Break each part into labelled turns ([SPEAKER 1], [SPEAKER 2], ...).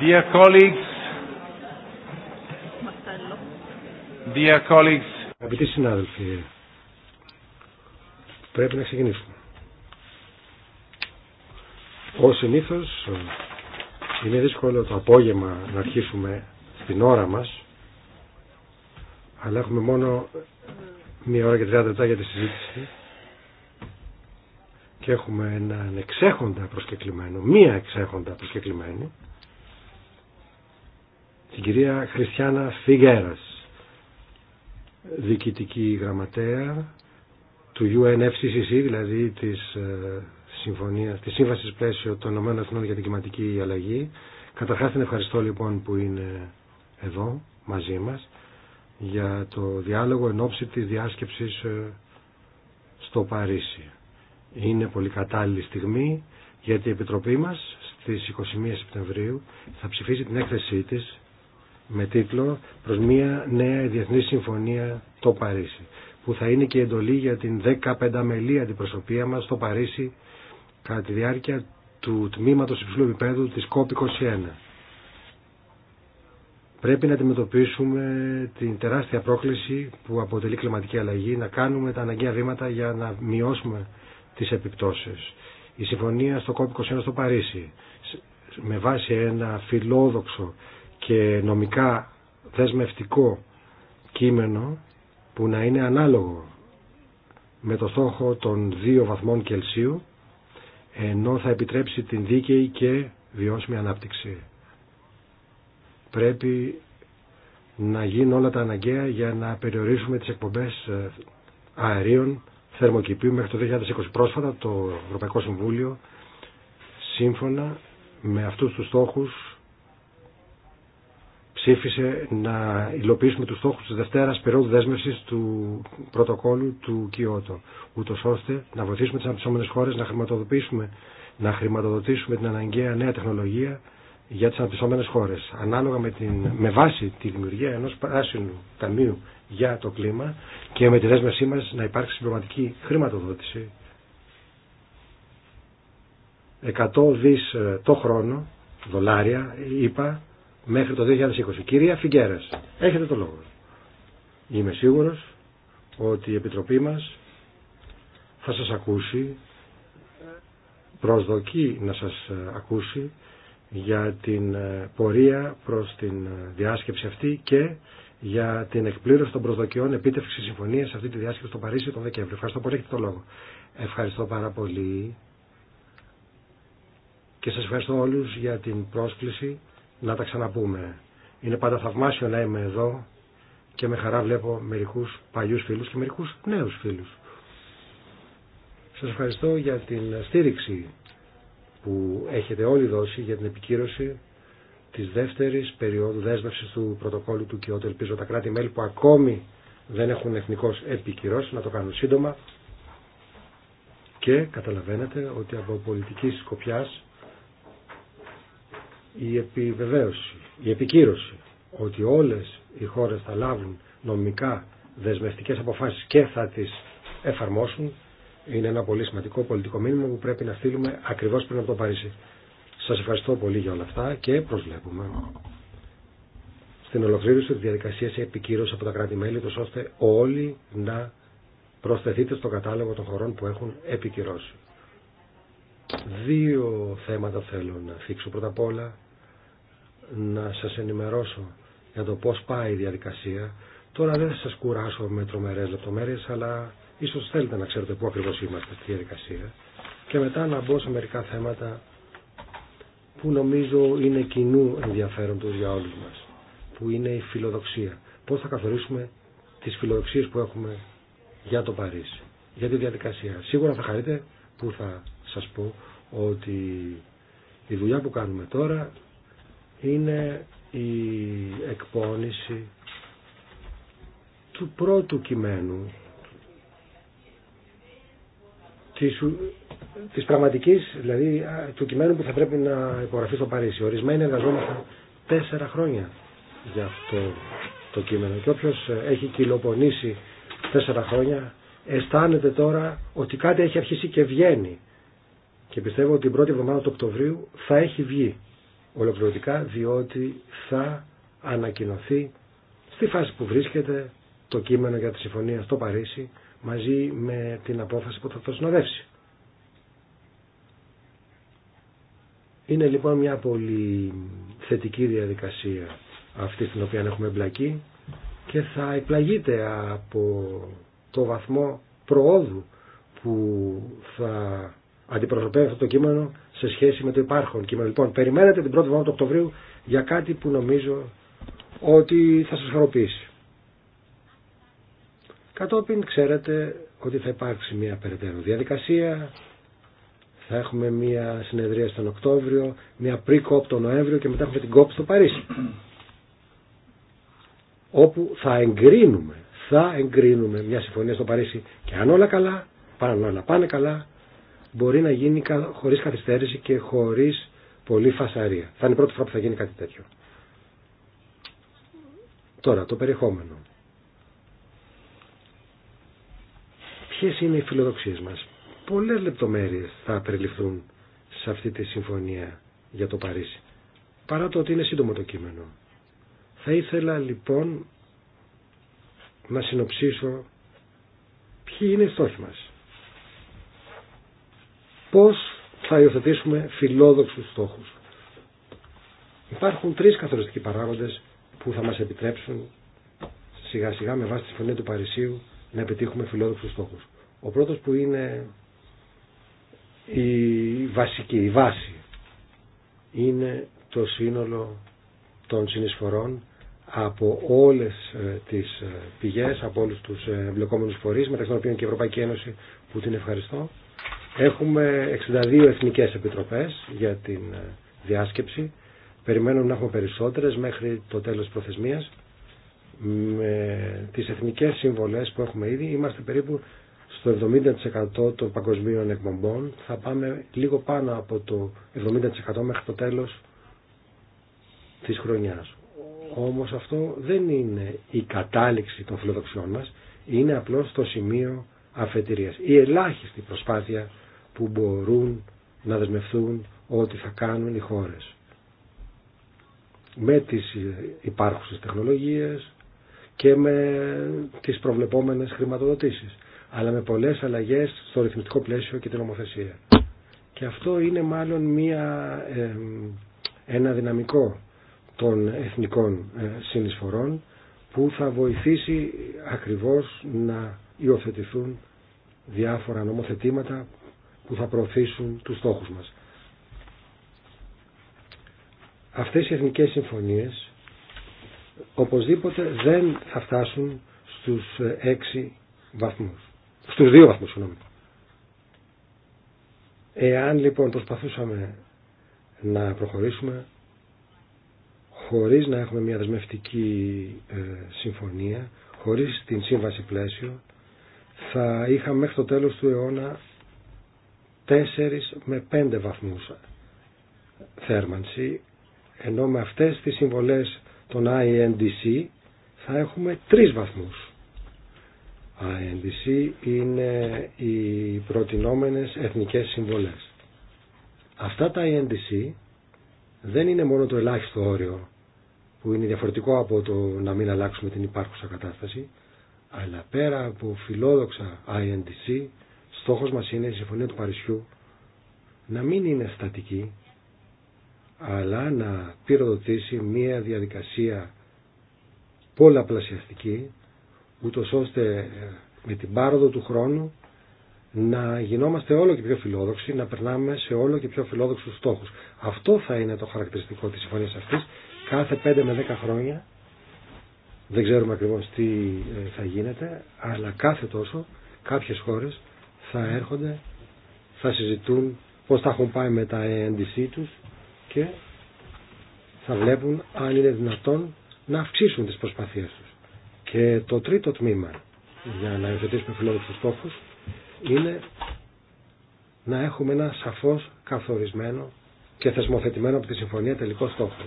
[SPEAKER 1] Dear colleagues,
[SPEAKER 2] dear colleagues, αγαπητοί συνάδελφοι, πρέπει να ξεκινήσουμε. Ω συνήθω, είναι δύσκολο το απόγευμα να αρχίσουμε στην ώρα μα, αλλά έχουμε μόνο μία ώρα και 30 λεπτά για τη συζήτηση και έχουμε έναν εξέχοντα προσκεκλημένο, μία εξέχοντα προσκεκλημένη, την κυρία Χριστιανά Φιγέρας, διοικητική γραμματέα του UNFCCC, δηλαδή της, ε, συμφωνίας, της Σύμβασης Πλαίσιο των Ηνωμένων Εθνών για την Κλιματική Αλλαγή. Καταρχάς την ευχαριστώ λοιπόν που είναι εδώ μαζί μας για το διάλογο εν ώψη της διάσκεψης ε, στο Παρίσι. Είναι πολύ κατάλληλη στιγμή γιατί η Επιτροπή μας στις 21 Σεπτεμβρίου θα ψηφίσει την έκθεσή της με τίτλο «Προς μια νέα διεθνή συμφωνία το Παρίσι» που θα είναι και εντολή για την 15 μελή αντιπροσωπεία μας στο Παρίσι κατά τη διάρκεια του τμήματος υψηλού επίπεδου της COP21. Πρέπει να αντιμετωπίσουμε την τεράστια πρόκληση που αποτελεί κλιματική αλλαγή, να κάνουμε τα αναγκαία βήματα για να μειώσουμε τις επιπτώσεις. Η συμφωνία στο COP21 στο Παρίσι, με βάση ένα φιλόδοξο και νομικά δεσμευτικό κείμενο που να είναι ανάλογο με το στόχο των δύο βαθμών Κελσίου ενώ θα επιτρέψει την δίκαιη και βιώσιμη ανάπτυξη. Πρέπει να γίνουν όλα τα αναγκαία για να περιορίσουμε τις εκπομπές ε, αερίων θερμοκηπίου μέχρι το 2020. Πρόσφατα το Ευρωπαϊκό Συμβούλιο σύμφωνα με αυτούς τους στόχους ψήφισε να υλοποιήσουμε τους στόχους της Δευτέρας περίοδου δέσμευσης του πρωτοκόλου του Κιώτο, ούτω ώστε να βοηθήσουμε τις αναπτυσσόμενες χώρες να χρηματοδοτήσουμε, να χρηματοδοτήσουμε την αναγκαία νέα τεχνολογία για τις αναπτυσσόμενες χώρες. Ανάλογα με, την, με βάση τη δημιουργία ενός πράσινου ταμείου για το κλίμα και με τη δέσμευσή μας να υπάρξει συμπληρωματική χρηματοδότηση 100 δις ε, το χρόνο, δολάρια, είπα, μέχρι το 2020. Κυρία Φιγκέρας, έχετε το λόγο. Είμαι σίγουρο ότι η Επιτροπή μας θα σας ακούσει, προσδοκεί να σας ε, ακούσει για την ε, πορεία προς την ε, διάσκεψη αυτή και για την εκπλήρωση των προσδοκιών επίτευξη συμφωνίας σε αυτή τη διάσκεψη στο Παρίσι τον Δεκέμβριο. Ευχαριστώ πολύ, έχετε το λόγο. Ευχαριστώ πάρα πολύ και σας ευχαριστώ όλους για την πρόσκληση να τα ξαναπούμε. Είναι πάντα θαυμάσιο να είμαι εδώ και με χαρά βλέπω μερικούς παλιούς φίλους και μερικούς νέους φίλους. Σας ευχαριστώ για την στήριξη που έχετε όλοι δώσει για την επικύρωση της δεύτερης περίοδου δέσμευσης του πρωτοκόλλου του Κιώτο. Ελπίζω τα κράτη-μέλη που ακόμη δεν έχουν εθνικός επικυρώσει να το κάνουν σύντομα και καταλαβαίνετε ότι από πολιτική σκοπιάς η επιβεβαίωση, η επικύρωση ότι όλες οι χώρες θα λάβουν νομικά δεσμευτικές αποφάσεις και θα τις εφαρμόσουν είναι ένα πολύ σημαντικό πολιτικό μήνυμα που πρέπει να στείλουμε ακριβώς πριν από το Παρίσι. Σας ευχαριστώ πολύ για όλα αυτά και προσβλέπουμε στην ολοκλήρωση της διαδικασίας επικύρωση από τα κράτη-μέλη τους ώστε όλοι να προσθεθείτε στο κατάλογο των χωρών που έχουν επικυρώσει. Δύο θέματα θέλω να θίξω. Πρώτα απ' όλα να σας ενημερώσω για το πώς πάει η διαδικασία. Τώρα δεν θα σας κουράσω με τρομερές λεπτομέρειες, αλλά ίσως θέλετε να ξέρετε πού ακριβώς είμαστε στη διαδικασία. Και μετά να μπω σε μερικά θέματα που νομίζω είναι κοινού ενδιαφέροντος για όλους μας, που είναι η φιλοδοξία. Πώς θα καθορίσουμε τις φιλοδοξίες που έχουμε για το Παρίσι, για τη διαδικασία. Σίγουρα θα χαρείτε που θα σας πω ότι η δουλειά που κάνουμε τώρα είναι η εκπόνηση του πρώτου κειμένου της, της πραγματικής, δηλαδή του κειμένου που θα πρέπει να υπογραφεί στο Παρίσι. Ορισμένοι εργαζόμασταν τέσσερα χρόνια για αυτό το κείμενο και όποιος ε, έχει κυλοπονήσει τέσσερα χρόνια αισθάνεται τώρα ότι κάτι έχει αρχίσει και βγαίνει και πιστεύω ότι την πρώτη εβδομάδα του Οκτωβρίου θα έχει βγει ολοκληρωτικά διότι θα ανακοινωθεί στη φάση που βρίσκεται το κείμενο για τη συμφωνία στο Παρίσι μαζί με την απόφαση που θα το συνοδεύσει. Είναι λοιπόν μια πολύ θετική διαδικασία αυτή στην οποία έχουμε εμπλακεί και θα εκπλαγείται από το βαθμό προόδου που θα αντιπροσωπεύει αυτό το κείμενο σε σχέση με το υπάρχον κείμενο. Λοιπόν, περιμένετε την πρώτη εβδομάδα του Οκτωβρίου για κάτι που νομίζω ότι θα σας χαροποιήσει. Κατόπιν ξέρετε ότι θα υπάρξει μια περαιτέρω διαδικασία, θα έχουμε μια συνεδρία στον Οκτώβριο, μια pre-COP τον Νοέμβριο και μετά έχουμε την COP στο Παρίσι. Όπου θα εγκρίνουμε, θα εγκρίνουμε μια συμφωνία στο Παρίσι και αν όλα καλά, πάνε όλα πάνε καλά, μπορεί να γίνει χωρίς καθυστέρηση και χωρίς πολύ φασαρία. Θα είναι η πρώτη φορά που θα γίνει κάτι τέτοιο. Τώρα, το περιεχόμενο. Ποιες είναι οι φιλοδοξίες μας. Πολλές λεπτομέρειες θα περιληφθούν σε αυτή τη συμφωνία για το Παρίσι. Παρά το ότι είναι σύντομο το κείμενο. Θα ήθελα λοιπόν να συνοψίσω ποιοι είναι οι στόχοι μας πώς θα υιοθετήσουμε φιλόδοξους στόχους. Υπάρχουν τρεις καθοριστικοί παράγοντες που θα μας επιτρέψουν σιγά σιγά με βάση τη φωνή του Παρισίου να επιτύχουμε φιλόδοξους στόχους. Ο πρώτος που είναι η βασική, η βάση είναι το σύνολο των συνεισφορών από όλες ε, τις ε, πηγές, από όλους τους ε, εμπλεκόμενους φορείς μεταξύ των οποίων και η Ευρωπαϊκή Ένωση που την ευχαριστώ Έχουμε 62 εθνικές επιτροπές για την ε, διάσκεψη. Περιμένουμε να έχουμε περισσότερες μέχρι το τέλος της προθεσμίας. Με τις εθνικές συμβολές που έχουμε ήδη είμαστε περίπου στο 70% των παγκοσμίων εκπομπών. Θα πάμε λίγο πάνω από το 70% μέχρι το τέλος της χρονιάς. Όμως αυτό δεν είναι η κατάληξη των φιλοδοξιών μας, είναι απλώς το σημείο αφετηρίας. Η ελάχιστη προσπάθεια που μπορούν να δεσμευθούν ότι θα κάνουν οι χώρες. Με τις υπάρχουσες τεχνολογίες και με τις προβλεπόμενες χρηματοδοτήσεις. Αλλά με πολλές αλλαγές στο ρυθμιστικό πλαίσιο και την ομοθέσια. Και αυτό είναι μάλλον μια, ένα δυναμικό των εθνικών ε, συνεισφορών που θα βοηθήσει ακριβώς να υιοθετηθούν διάφορα νομοθετήματα που θα προωθήσουν τους στόχους μας. Αυτές οι εθνικές συμφωνίες οπωσδήποτε δεν θα φτάσουν στους έξι βαθμούς. Στους δύο βαθμούς, συγγνώμη. Εάν λοιπόν προσπαθούσαμε να προχωρήσουμε χωρίς να έχουμε μια δεσμευτική ε, συμφωνία, χωρίς την σύμβαση πλαίσιο, θα είχαμε μέχρι το τέλος του αιώνα 4 με 5 βαθμούς θέρμανση, ενώ με αυτές τις συμβολές των INDC θα έχουμε 3 βαθμούς. INDC είναι οι προτινόμενες εθνικές συμβολές. Αυτά τα INDC δεν είναι μόνο το ελάχιστο όριο που είναι διαφορετικό από το να μην αλλάξουμε την υπάρχουσα κατάσταση, αλλά πέρα από φιλόδοξα INDC Στόχος μας είναι η Συμφωνία του Παρισιού να μην είναι στατική, αλλά να πυροδοτήσει μία διαδικασία πολλαπλασιαστική, ούτω ώστε ε, με την πάροδο του χρόνου να γινόμαστε όλο και πιο φιλόδοξοι, να περνάμε σε όλο και πιο φιλόδοξους στόχους. Αυτό θα είναι το χαρακτηριστικό της συμφωνίας αυτής. Κάθε 5 με 10 χρόνια, δεν ξέρουμε ακριβώς τι ε, θα γίνεται, αλλά κάθε τόσο κάποιες χώρες θα έρχονται, θα συζητούν πώς θα έχουν πάει με τα NDC τους και θα βλέπουν αν είναι δυνατόν να αυξήσουν τις προσπαθίες τους. Και το τρίτο τμήμα για να υιοθετήσουμε φιλόδοξους στόχους είναι να έχουμε ένα σαφώς καθορισμένο και θεσμοθετημένο από τη συμφωνία τελικό στόχο.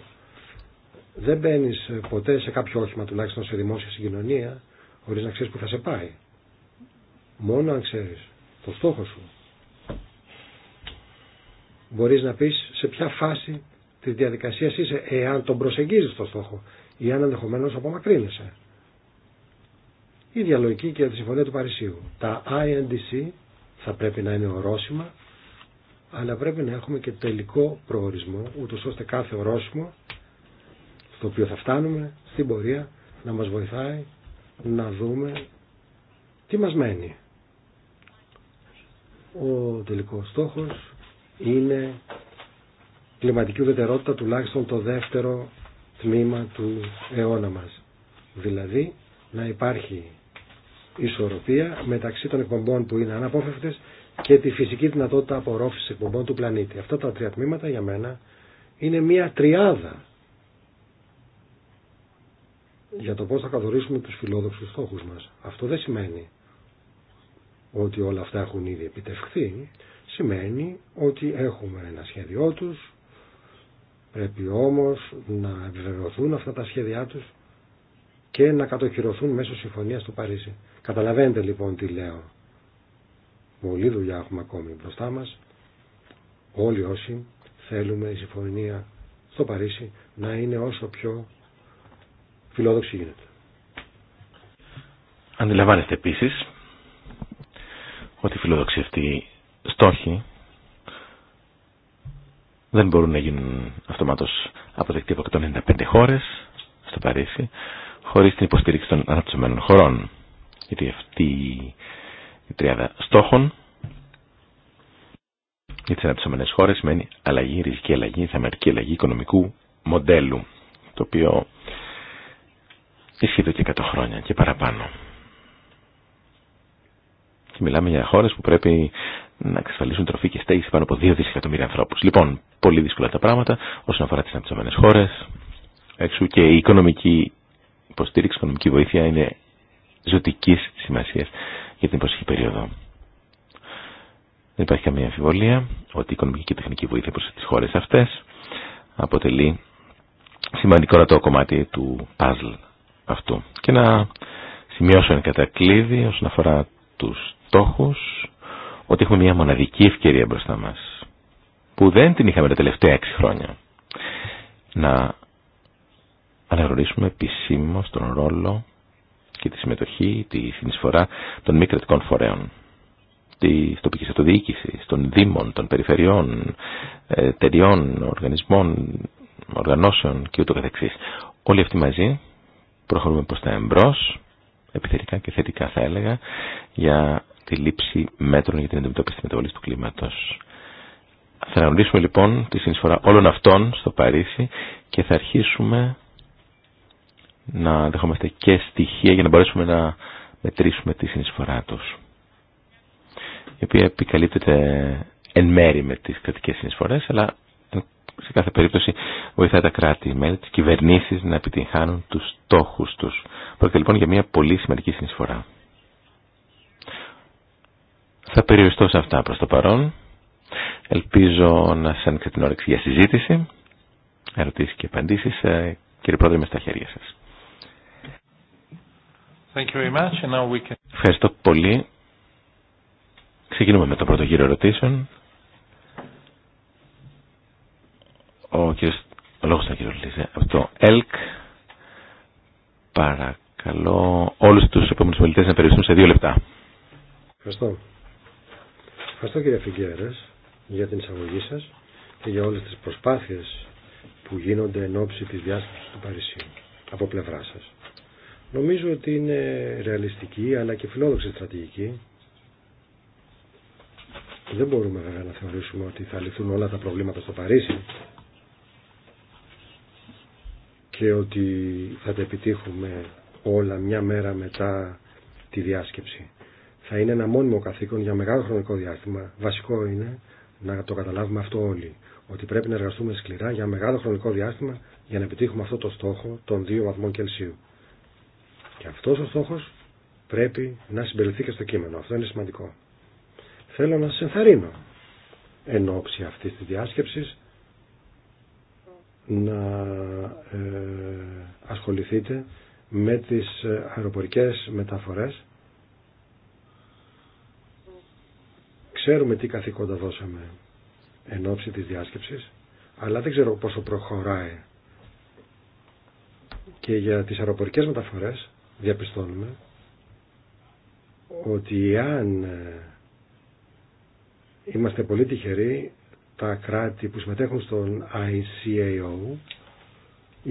[SPEAKER 2] Δεν μπαίνει ποτέ σε κάποιο όχημα, τουλάχιστον σε δημόσια συγκοινωνία, χωρί να ξέρει που θα σε πάει. Μόνο αν ξέρει το στόχο σου. Μπορείς να πεις σε ποια φάση της διαδικασίας είσαι, εάν τον προσεγγίζεις το στόχο ή αν ενδεχομένω απομακρύνεσαι. Η διαλογική και τη συμφωνία του Παρισίου. Τα INDC θα πρέπει να είναι ορόσημα, αλλά πρέπει να έχουμε και τελικό προορισμό, ούτως ώστε κάθε ορόσημο στο οποίο θα φτάνουμε στην πορεία να μας βοηθάει να δούμε τι μας μένει. Ο τελικός στόχος είναι κλιματική ουδετερότητα τουλάχιστον το δεύτερο τμήμα του αιώνα μας. Δηλαδή να υπάρχει ισορροπία μεταξύ των εκπομπών που είναι αναπόφευκτες και τη φυσική δυνατότητα απορρόφησης εκπομπών του πλανήτη. Αυτά τα τρία τμήματα για μένα είναι μία τριάδα για το πώς θα καθορίσουμε τους φιλόδοξους στόχους μας. Αυτό δεν σημαίνει ότι όλα αυτά έχουν ήδη επιτευχθεί, σημαίνει ότι έχουμε ένα σχέδιό τους, πρέπει όμως να επιβεβαιωθούν αυτά τα σχέδιά τους και να κατοχυρωθούν μέσω συμφωνίας του Παρίσι. Καταλαβαίνετε λοιπόν τι λέω. Πολλή δουλειά έχουμε ακόμη μπροστά μας. Όλοι όσοι θέλουμε η συμφωνία στο Παρίσι να είναι όσο πιο φιλόδοξη γίνεται.
[SPEAKER 3] Αντιλαμβάνεστε επίσης ότι οι φιλοδοξοί αυτοί στόχοι δεν μπορούν να γίνουν αυτομάτως αποδεκτοί από 195 χώρες στο Παρίσι χωρίς την υποστήριξη των αναπτυσσομένων χωρών. Γιατί αυτή η τριάδα στόχων για τις αναπτυσσομένες χώρες σημαίνει αλλαγή, ριζική αλλαγή, θεμερική αλλαγή οικονομικού μοντέλου το οποίο ισχύει εδώ και 100 χρόνια και παραπάνω. Και μιλάμε για χώρε που πρέπει να εξασφαλίσουν τροφή και στέγηση πάνω από 2 δισεκατομμύρια ανθρώπου. Λοιπόν, πολύ δύσκολα τα πράγματα όσον αφορά τι αναπτυσσόμενε χώρε, έξω και η οικονομική υποστήριξη, η οικονομική βοήθεια είναι ζωτικής σημασία για την προσεχή περίοδο. Δεν υπάρχει καμία αμφιβολία ότι η οικονομική και τεχνική βοήθεια προ τι χώρε αυτέ, αποτελεί σημαντικό σημαντικότατο κομμάτι του παζλ αυτού. Και να σημειώσω ένα κατακλείδι όσον αφορά τους στόχους ότι έχουμε μια μοναδική ευκαιρία μπροστά μας που δεν την είχαμε τα τελευταία έξι χρόνια να αναγνωρίσουμε επισήμω τον ρόλο και τη συμμετοχή, τη συνεισφορά των μη κρατικών φορέων τη τοπική αυτοδιοίκηση, των δήμων, των περιφερειών, ε, εταιριών, οργανισμών, οργανώσεων και ούτω καθεξής. Όλοι αυτοί μαζί προχωρούμε προς τα εμπρός επιθετικά και θετικά θα έλεγα για τη λήψη μέτρων για την αντιμετώπιση της μεταβολής του κλίματος. Θα αναγνωρίσουμε λοιπόν τη συνεισφορά όλων αυτών στο Παρίσι και θα αρχίσουμε να δεχόμαστε και στοιχεία για να μπορέσουμε να μετρήσουμε τη συνεισφορά τους η οποία επικαλύπτεται εν μέρη με τις κρατικές συνεισφορές αλλά σε κάθε περίπτωση βοηθάει τα κράτη-μέλη, τι κυβερνήση να επιτυγχάνουν τους στόχους τους. Πρόκειται λοιπόν για μια πολύ σημαντική συνεισφορά. Θα περιοριστώ σε αυτά προς το παρόν. Έλπιζω να σας άνοιξε την όρεξη για συζήτηση, ερωτήσεις και απαντήσεις. Ε, κύριε Πρόεδρε, είμαι στα χέρια σας. Ευχαριστώ πολύ. Ξεκινούμε με τον πρώτο γύρο ερωτήσεων. Ο κύριος Λόγος θα κύριο Λίζε. Από το ΕΛΚ παρακαλώ όλους τους επόμενους πολιτές να περιοριστούν σε δύο λεπτά.
[SPEAKER 2] Ευχαριστώ. Ευχαριστώ κύριε Φιγκέρες για την εισαγωγή σας και για όλες τις προσπάθειες που γίνονται εν ώψη της διάστασης του Παρισίου από πλευρά σας. Νομίζω ότι είναι ρεαλιστική αλλά και φιλόδοξη στρατηγική. Δεν μπορούμε βέβαια να θεωρήσουμε ότι θα λυθούν όλα τα προβλήματα στο Παρίσι και ότι θα τα επιτύχουμε όλα μια μέρα μετά τη διάσκεψη. Θα είναι ένα μόνιμο καθήκον για μεγάλο χρονικό διάστημα. Βασικό είναι να το καταλάβουμε αυτό όλοι. Ότι πρέπει να εργαστούμε σκληρά για μεγάλο χρονικό διάστημα για να επιτύχουμε αυτό το στόχο των δύο βαθμών Κελσίου. Και αυτός ο στόχος πρέπει να συμπεριληφθεί και στο κείμενο. Αυτό είναι σημαντικό. Θέλω να σας ενθαρρύνω εν ώψη αυτής της διάσκεψης να ε, ασχοληθείτε με τις αεροπορικές μεταφορές. Ξέρουμε τι καθήκοντα δώσαμε εν ώψη της διάσκεψης, αλλά δεν ξέρω πόσο προχωράει. Και για τις αεροπορικές μεταφορές διαπιστώνουμε ότι αν ε, είμαστε πολύ τυχεροί τα κράτη που συμμετέχουν στον ICAO,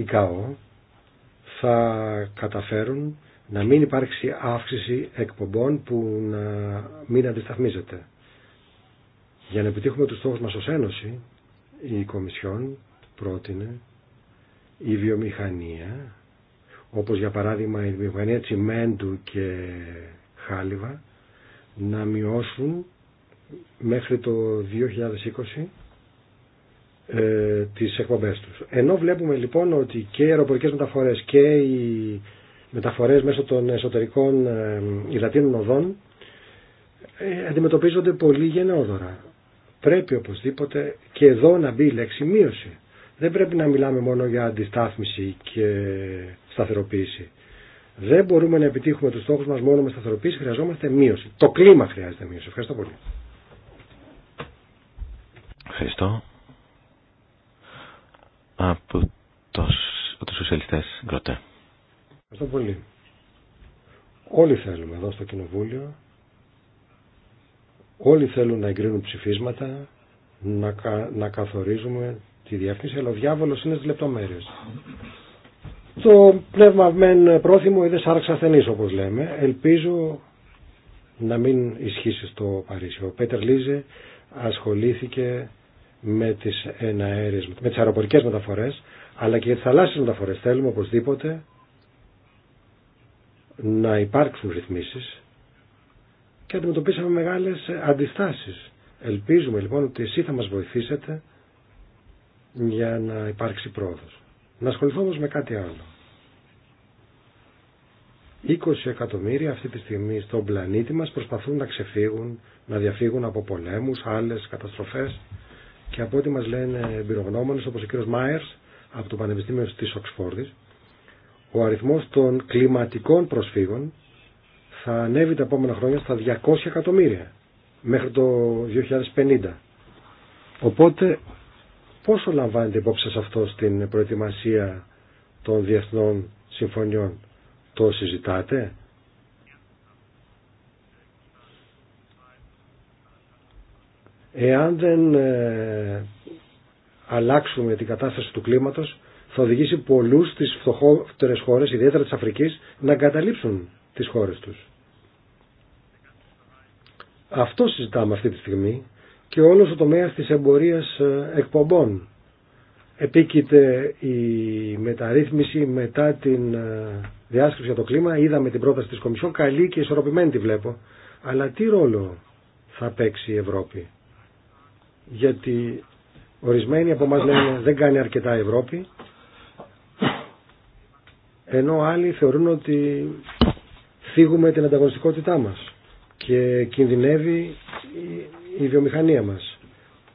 [SPEAKER 2] ICAO θα καταφέρουν να μην υπάρξει αύξηση εκπομπών που να μην αντισταθμίζεται. Για να επιτύχουμε τους στόχους μας ως Ένωση, η Κομισιόν πρότεινε η βιομηχανία, όπως για παράδειγμα η βιομηχανία τσιμέντου και χάλιβα, να μειώσουν μέχρι το 2020 ε, τις εκπομπές τους. Ενώ βλέπουμε λοιπόν ότι και οι αεροπορικές μεταφορές και οι μεταφορές μέσω των εσωτερικών ε, υδατίνων οδών ε, αντιμετωπίζονται πολύ γενναιόδωρα. Πρέπει οπωσδήποτε και εδώ να μπει η λέξη μείωση. Δεν πρέπει να μιλάμε μόνο για αντιστάθμιση και σταθεροποίηση. Δεν μπορούμε να επιτύχουμε τους στόχους μας μόνο με σταθεροποίηση, χρειαζόμαστε μείωση. Το κλίμα χρειάζεται μείωση. Ευχαριστώ πολύ.
[SPEAKER 3] Ευχαριστώ. Από τους, σοσιαλιστές, Γκροτέ.
[SPEAKER 2] Ευχαριστώ πολύ. Όλοι θέλουμε εδώ στο Κοινοβούλιο, όλοι θέλουν να εγκρίνουν ψηφίσματα, να, να καθορίζουμε τη διεύθυνση, αλλά ο διάβολος είναι στις λεπτομέρειες. Το πνεύμα μεν πρόθυμο είδε σάρξα ασθενής όπως λέμε. Ελπίζω να μην ισχύσει στο Παρίσι. Ο Πέτερ Λίζε ασχολήθηκε με τις, εναέρες, με τις αεροπορικές μεταφορές αλλά και για τις θαλάσσιες μεταφορές θέλουμε οπωσδήποτε να υπάρξουν ρυθμίσεις και αντιμετωπίσαμε μεγάλες αντιστάσεις. Ελπίζουμε λοιπόν ότι εσύ θα μας βοηθήσετε για να υπάρξει πρόοδος. Να ασχοληθώ όμως με κάτι άλλο. 20 εκατομμύρια αυτή τη στιγμή στον πλανήτη μας προσπαθούν να ξεφύγουν, να διαφύγουν από πολέμους, άλλες καταστροφές και από ό,τι μας λένε εμπειρογνώμονες όπως ο κύριος Μάιερς από το Πανεπιστήμιο της Οξφόρδης ο αριθμός των κλιματικών προσφύγων θα ανέβει τα επόμενα χρόνια στα 200 εκατομμύρια μέχρι το 2050. Οπότε πόσο λαμβάνετε υπόψη σας αυτό στην προετοιμασία των διεθνών συμφωνιών. Το συζητάτε, Εάν δεν ε, αλλάξουμε την κατάσταση του κλίματος, θα οδηγήσει πολλούς στις φτωχότερες χώρες, ιδιαίτερα της Αφρικής, να εγκαταλείψουν τις χώρες τους. Αυτό συζητάμε αυτή τη στιγμή και όλος ο τομέας της εμπορίας ε, εκπομπών. Επίκειται η μεταρρύθμιση μετά την ε, διάσκεψη για το κλίμα. Είδαμε την πρόταση της Κομισιόν, καλή και ισορροπημένη τη βλέπω. Αλλά τι ρόλο θα παίξει η Ευρώπη γιατί ορισμένοι από μας λένε δεν κάνει αρκετά η Ευρώπη ενώ άλλοι θεωρούν ότι θίγουμε την ανταγωνιστικότητά μας και κινδυνεύει η βιομηχανία μας.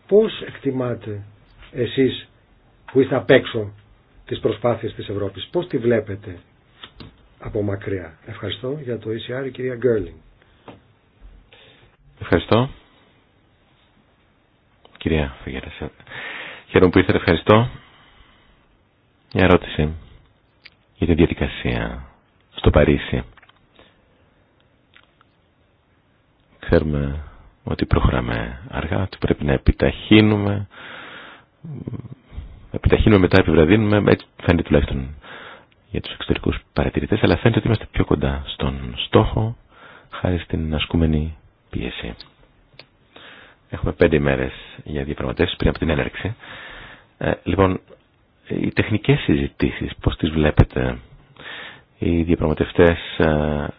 [SPEAKER 2] Πώς εκτιμάτε εσείς που είστε απ' έξω τις προσπάθειες της Ευρώπης, πώς τη βλέπετε από μακριά. Ευχαριστώ για το ECR, κυρία Γκέρλινγκ.
[SPEAKER 3] Ευχαριστώ. Κυρία Φιγέρας, χαίρομαι που ήρθατε, ευχαριστώ. Μια ερώτηση για τη διαδικασία στο Παρίσι. Ξέρουμε ότι προχωράμε αργά, ότι πρέπει να επιταχύνουμε, επιταχύνουμε μετά επιβραδύνουμε, έτσι φαίνεται τουλάχιστον για τους εξωτερικούς παρατηρητές, αλλά φαίνεται ότι είμαστε πιο κοντά στον στόχο χάρη στην ασκούμενη πίεση. Έχουμε πέντε ημέρες για διαπραγματεύσεις πριν από την έναρξη. Ε, λοιπόν, οι τεχνικές συζητήσεις, πώς τις βλέπετε, οι διαπραγματευτέ ε,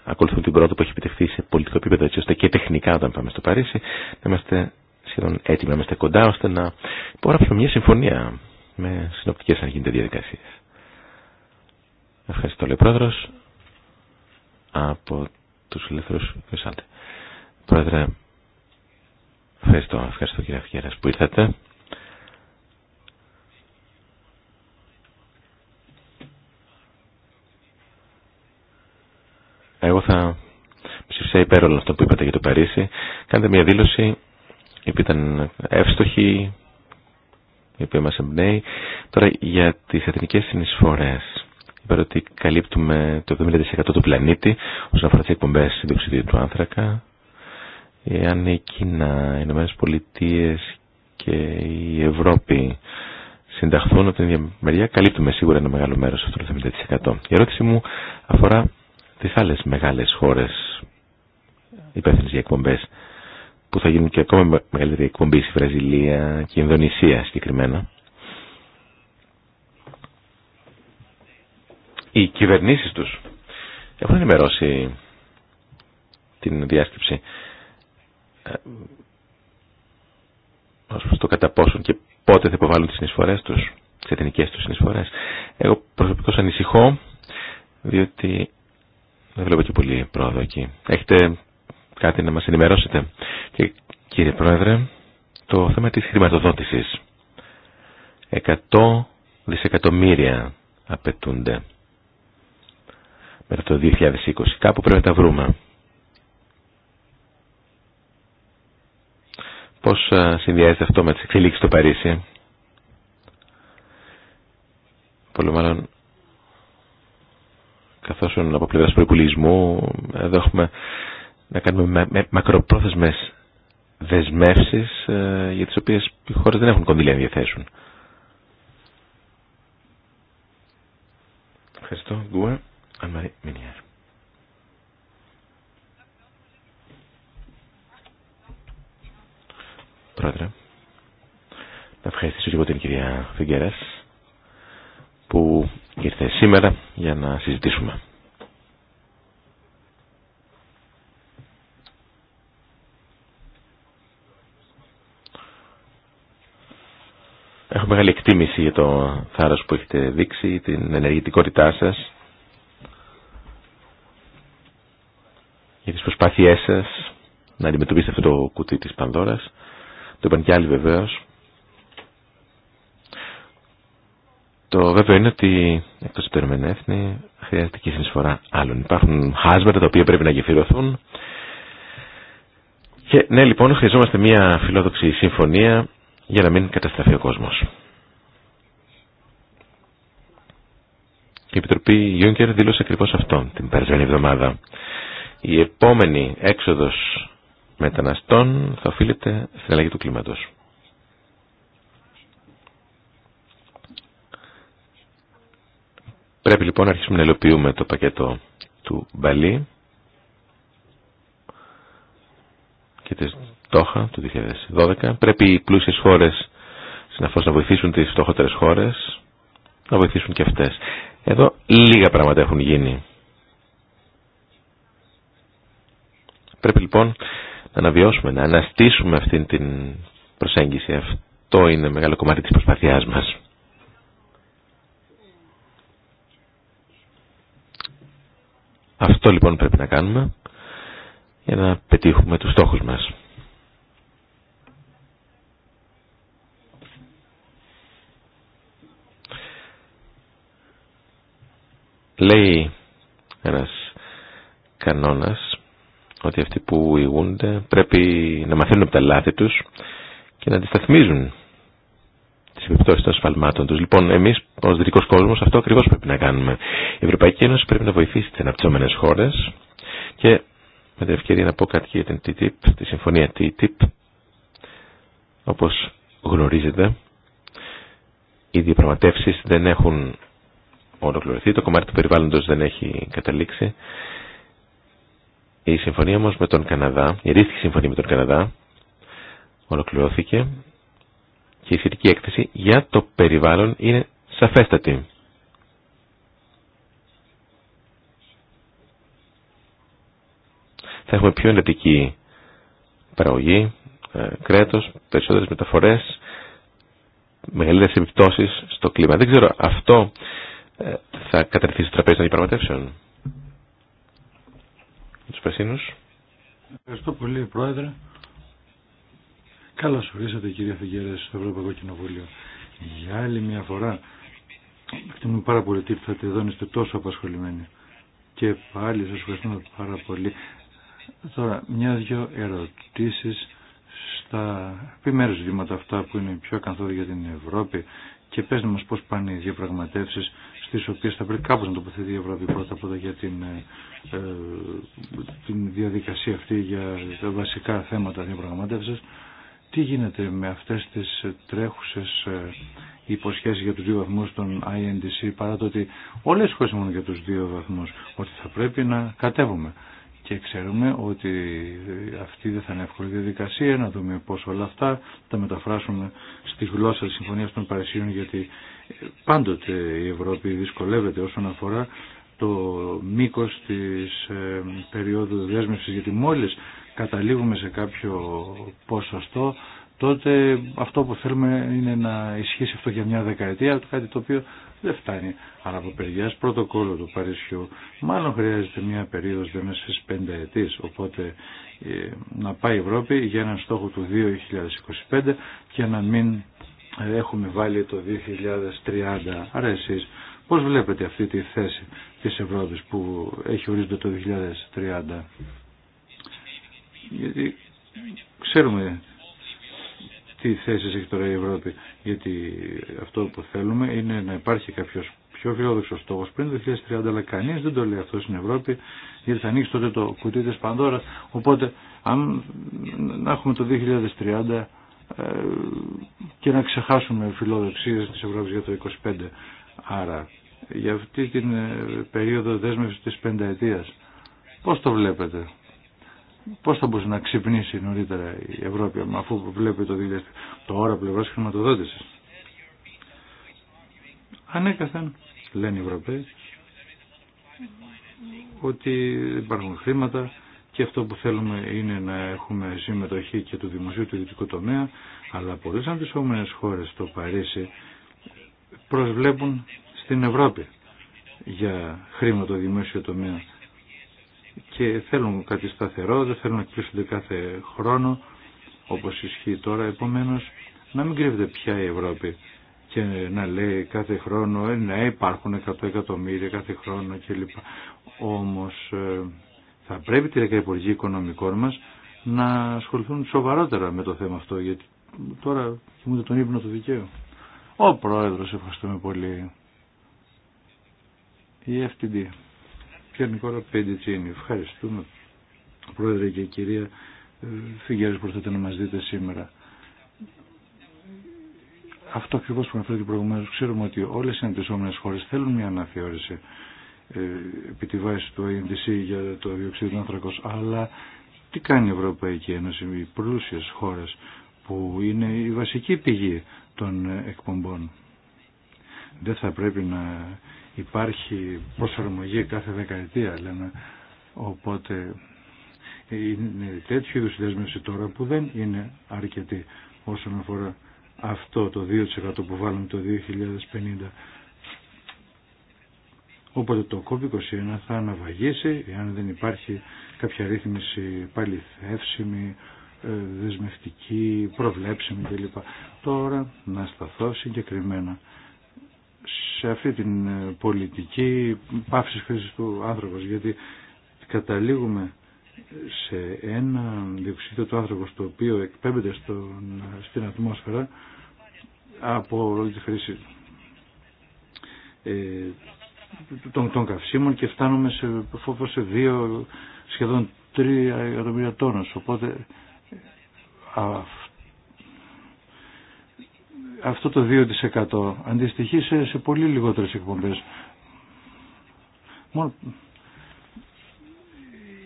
[SPEAKER 3] ακολουθούν την πρώτη που έχει επιτευχθεί σε πολιτικό επίπεδο, έτσι ώστε και τεχνικά όταν πάμε στο Παρίσι να είμαστε σχεδόν έτοιμοι, να είμαστε κοντά, ώστε να υπογράψουμε μια συμφωνία με συνοπτικέ αν γίνεται διαδικασίε. Ευχαριστώ, λέει πρόεδρο. Από του ελεύθερου Χρυσάντε. Πρόεδρε, Ευχαριστώ, ευχαριστώ κύριε Φιέρας που ήρθατε. Εγώ θα ψήφισα υπέρ όλων αυτών που είπατε για το Παρίσι. Κάντε μια δήλωση, η οποία ήταν εύστοχη, η οποία μας εμπνέει. Τώρα για τις εθνικές συνεισφορές. Είπατε ότι καλύπτουμε το 70% του πλανήτη όσον αφορά τις εκπομπές συνδοξιδίου του άνθρακα εάν η Κίνα, οι Ηνωμένε Πολιτείε και η Ευρώπη συνταχθούν από την ίδια μεριά, καλύπτουμε σίγουρα ένα μεγάλο μέρος αυτό του 70%. Η ερώτηση μου αφορά τις άλλες μεγάλες χώρες υπεύθυνες για εκπομπές που θα γίνουν και ακόμα μεγαλύτερη εκπομπή στη Βραζιλία και η Ινδονησία συγκεκριμένα. Οι κυβερνήσεις τους έχουν ενημερώσει την διάσκεψη ως ε, προς το κατά πόσον και πότε θα υποβάλουν τις συνεισφορές τους, τις εθνικές τους συνεισφορές. Εγώ προσωπικώς ανησυχώ, διότι δεν βλέπω και πολύ πρόοδο εκεί. Έχετε κάτι να μας ενημερώσετε. Και κύριε Πρόεδρε, το θέμα της χρηματοδότησης. Εκατό δισεκατομμύρια απαιτούνται μετά το 2020. Κάπου πρέπει να τα βρούμε. Πώς ε, συνδυάζεται αυτό με τις εξελίξεις στο Παρίσι. Πολύ μάλλον καθώς από πλευράς προϋπολισμού εδώ έχουμε να κάνουμε με μακροπρόθεσμες δεσμεύσεις ε, για τις οποίες οι χώρες δεν έχουν κονδύλια να διαθέσουν. Ευχαριστώ. Γκουέ. Πρόεδρε. Να ευχαριστήσω λίγο την κυρία Φιγκερές που ήρθε σήμερα για να συζητήσουμε. Έχω μεγάλη εκτίμηση για το θάρρος που έχετε δείξει, την ενεργητικότητά σας, για τις προσπάθειές σας να αντιμετωπίσετε αυτό το κουτί της Πανδώρας. Το είπαν και άλλοι βεβαίω. Το βέβαιο είναι ότι εκτό από το έθνη χρειάζεται και συνεισφορά άλλων. Υπάρχουν χάσματα τα οποία πρέπει να γεφυρωθούν. Και ναι, λοιπόν, χρειαζόμαστε μια φιλόδοξη συμφωνία για να μην καταστραφεί ο κόσμο. Η Επιτροπή Γιούνκερ δήλωσε ακριβώ αυτό την περασμένη εβδομάδα. Η επόμενη έξοδος μεταναστών θα οφείλεται στην αλλαγή του κλίματος. Πρέπει λοιπόν να αρχίσουμε να υλοποιούμε το πακέτο του Μπαλί και τη Τόχα του 2012. Πρέπει οι πλούσιες χώρες συναφώς να βοηθήσουν τις φτωχότερες χώρες, να βοηθήσουν και αυτές. Εδώ λίγα πράγματα έχουν γίνει. Πρέπει λοιπόν να αναβιώσουμε, να αναστήσουμε αυτήν την προσέγγιση. Αυτό είναι μεγάλο κομμάτι της προσπαθειάς μας. Αυτό λοιπόν πρέπει να κάνουμε για να πετύχουμε τους στόχους μας. Λέει ένας κανόνας ότι αυτοί που ηγούνται πρέπει να μαθαίνουν από τα λάθη τους και να αντισταθμίζουν τις επιπτώσεις των σφαλμάτων τους. Λοιπόν, εμείς ως δυτικός κόσμος αυτό ακριβώς πρέπει να κάνουμε. Η Ευρωπαϊκή Ένωση πρέπει να βοηθήσει τις αναπτυσσόμενες χώρες και με την ευκαιρία να πω κάτι για την TTIP, τη συμφωνία TTIP, όπως γνωρίζετε, οι διαπραγματεύσεις δεν έχουν ολοκληρωθεί, το κομμάτι του περιβάλλοντος δεν έχει καταλήξει η συμφωνία όμω με τον Καναδά, η συμφωνία με τον Καναδά ολοκληρώθηκε και η σχετική έκθεση για το περιβάλλον είναι σαφέστατη. Θα έχουμε πιο εντατική παραγωγή, ε, κρέτος, περισσότερες μεταφορές, μεγαλύτερες επιπτώσεις στο κλίμα. Δεν ξέρω, αυτό ε, θα καταρριφθεί στο τραπέζι των διαπραγματεύσεων τους
[SPEAKER 4] Ευχαριστώ πολύ, Πρόεδρε. Καλώς ορίσατε, κύριε Φιγέρες, στο Ευρωπαϊκό Κοινοβούλιο. Για άλλη μια φορά, εκτιμούμε πάρα πολύ τι ήρθατε εδώ, είστε τόσο απασχολημένοι. Και πάλι σας ευχαριστούμε πάρα πολύ. Τώρα, μια-δυο ερωτήσεις στα επιμέρους βήματα αυτά που είναι πιο καθόδια για την Ευρώπη και πες να μας πώς πάνε οι διαπραγματεύσεις τι οποίε θα πρέπει κάπω να τοποθετεί η Ευρώπη πρώτα πρώτα για την, ε, ε, την διαδικασία αυτή για τα βασικά θέματα διαπραγματεύσεις. Τι γίνεται με αυτές τις τρέχουσες ε, υποσχέσεις για τους δύο βαθμούς των INDC παρά το ότι όλες οι μόνο για τους δύο βαθμούς ότι θα πρέπει να κατέβουμε. Και ξέρουμε ότι αυτή δεν θα είναι εύκολη διαδικασία, να δούμε πώς όλα αυτά τα μεταφράσουμε στη γλώσσα της Συμφωνίας των Παρισίων, γιατί πάντοτε η Ευρώπη δυσκολεύεται όσον αφορά το μήκος της ε, περίοδου διάσμευσης γιατί μόλις καταλήγουμε σε κάποιο ποσοστό τότε αυτό που θέλουμε είναι να ισχύσει αυτό για μια δεκαετία, κάτι το οποίο δεν φτάνει. Αλλά από παιδιά πρωτοκόλλο του Παρισιού, μάλλον χρειάζεται μια περίοδος δε μέσα στις πενταετής, οπότε ε, να πάει η Ευρώπη για έναν στόχο του 2025 και να μην έχουμε βάλει το 2030. Άρα εσείς πώς βλέπετε αυτή τη θέση της Ευρώπης που έχει ορίζοντα το 2030. Γιατί ξέρουμε τι θέσεις έχει τώρα η Ευρώπη. Γιατί αυτό που θέλουμε είναι να υπάρχει κάποιος πιο φιλόδοξο στόχο πριν το 2030, αλλά κανεί δεν το λέει αυτό στην Ευρώπη, γιατί θα ανοίξει τότε το κουτί της Πανδώρα. Οπότε, αν να έχουμε το 2030 ε, και να ξεχάσουμε φιλοδοξίε της Ευρώπης για το 25. Άρα για αυτή την ε, περίοδο δέσμευσης της πενταετίας πώς το βλέπετε πώς θα μπορούσε να ξυπνήσει νωρίτερα η Ευρώπη αφού βλέπει το το ώρα πλευράς χρηματοδότησης ανέκαθεν λένε οι Ευρωπαίοι ότι υπάρχουν χρήματα και αυτό που θέλουμε είναι να έχουμε συμμετοχή και του δημοσίου του ιδιωτικού τομέα, αλλά πολλέ αντισώμενες χώρε στο Παρίσι προσβλέπουν στην Ευρώπη για χρήμα το δημόσιο τομέα και θέλουν κάτι σταθερό, δεν θέλουν να κλείσονται κάθε χρόνο όπως ισχύει τώρα, επομένως να μην κρύβεται πια η Ευρώπη και να λέει κάθε χρόνο, ε, να υπάρχουν 100 εκατομμύρια κάθε χρόνο κλπ. Όμως ε, θα πρέπει τη οι Υπουργοί Οικονομικών μας να ασχοληθούν σοβαρότερα με το θέμα αυτό, γιατί τώρα θυμούνται τον ύπνο του δικαίου. Ο Πρόεδρος, ευχαριστούμε πολύ. Η FTD. πια Νικόλα Πεντιτσίνη. Ευχαριστούμε, Πρόεδρε και κυρία ε, Φιγέρης που ήρθατε να μας δείτε σήμερα. Αυτό ακριβώ που αναφέρετε προηγουμένω, ξέρουμε ότι όλε οι αντισώμενε χώρε θέλουν μια αναθεώρηση ε, επί τη βάση του IMDC για το διοξείδιο άνθρακος, αλλά τι κάνει η Ευρωπαϊκή Ένωση, οι πλούσιες χώρες που είναι η βασική πηγή των εκπομπών. Δεν θα πρέπει να υπάρχει προσαρμογή κάθε δεκαετία, λέμε, οπότε είναι τέτοιου είδους δέσμευση τώρα που δεν είναι αρκετή όσον αφορά αυτό το 2% που βάλουμε το 2050 Οπότε το COP21 θα αναβαγίσει εάν δεν υπάρχει κάποια ρύθμιση παληθεύσιμη, ε, δεσμευτική, προβλέψιμη κλπ. Τώρα να σταθώ συγκεκριμένα σε αυτή την ε, πολιτική πάυση χρήση του άνθρωπος γιατί καταλήγουμε σε ένα διοξείδιο του άνθρωπος το οποίο εκπέμπεται στον, στην ατμόσφαιρα από όλη τη χρήση ε, των, των καυσίμων και φτάνουμε σε, φόβο σε δύο, σχεδόν τρία εκατομμύρια τόνους. Οπότε αυτό το 2% αντιστοιχεί σε, πολύ λιγότερες εκπομπές.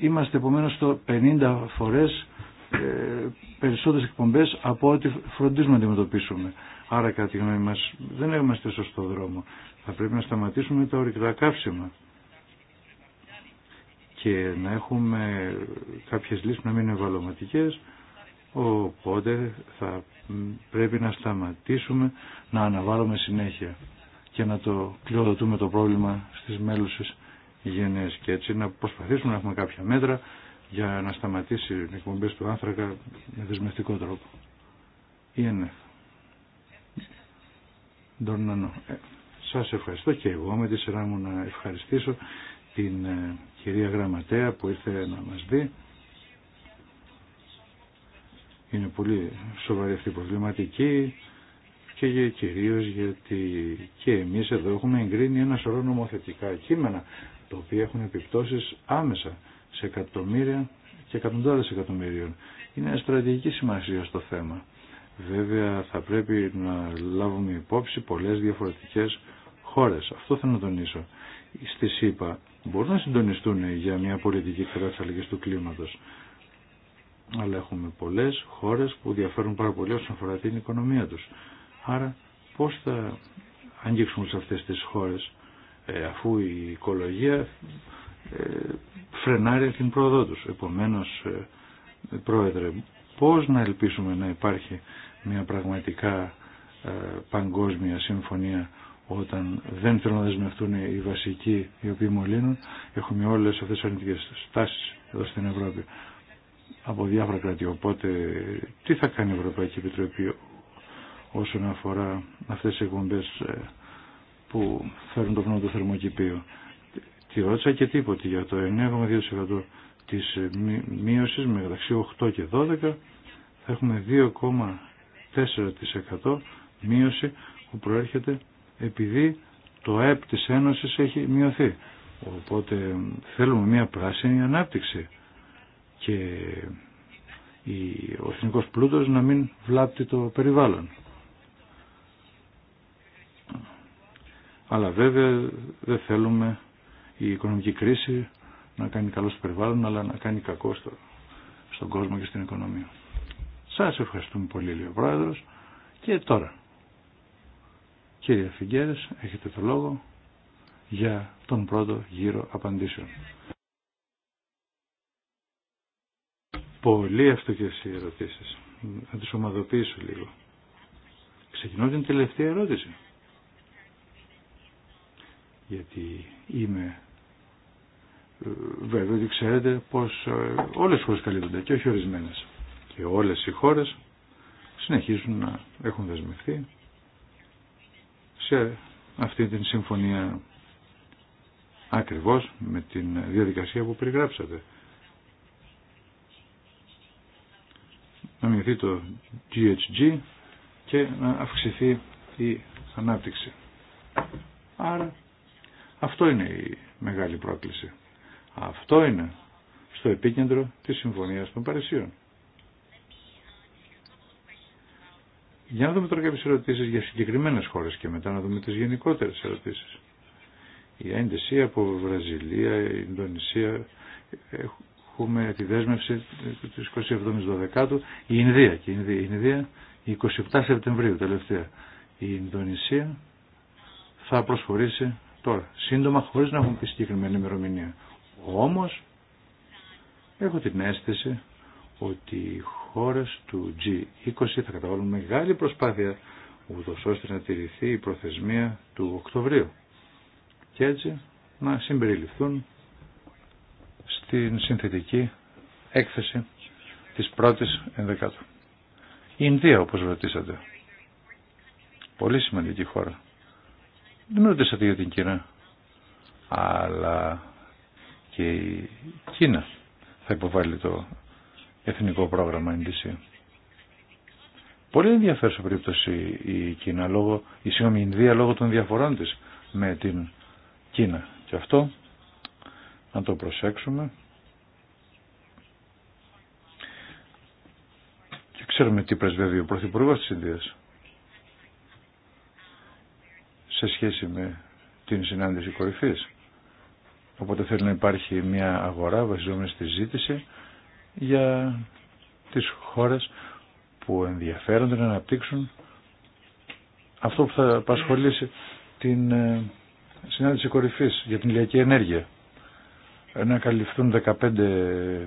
[SPEAKER 4] είμαστε επομένως στο 50 φορές ε, περισσότερες εκπομπές από ό,τι φροντίζουμε να αντιμετωπίσουμε. Άρα κατά τη γνώμη μας δεν είμαστε σωστό δρόμο. Θα πρέπει να σταματήσουμε τα ορυκτά καύσιμα και να έχουμε κάποιες λύσεις να μην είναι ευαλωματικές οπότε θα πρέπει να σταματήσουμε να αναβάλουμε συνέχεια και να το κλειοδοτούμε το πρόβλημα στις μέλουσες γενναίες και έτσι να προσπαθήσουμε να έχουμε κάποια μέτρα για να σταματήσει οι εκπομπέ του άνθρακα με δεσμευτικό τρόπο. ΕΝΕΦ. Ντορνανό. Ε, σας ευχαριστώ και εγώ με τη σειρά μου να ευχαριστήσω την ε, κυρία Γραμματέα που ήρθε να μας δει. Είναι πολύ σοβαρή αυτή η προβληματική και κυρίως γιατί και εμείς εδώ έχουμε εγκρίνει ένα σωρό νομοθετικά κείμενα τα οποία έχουν επιπτώσεις άμεσα σε εκατομμύρια και εκατοντάδε εκατομμύριων. Είναι στρατηγική σημασία στο θέμα. Βέβαια θα πρέπει να λάβουμε υπόψη πολλές διαφορετικές χώρες. Αυτό θέλω να τονίσω. Στη ΣΥΠΑ μπορούν να συντονιστούν για μια πολιτική κατά του κλίματος. Αλλά έχουμε πολλές χώρες που διαφέρουν πάρα πολύ όσον αφορά την οικονομία τους. Άρα πώς θα αγγίξουμε σε αυτές τις χώρες ε, αφού η οικολογία φρενάρει την πρόοδό τους. Επομένως, ε, Πρόεδρε, πώς να ελπίσουμε να υπάρχει μια πραγματικά ε, παγκόσμια συμφωνία όταν δεν θέλουν να δεσμευτούν οι βασικοί οι οποίοι μολύνουν, έχουμε όλες αυτές τις αρνητικές στάσεις εδώ στην Ευρώπη από διάφορα κράτη. Οπότε τι θα κάνει η Ευρωπαϊκή Επιτροπή όσον αφορά αυτές τις εκπομπές ε, που φέρουν το πνεύμα του θερμοκηπίου τη ρώτησα και τίποτη για το 9,2% της ε, μείωσης μεταξύ 8 και 12 θα έχουμε 2,4% μείωση που προέρχεται επειδή το ΑΕΠ της Ένωσης έχει μειωθεί. Οπότε ε, θέλουμε μια πράσινη ανάπτυξη και ο εθνικός πλούτος να μην βλάπτει το περιβάλλον. Αλλά βέβαια δεν θέλουμε η οικονομική κρίση να κάνει καλό στο περιβάλλον αλλά να κάνει κακό στο, στον κόσμο και στην οικονομία. Σας ευχαριστούμε πολύ λέει ο και τώρα κύριε Φιγγέρες, έχετε το λόγο για τον πρώτο γύρο απαντήσεων. Πολύ αυτοκές οι ερωτήσεις. Να τις ομαδοποιήσω λίγο. Ξεκινώ την τελευταία ερώτηση. Γιατί είμαι βέβαια ότι ξέρετε πως ε, όλες οι χώρες καλύπτονται και όχι ορισμένες. Και όλες οι χώρες συνεχίζουν να έχουν δεσμευτεί σε αυτήν την συμφωνία ακριβώς με την διαδικασία που περιγράψατε. Να μειωθεί το GHG και να αυξηθεί η ανάπτυξη. Άρα αυτό είναι η μεγάλη πρόκληση. Αυτό είναι στο επίκεντρο της Συμφωνίας των Παρισίων. Για να δούμε τώρα κάποιες ερωτήσεις για συγκεκριμένες χώρες και μετά να δούμε τις γενικότερες ερωτήσεις. Η ένδυση από Βραζιλία, η Ινδονησία, έχουμε τη δέσμευση της 27ης 12 η Ινδία και η Ινδία, η Ινδία η 27 Σεπτεμβρίου τελευταία. Η Ινδονησία θα προσχωρήσει τώρα, σύντομα, χωρίς να έχουν πει συγκεκριμένη ημερομηνία. Όμως έχω την αίσθηση ότι οι χώρες του G20 θα καταβάλουν μεγάλη προσπάθεια ούτως ώστε να τηρηθεί η προθεσμία του Οκτωβρίου και έτσι να συμπεριληφθούν στην συνθετική έκθεση της πρώτης ενδεκάτου. Η Ινδία, όπως ρωτήσατε, πολύ σημαντική χώρα. Δεν ρωτήσατε για την Κίνα, αλλά και η Κίνα θα υποβάλει το εθνικό πρόγραμμα NDC. Πολύ ενδιαφέρουσα περίπτωση η Κίνα λόγω, η Ινδία λόγω των διαφορών της με την Κίνα. Και αυτό να το προσέξουμε. Και ξέρουμε τι πρεσβεύει ο Πρωθυπουργό της Ινδίας σε σχέση με την συνάντηση κορυφής. Οπότε θέλει να υπάρχει μια αγορά βασιζόμενη στη ζήτηση για τις χώρες που ενδιαφέρονται να αναπτύξουν αυτό που θα απασχολήσει την ε, συνάντηση κορυφής για την ηλιακή ενέργεια. Να καλυφθούν 15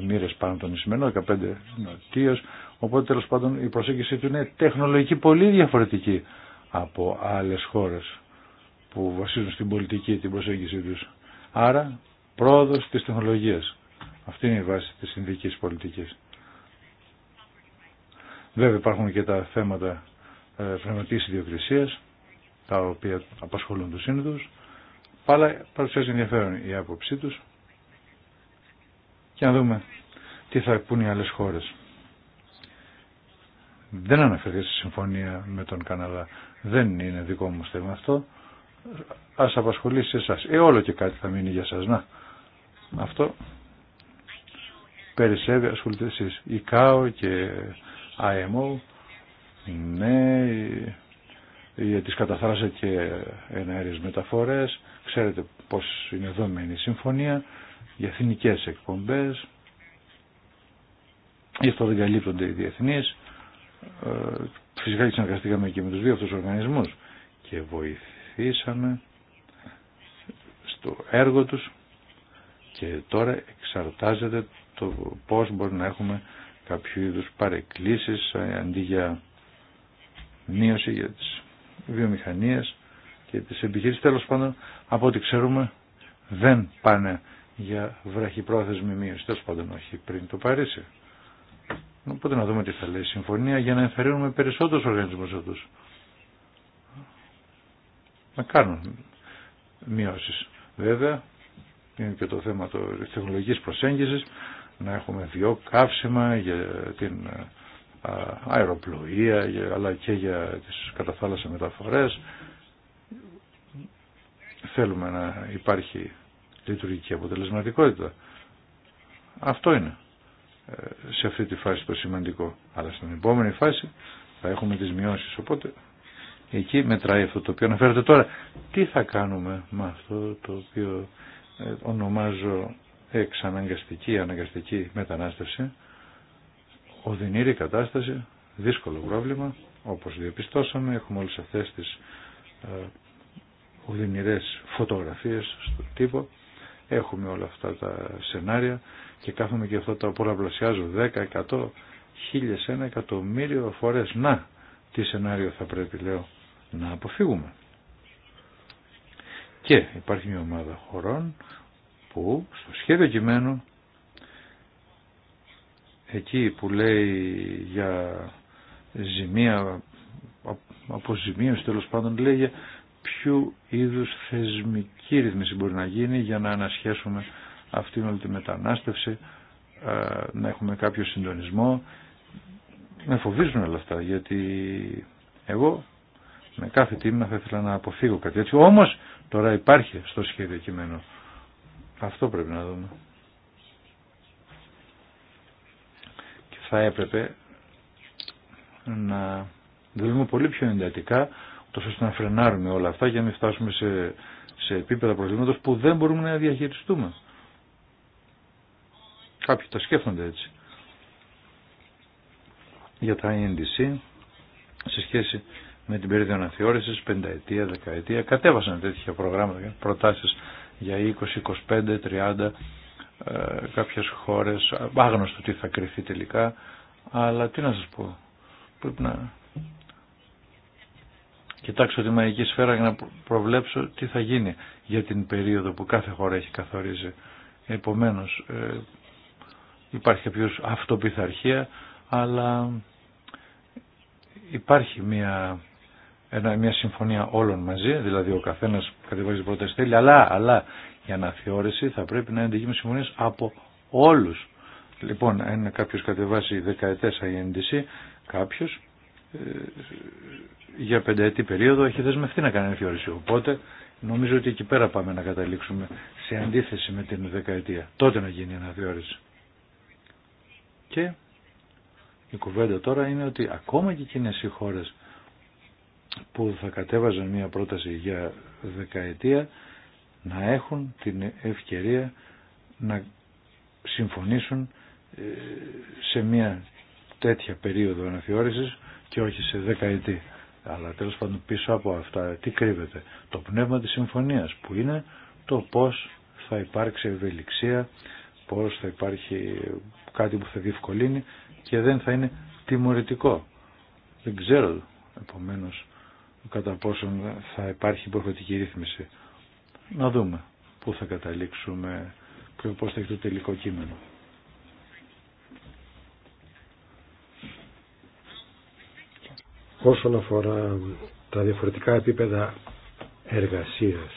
[SPEAKER 4] μοίρες πάνω τον Ισημενό, 15 νοτίως, οπότε τέλος πάντων η προσέγγιση του είναι τεχνολογική πολύ διαφορετική από άλλες χώρες που βασίζουν στην πολιτική την προσέγγιση τους. Άρα πρόοδος της τεχνολογίας. Αυτή είναι η βάση της συνδικής πολιτικής. Βέβαια υπάρχουν και τα θέματα ε, πνευματικής ιδιοκτησία, τα οποία απασχολούν τους σύνδους, αλλά παρουσιάζει ενδιαφέρον η άποψή τους και να δούμε τι θα πούν οι άλλες χώρες. Δεν αναφερθεί στη συμφωνία με τον Καναδά. Δεν είναι δικό μου θέμα αυτό ας απασχολήσει εσά. Ε, όλο και κάτι θα μείνει για σας. Να, αυτό περισσεύει, ασχολείται εσείς. Η ΚΑΟ και ΑΕΜΟ. ναι, για τις καταθράσα και εναέριες μεταφορές, ξέρετε πώς είναι δομένη η συμφωνία, για εθνικές εκπομπές, γι' αυτό δεν καλύπτονται οι διεθνείς, ε, φυσικά και συνεργαστήκαμε και με τους δύο αυτούς οργανισμούς και βοήθη βοηθήσαμε στο έργο τους και τώρα εξαρτάζεται το πώς μπορεί να έχουμε κάποιο είδους παρεκκλήσεις αντί για μείωση για τις βιομηχανίες και τις επιχειρήσεις τέλος πάντων από ό,τι ξέρουμε δεν πάνε για βραχυπρόθεσμη μείωση τέλος πάντων όχι πριν το Παρίσι οπότε να δούμε τι θα λέει η συμφωνία για να ενθαρρύνουμε περισσότερους οργανισμούς αυτούς να κάνουν μειώσεις. Βέβαια, είναι και το θέμα της τεχνολογικής προσέγγισης, να έχουμε δυο καύσιμα για την ε, αεροπλοεία, αλλά και για τις καταθάλασσες μεταφορές. Θέλουμε να υπάρχει λειτουργική αποτελεσματικότητα. Αυτό είναι ε, σε αυτή τη φάση το σημαντικό. Αλλά στην επόμενη φάση θα έχουμε τις μειώσεις. Οπότε Εκεί μετράει αυτό το οποίο αναφέρεται τώρα. Τι θα κάνουμε με αυτό το οποίο ε, ονομάζω εξαναγκαστική, αναγκαστική μετανάστευση. Οδυνήρη κατάσταση, δύσκολο πρόβλημα, όπως διαπιστώσαμε. Έχουμε όλες αυτές τις ε, οδυνηρές φωτογραφίες στον τύπο. Έχουμε όλα αυτά τα σενάρια και κάθομαι και αυτό τα πολλαπλασιάζω 10, 100, 1000, εκατομμύριο φορές. Να, τι σενάριο θα πρέπει λέω να αποφύγουμε. Και υπάρχει μια ομάδα χωρών που στο σχέδιο κειμένου εκεί που λέει για ζημία αποζημίωση τέλος πάντων λέει για ποιου είδους θεσμική ρύθμιση μπορεί να γίνει για να ανασχέσουμε αυτήν όλη τη μετανάστευση να έχουμε κάποιο συντονισμό με φοβίζουν όλα αυτά γιατί εγώ με κάθε τίμημα θα ήθελα να αποφύγω κάτι έτσι. Όμως τώρα υπάρχει στο σχέδιο κειμένο. Αυτό πρέπει να δούμε. Και θα έπρεπε να δούμε πολύ πιο εντατικά τόσο ώστε να φρενάρουμε όλα αυτά για να μην φτάσουμε σε, σε επίπεδα προβλήματος που δεν μπορούμε να διαχειριστούμε. Κάποιοι τα σκέφτονται έτσι. Για τα INDC σε σχέση με την περίοδο αναθεώρησης, πενταετία, δεκαετία, κατέβασαν τέτοια προγράμματα, προτάσεις για 20, 25, 30, κάποιες χώρες, άγνωστο τι θα κρυθεί τελικά, αλλά τι να σας πω, πρέπει να κοιτάξω τη μαγική σφαίρα για να προβλέψω τι θα γίνει για την περίοδο που κάθε χώρα έχει καθορίζει. Επομένως, ε, υπάρχει κάποιο αυτοπιθαρχία, αλλά υπάρχει μια ένα, μια συμφωνία όλων μαζί, δηλαδή ο καθένας κατεβάζει πρώτε θέλει, αλλά, αλλά η αναφιόρεση θα πρέπει να είναι αντικείμενο συμφωνία από όλου. Λοιπόν, αν κάποιο κατεβάσει δεκαετέ INDC, κάποιο, ε, για πενταετή περίοδο έχει δεσμευτεί να κάνει αναφιόρεση, Οπότε νομίζω ότι εκεί πέρα πάμε να καταλήξουμε σε αντίθεση με την δεκαετία. Τότε να γίνει η αναθεώρηση. Και η κουβέντα τώρα είναι ότι ακόμα και εκείνες οι χώρες που θα κατέβαζαν μια πρόταση για δεκαετία να έχουν την ευκαιρία να συμφωνήσουν ε, σε μια τέτοια περίοδο αναθεώρησης και όχι σε δεκαετή. Αλλά τέλος πάντων πίσω από αυτά τι κρύβεται. Το πνεύμα της συμφωνίας που είναι το πώς θα υπάρξει ευελιξία, πώς θα υπάρχει κάτι που θα διευκολύνει και δεν θα είναι τιμωρητικό. Δεν ξέρω επομένως κατά πόσον θα υπάρχει υποχρεωτική ρύθμιση. Να δούμε πού θα καταλήξουμε και πώς θα έχει το τελικό κείμενο.
[SPEAKER 2] Όσον αφορά τα διαφορετικά επίπεδα εργασίας,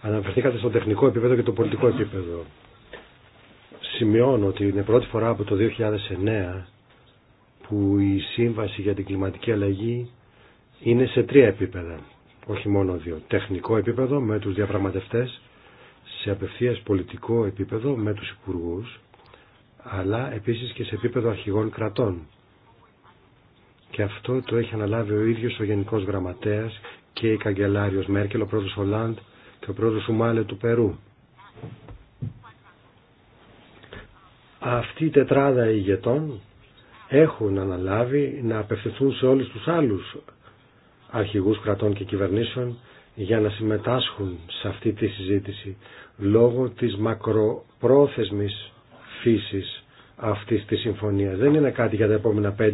[SPEAKER 2] αναφερθήκατε στο τεχνικό επίπεδο και το πολιτικό επίπεδο. Σημειώνω ότι είναι πρώτη φορά από το 2009 που η Σύμβαση για την Κλιματική Αλλαγή είναι σε τρία επίπεδα. Όχι μόνο δύο. Τεχνικό επίπεδο με τους διαπραγματευτές, σε απευθείας πολιτικό επίπεδο με τους υπουργούς, αλλά επίσης και σε επίπεδο αρχηγών κρατών. Και αυτό το έχει αναλάβει ο ίδιος ο Γενικός Γραμματέας και η Καγκελάριος Μέρκελ, ο πρόεδρος Ολάντ και ο πρόεδρος Ουμάλε του Περού. Αυτή η τετράδα ηγετών έχουν αναλάβει να απευθυνθούν σε όλους τους άλλους αρχηγούς κρατών και κυβερνήσεων για να συμμετάσχουν σε αυτή τη συζήτηση λόγω της μακροπρόθεσμης φύσης αυτής της συμφωνίας. Δεν είναι κάτι για τα επόμενα 5-10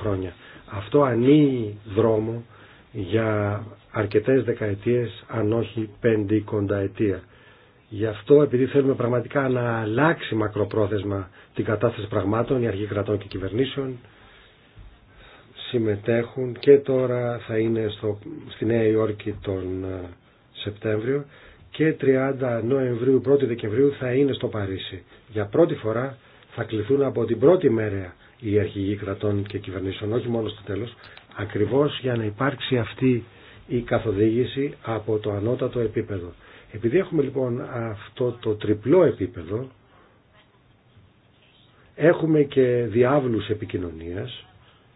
[SPEAKER 2] χρόνια. Αυτό ανοίγει δρόμο για αρκετές δεκαετίες, αν όχι ετία. Γι' αυτό, επειδή θέλουμε πραγματικά να αλλάξει μακροπρόθεσμα την κατάσταση πραγμάτων, οι αρχή κρατών και κυβερνήσεων, συμμετέχουν και τώρα θα είναι στο, στη Νέα Υόρκη τον ε, Σεπτέμβριο και 30 Νοεμβρίου, 1 Δεκεμβρίου θα είναι στο Παρίσι. Για πρώτη φορά θα κληθούν από την πρώτη μέρα οι αρχηγοί κρατών και κυβερνήσεων, όχι μόνο στο τέλος, ακριβώς για να υπάρξει αυτή η καθοδήγηση από το ανώτατο επίπεδο. Επειδή έχουμε λοιπόν αυτό το τριπλό επίπεδο, έχουμε και διάβλους επικοινωνίας,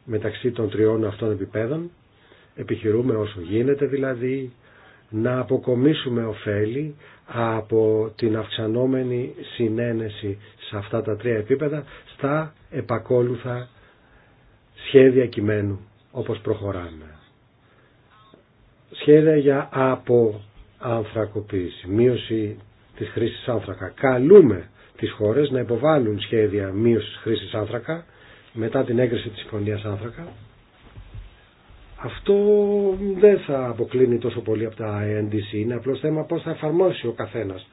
[SPEAKER 2] μεταξύ των τριών αυτών επιπέδων. Επιχειρούμε όσο γίνεται δηλαδή να αποκομίσουμε ωφέλη από την αυξανόμενη συνένεση σε αυτά τα τρία επίπεδα στα επακόλουθα σχέδια κειμένου όπως προχωράμε. Σχέδια για από μείωση της χρήσης άνθρακα. Καλούμε τις χώρες να υποβάλουν σχέδια μείωσης χρήσης άνθρακα μετά την έγκριση της Συμφωνίας Άνθρακα. Αυτό δεν θα αποκλίνει τόσο πολύ από τα NDC, ε είναι απλώς θέμα πώς θα εφαρμόσει ο καθένας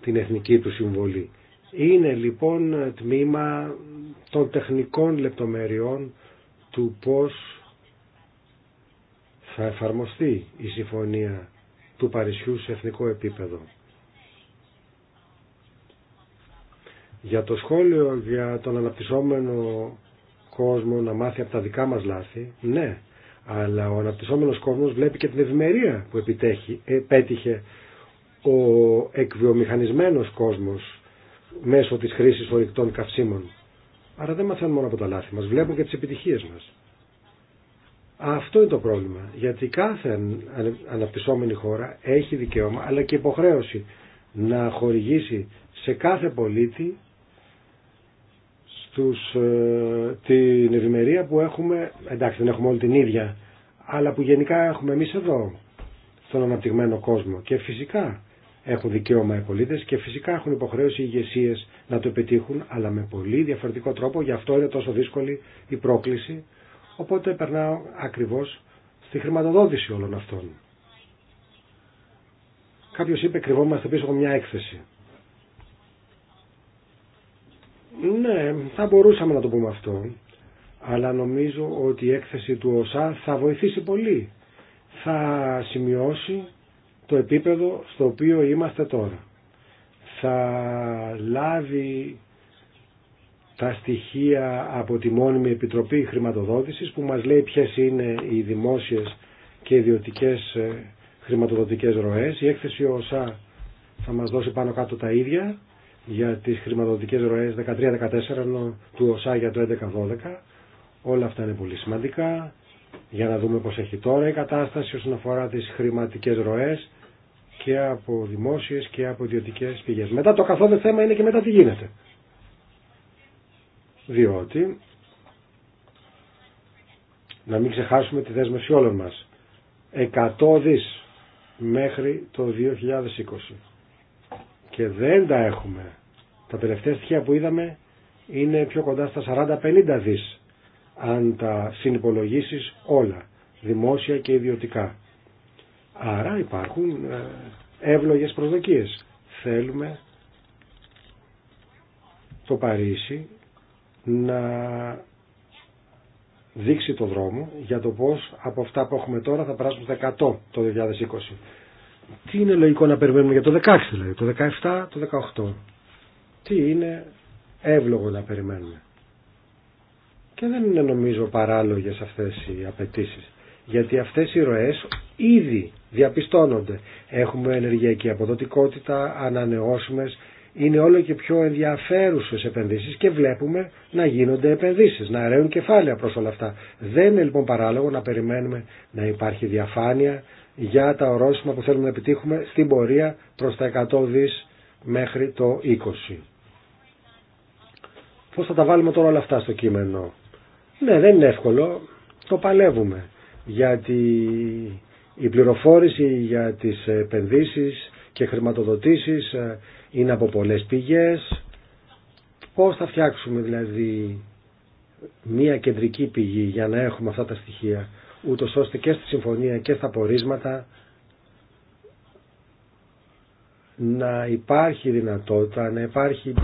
[SPEAKER 2] την εθνική του συμβολή. Είναι λοιπόν τμήμα των τεχνικών λεπτομεριών του πώς θα εφαρμοστεί η συμφωνία του Παρισιού σε εθνικό επίπεδο. Για το σχόλιο για τον αναπτυσσόμενο κόσμο να μάθει από τα δικά μας λάθη, ναι, αλλά ο αναπτυσσόμενος κόσμος βλέπει και την ευημερία που επιτέχει, ε, πέτυχε ο εκβιομηχανισμένος κόσμος μέσω της χρήσης φορικτών καυσίμων. Άρα δεν μαθαίνουν μόνο από τα λάθη μας, βλέπουν και τις επιτυχίες μας. Αυτό είναι το πρόβλημα, γιατί κάθε αναπτυσσόμενη χώρα έχει δικαίωμα αλλά και υποχρέωση να χορηγήσει σε κάθε πολίτη στους, ε, την ευημερία που έχουμε, εντάξει δεν έχουμε όλη την ίδια, αλλά που γενικά έχουμε εμείς εδώ, στον αναπτυγμένο κόσμο. Και φυσικά έχουν δικαίωμα οι πολίτες και φυσικά έχουν υποχρέωση οι ηγεσίε να το πετύχουν, αλλά με πολύ διαφορετικό τρόπο, γι' αυτό είναι τόσο δύσκολη η πρόκληση. Οπότε περνάω ακριβώς στη χρηματοδότηση όλων αυτών. Κάποιος είπε κρυβόμαστε πίσω από μια έκθεση. Ναι, θα μπορούσαμε να το πούμε αυτό. Αλλά νομίζω ότι η έκθεση του ΟΣΑ θα βοηθήσει πολύ. Θα σημειώσει το επίπεδο στο οποίο είμαστε τώρα. Θα λάβει τα στοιχεία από τη μόνιμη Επιτροπή Χρηματοδότησης που μας λέει ποιες είναι οι δημόσιες και ιδιωτικές ε, χρηματοδοτικές ροές. Η έκθεση ΟΣΑ θα μας δώσει πάνω κάτω τα ίδια για τις χρηματοδοτικές ροές 13-14 του ΟΣΑ για το 11-12. Όλα αυτά είναι πολύ σημαντικά για να δούμε πώς έχει τώρα η κατάσταση όσον αφορά τις χρηματικές ροές και από δημόσιες και από ιδιωτικέ πηγές. Μετά το καθόδε θέμα είναι και μετά τι γίνεται. Διότι να μην ξεχάσουμε τη δέσμευση όλων μας. 100 δις μέχρι το 2020 και δεν τα έχουμε. Τα τελευταία στοιχεία που είδαμε είναι πιο κοντά στα 40-50 δις αν τα συνυπολογίσεις όλα, δημόσια και ιδιωτικά. Άρα υπάρχουν ε, εύλογες προσδοκίες. Θέλουμε το Παρίσι να δείξει το δρόμο για το πώς από αυτά που έχουμε τώρα θα περάσουμε στα 100 το 2020. Τι είναι λογικό να περιμένουμε για το 16 δηλαδή, το 17, το 18. Τι είναι εύλογο να περιμένουμε. Και δεν είναι νομίζω παράλογες αυτές οι απαιτήσει. Γιατί αυτές οι ροές ήδη διαπιστώνονται. Έχουμε ενεργειακή αποδοτικότητα, ανανεώσιμες, είναι όλο και πιο ενδιαφέρουσες επενδύσεις και βλέπουμε να γίνονται επενδύσεις, να αραίουν κεφάλαια προς όλα αυτά. Δεν είναι λοιπόν παράλογο να περιμένουμε να υπάρχει διαφάνεια, για τα ορόσημα που θέλουμε να επιτύχουμε στην πορεία προς τα 100 δις μέχρι το 20. Πώς θα τα βάλουμε τώρα όλα αυτά στο κείμενο. Ναι, δεν είναι εύκολο, το παλεύουμε. Γιατί η πληροφόρηση για τις επενδύσεις και χρηματοδοτήσεις ε, είναι από πολλές πηγές. Πώς θα φτιάξουμε δηλαδή μία κεντρική πηγή για να έχουμε αυτά τα στοιχεία ούτω ώστε και στη συμφωνία και στα πορίσματα να υπάρχει δυνατότητα, να υπάρχει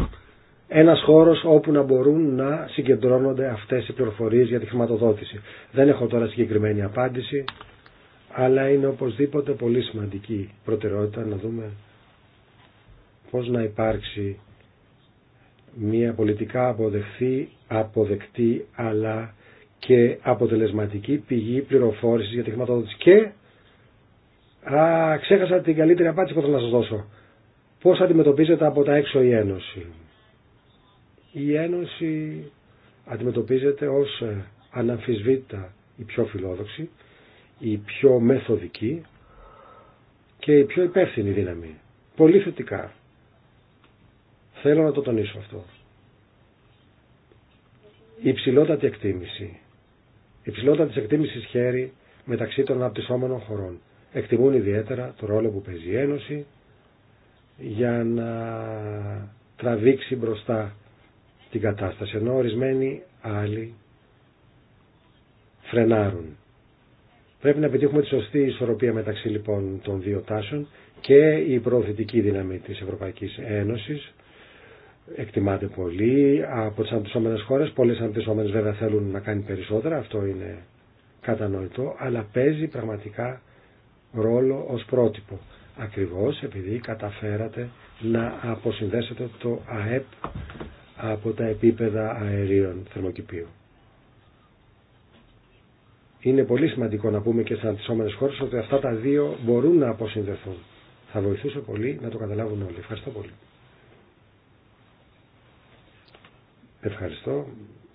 [SPEAKER 2] ένας χώρος όπου να μπορούν να συγκεντρώνονται αυτές οι πληροφορίες για τη χρηματοδότηση. Δεν έχω τώρα συγκεκριμένη απάντηση, αλλά είναι οπωσδήποτε πολύ σημαντική προτεραιότητα να δούμε πώς να υπάρξει μια πολιτικά αποδεχθή, αποδεκτή αλλά και αποτελεσματική πηγή πληροφόρηση για τη χρηματοδότηση. Και α, ξέχασα την καλύτερη απάντηση που θέλω να σας δώσω. Πώς αντιμετωπίζεται από τα έξω η Ένωση. Η Ένωση αντιμετωπίζεται ως ε, αναμφισβήτητα η πιο φιλόδοξη, η πιο μεθοδική και η πιο υπεύθυνη δύναμη. Πολύ θετικά. Θέλω να το τονίσω αυτό. Η υψηλότατη εκτίμηση υψηλότατη εκτίμηση χέρι μεταξύ των αναπτυσσόμενων χωρών. Εκτιμούν ιδιαίτερα το ρόλο που παίζει η Ένωση για να τραβήξει μπροστά την κατάσταση, ενώ ορισμένοι άλλοι φρενάρουν. Πρέπει να επιτύχουμε τη σωστή ισορροπία μεταξύ λοιπόν των δύο τάσεων και η προωθητική δύναμη της Ευρωπαϊκής Ένωσης εκτιμάται πολύ από τις αντισώμενες χώρες. Πολλές αντισώμενες βέβαια θέλουν να κάνει περισσότερα, αυτό είναι κατανοητό, αλλά παίζει πραγματικά ρόλο ως πρότυπο. Ακριβώς επειδή καταφέρατε να αποσυνδέσετε το ΑΕΠ από τα επίπεδα αερίων θερμοκηπίου. Είναι πολύ σημαντικό να πούμε και στις αντισώμενε χώρες ότι αυτά τα δύο μπορούν να αποσυνδεθούν. Θα βοηθούσε πολύ να το καταλάβουν όλοι. Ευχαριστώ πολύ. Ευχαριστώ.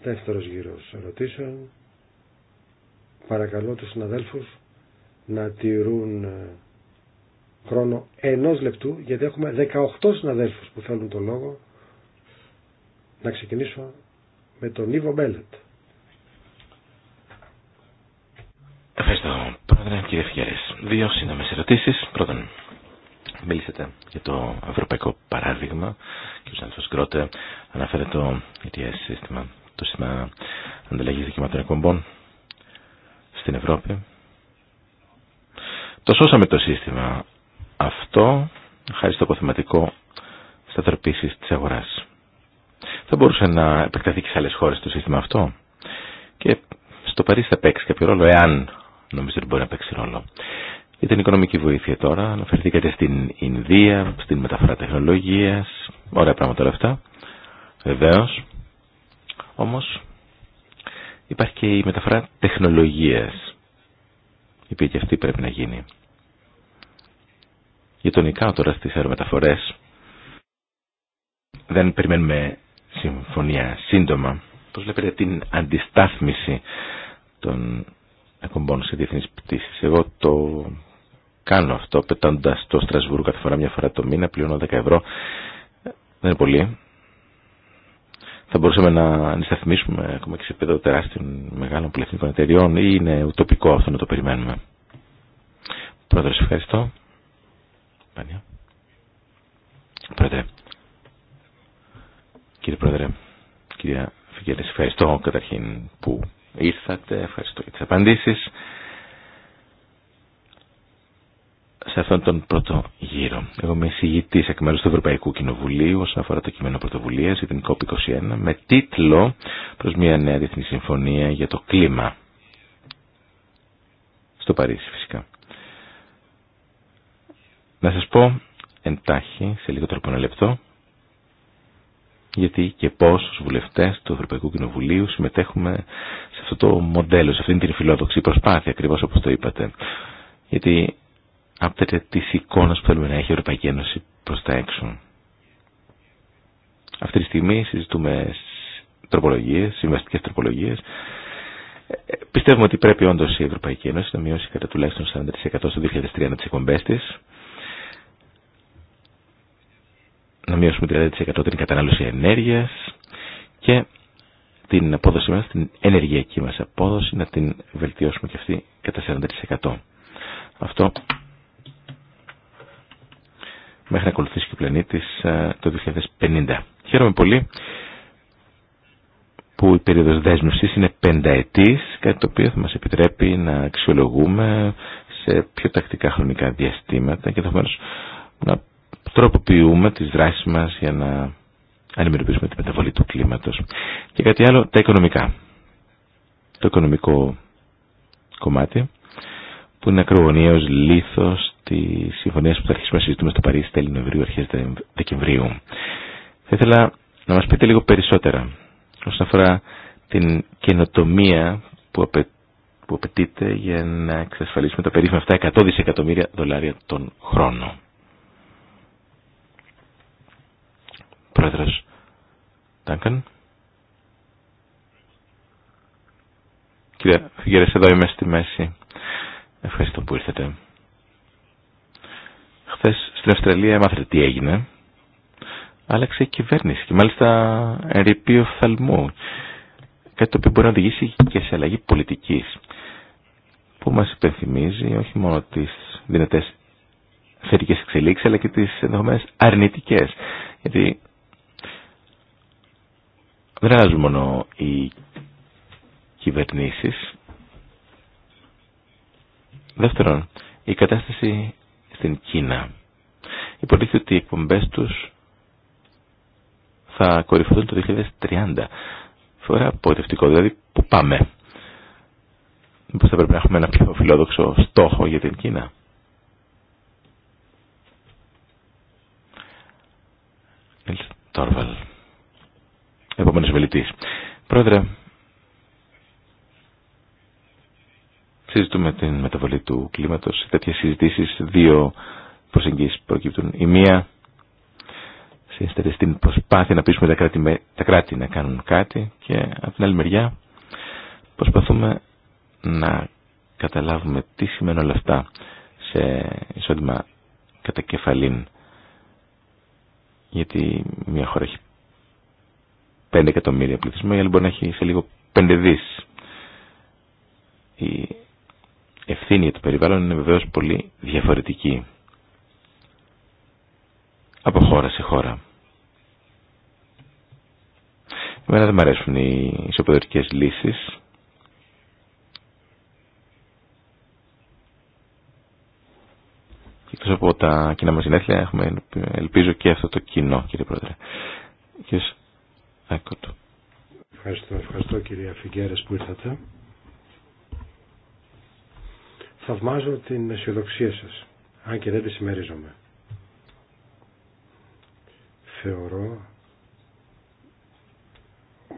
[SPEAKER 2] Δεύτερος γύρος ερωτήσεων. Παρακαλώ τους συναδέλφους να τηρούν ε, χρόνο ενός λεπτού, γιατί έχουμε 18 συναδέλφους που θέλουν το λόγο. Να ξεκινήσω με τον Ιβο Μπέλετ.
[SPEAKER 3] Ευχαριστώ, Πρόεδρε, κύριε Φιέρης. Δύο σύντομες ερωτήσεις. Πρώτον, Μίλησατε για το ευρωπαϊκό παράδειγμα και ο Σάνθος Γκρότε αναφέρεται το ETS σύστημα, το σύστημα ανταλλαγής δικαιωμάτων εκπομπών στην Ευρώπη. Το σώσαμε το σύστημα αυτό χάρη στο αποθεματικό σταθεροποίησης της αγοράς. Θα μπορούσε να επεκταθεί και σε άλλες χώρες το σύστημα αυτό και στο Παρίσι θα παίξει κάποιο ρόλο εάν νομίζω ότι μπορεί να παίξει ρόλο. Για την οικονομική βοήθεια τώρα, αναφερθήκατε στην Ινδία, στην μεταφορά τεχνολογία, ωραία πράγματα όλα αυτά. Βεβαίω. Όμω υπάρχει και η μεταφορά τεχνολογία, η οποία και αυτή πρέπει να γίνει. Για τον ΙΚΑΟ τώρα στι αερομεταφορέ, δεν περιμένουμε συμφωνία σύντομα. Πώ βλέπετε την αντιστάθμιση των εκπομπών σε διεθνεί πτήσει. Εγώ το κάνω αυτό πετώντα το Στρασβούργο κάθε φορά μια φορά το μήνα, πληρώνω 10 ευρώ. Δεν είναι πολύ. Θα μπορούσαμε να ανισταθμίσουμε ακόμα και σε επίπεδο τεράστιων μεγάλων πολυεθνικών εταιριών ή είναι ουτοπικό αυτό να το περιμένουμε. Πρόεδρε, ευχαριστώ. Πάνια. Πρόεδρε. Κύριε Πρόεδρε, κυρία ευχαριστώ καταρχήν που ήρθατε, ευχαριστώ για τι απαντήσει σε αυτόν τον πρώτο γύρο. Εγώ είμαι εισηγητή εκ μέρου του Ευρωπαϊκού Κοινοβουλίου όσον αφορά το κείμενο πρωτοβουλία για την COP21 με τίτλο προ μια νέα διεθνή συμφωνία για το κλίμα. Στο Παρίσι φυσικά. Να σα πω εντάχει σε λίγο τρόπο ένα λεπτό γιατί και πώς ως βουλευτές του Ευρωπαϊκού Κοινοβουλίου συμμετέχουμε σε αυτό το μοντέλο, σε αυτήν την φιλόδοξη προσπάθεια ακριβώς όπως το είπατε. Γιατί από της εικόνε που θέλουμε να έχει η Ευρωπαϊκή Ένωση προς τα έξω. Αυτή τη στιγμή συζητούμε τροπολογίε, συμβαστικέ τροπολογίε. Ε, πιστεύουμε ότι πρέπει όντω η Ευρωπαϊκή Ένωση να μειώσει κατά τουλάχιστον 40% στο 2030 τι εκπομπές της. Να μειώσουμε 30% την κατανάλωση ενέργειας και την απόδοση μας, την ενεργειακή μας απόδοση, να την βελτιώσουμε και αυτή κατά 40%. Αυτό μέχρι να ακολουθήσει και ο πλανήτης ε, το 2050. Χαίρομαι πολύ που η περίοδος δέσμευσης είναι πενταετής, κάτι το οποίο θα μας επιτρέπει να αξιολογούμε σε πιο τακτικά χρονικά διαστήματα και θα να τροποποιούμε τις δράσεις μας για να αντιμετωπίσουμε τη μεταβολή του κλίματος. Και κάτι άλλο, τα οικονομικά. Το οικονομικό κομμάτι που είναι ακρογωνίως λίθος τη συμφωνία που θα αρχίσουμε να συζητούμε στο Παρίσι τέλη Νοεμβρίου, αρχέ Δεκεμβρίου. Θα ήθελα να μα πείτε λίγο περισσότερα όσον αφορά την καινοτομία που, που απαιτείται για να εξασφαλίσουμε τα περίφημα αυτά 100 δισεκατομμύρια δολάρια τον χρόνο. Πρόεδρος Τάνκαν. Κύριε Φιγέρες, εδώ είμαι στη μέση. Ευχαριστώ που ήρθατε στην Αυστραλία έμαθε τι έγινε. Άλλαξε η κυβέρνηση και μάλιστα ερειπεί ο Κάτι το οποίο μπορεί να οδηγήσει και σε αλλαγή πολιτικής που μας υπενθυμίζει όχι μόνο τις δυνατές θετικές εξελίξεις αλλά και τις ενδεχομένες αρνητικές. Γιατί δεν αλλάζουν μόνο οι κυβερνήσεις. Δεύτερον, η κατάσταση στην Κίνα. Υποτίθεται ότι οι εκπομπέ του θα κορυφωθούν το 2030. Φορά απογοητευτικό, δηλαδή πού πάμε. Μήπως θα πρέπει να έχουμε ένα πιο φιλόδοξο στόχο για την Κίνα. Επόμενος βελητής. Πρόεδρε, συζητούμε την μεταβολή του κλίματος. Σε τέτοιες συζητήσεις δύο προσεγγίσεις προκύπτουν. Η μία συνιστάται στην προσπάθεια να πείσουμε τα κράτη, τα κράτη να κάνουν κάτι και από την άλλη μεριά προσπαθούμε να καταλάβουμε τι σημαίνουν όλα αυτά σε εισόδημα κατά κεφαλήν γιατί μια χώρα έχει 5 εκατομμύρια πληθυσμό η άλλη μπορεί να έχει σε λίγο 5 δις ευθύνη για το περιβάλλον είναι βεβαίως πολύ διαφορετική από χώρα σε χώρα. Εμένα δεν μου αρέσουν οι ισοποδοτικές λύσεις. Και εκτός από τα κοινά μας συνέθλια έχουμε, ελπίζω και αυτό το κοινό κύριε Πρόεδρε.
[SPEAKER 2] Ευχαριστώ, ευχαριστώ κύριε Φιγκέρες που ήρθατε θαυμάζω την αισιοδοξία σας, αν και δεν τη συμμερίζομαι. Θεωρώ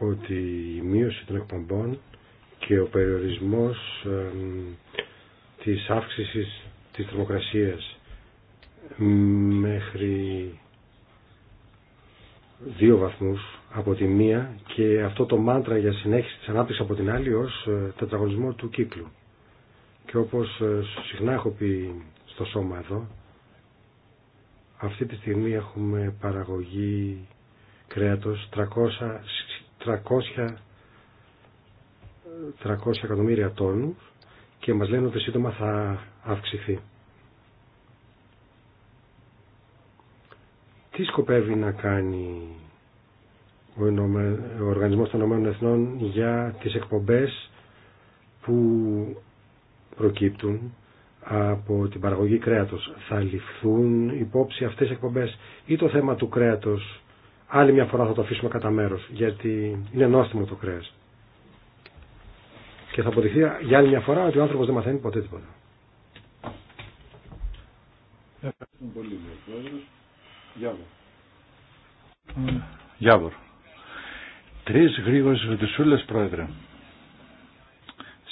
[SPEAKER 2] ότι η μείωση των εκπομπών και ο περιορισμός ε, της αύξησης της θερμοκρασίας μέχρι δύο βαθμούς από τη μία και αυτό το μάντρα για συνέχιση της ανάπτυξης από την άλλη ως ε, τετραγωνισμό του κύκλου. Και όπως ε, συχνά έχω πει στο σώμα εδώ, αυτή τη στιγμή έχουμε παραγωγή κρέατος 300, 300, 300 εκατομμύρια τόνους και μας λένε ότι σύντομα θα αυξηθεί. Τι σκοπεύει να κάνει ο, Οργανισμός των Ηνωμένων Εθνών για τις εκπομπές που προκύπτουν από την παραγωγή κρέατος. Θα ληφθούν υπόψη αυτές οι εκπομπές ή το θέμα του κρέατος άλλη μια φορά θα το αφήσουμε κατά μέρο γιατί είναι νόστιμο το κρέας. Και θα αποδειχθεί για άλλη μια φορά ότι ο άνθρωπος δεν μαθαίνει ποτέ τίποτα.
[SPEAKER 4] Γιάβορ. Ε, Γιάβορ. Τρεις γρήγορες ρωτησούλες, Πρόεδρε.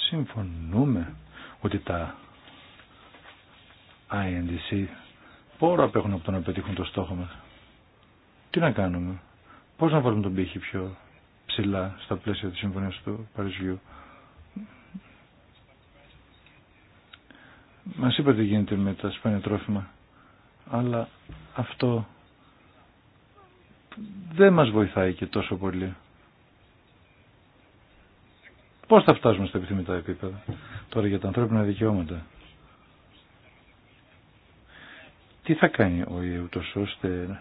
[SPEAKER 4] Συμφωνούμε ότι τα INDC πόρο απέχουν από το να πετύχουν το στόχο μας. Τι να κάνουμε, πώς να βάλουμε τον πύχη πιο ψηλά στα πλαίσια της Συμφωνίας του Παρισιού. Μας είπατε τι γίνεται με τα σπάνια τρόφιμα, αλλά αυτό δεν μας βοηθάει και τόσο πολύ. Πώ θα φτάσουμε στα επιθυμητά επίπεδα τώρα για τα ανθρώπινα δικαιώματα. Τι θα κάνει ο Ιεούτος ώστε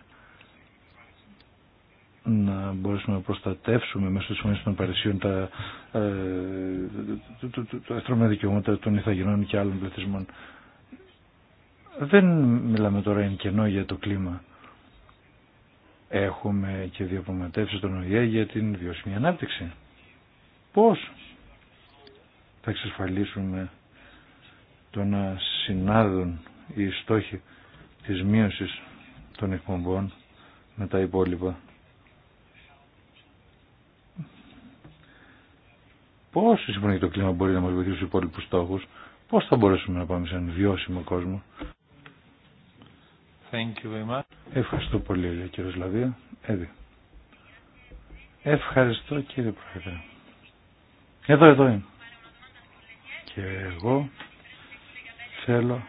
[SPEAKER 4] να μπορέσουμε να προστατεύσουμε μέσω της Συμφωνίας των Παρισίων ε, τα ανθρώπινα δικαιώματα των Ιθαγενών και άλλων πληθυσμών. Δεν μιλάμε τώρα εν κενό για το κλίμα. Έχουμε και διαπραγματεύσει τον ΟΗΕ για την βιώσιμη ανάπτυξη. Πώς θα εξασφαλίσουμε το να συνάδουν οι στόχοι της μείωσης των εκπομπών με τα υπόλοιπα. Πώς η συμφωνία το κλίμα μπορεί να μας βοηθήσει στους υπόλοιπους στόχους, πώς θα μπορέσουμε να πάμε σε έναν βιώσιμο κόσμο. Thank you very much. Ευχαριστώ πολύ, κύριε ο κύριος Έδει. Ευχαριστώ κύριε Πρόεδρε. Εδώ, εδώ είμαι. Και εγώ θέλω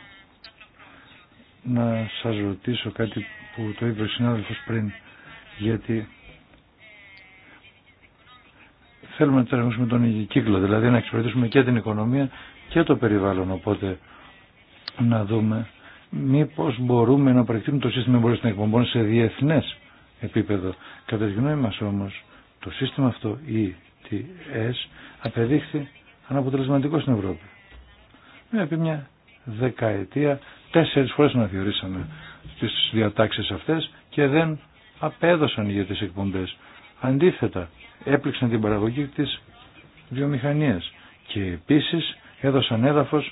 [SPEAKER 4] να σας ρωτήσω κάτι που το είπε ο συνάδελφος πριν γιατί θέλουμε να τραγουδήσουμε τον κύκλο δηλαδή να εξυπηρετήσουμε και την οικονομία και το περιβάλλον οπότε να δούμε μήπως μπορούμε να προεκτείνουμε το σύστημα εμπορίας των εκπομπών σε διεθνές επίπεδο. Κατά τη γνώμη μας όμως το σύστημα αυτό ETS απεδείχθη αναποτελεσματικό στην Ευρώπη. Μια από μια δεκαετία, τέσσερι φορέ αναθεωρήσαμε τι διατάξει αυτέ και δεν απέδωσαν για τι εκπομπέ. Αντίθετα, έπληξαν την παραγωγή τη βιομηχανία και επίση έδωσαν έδαφο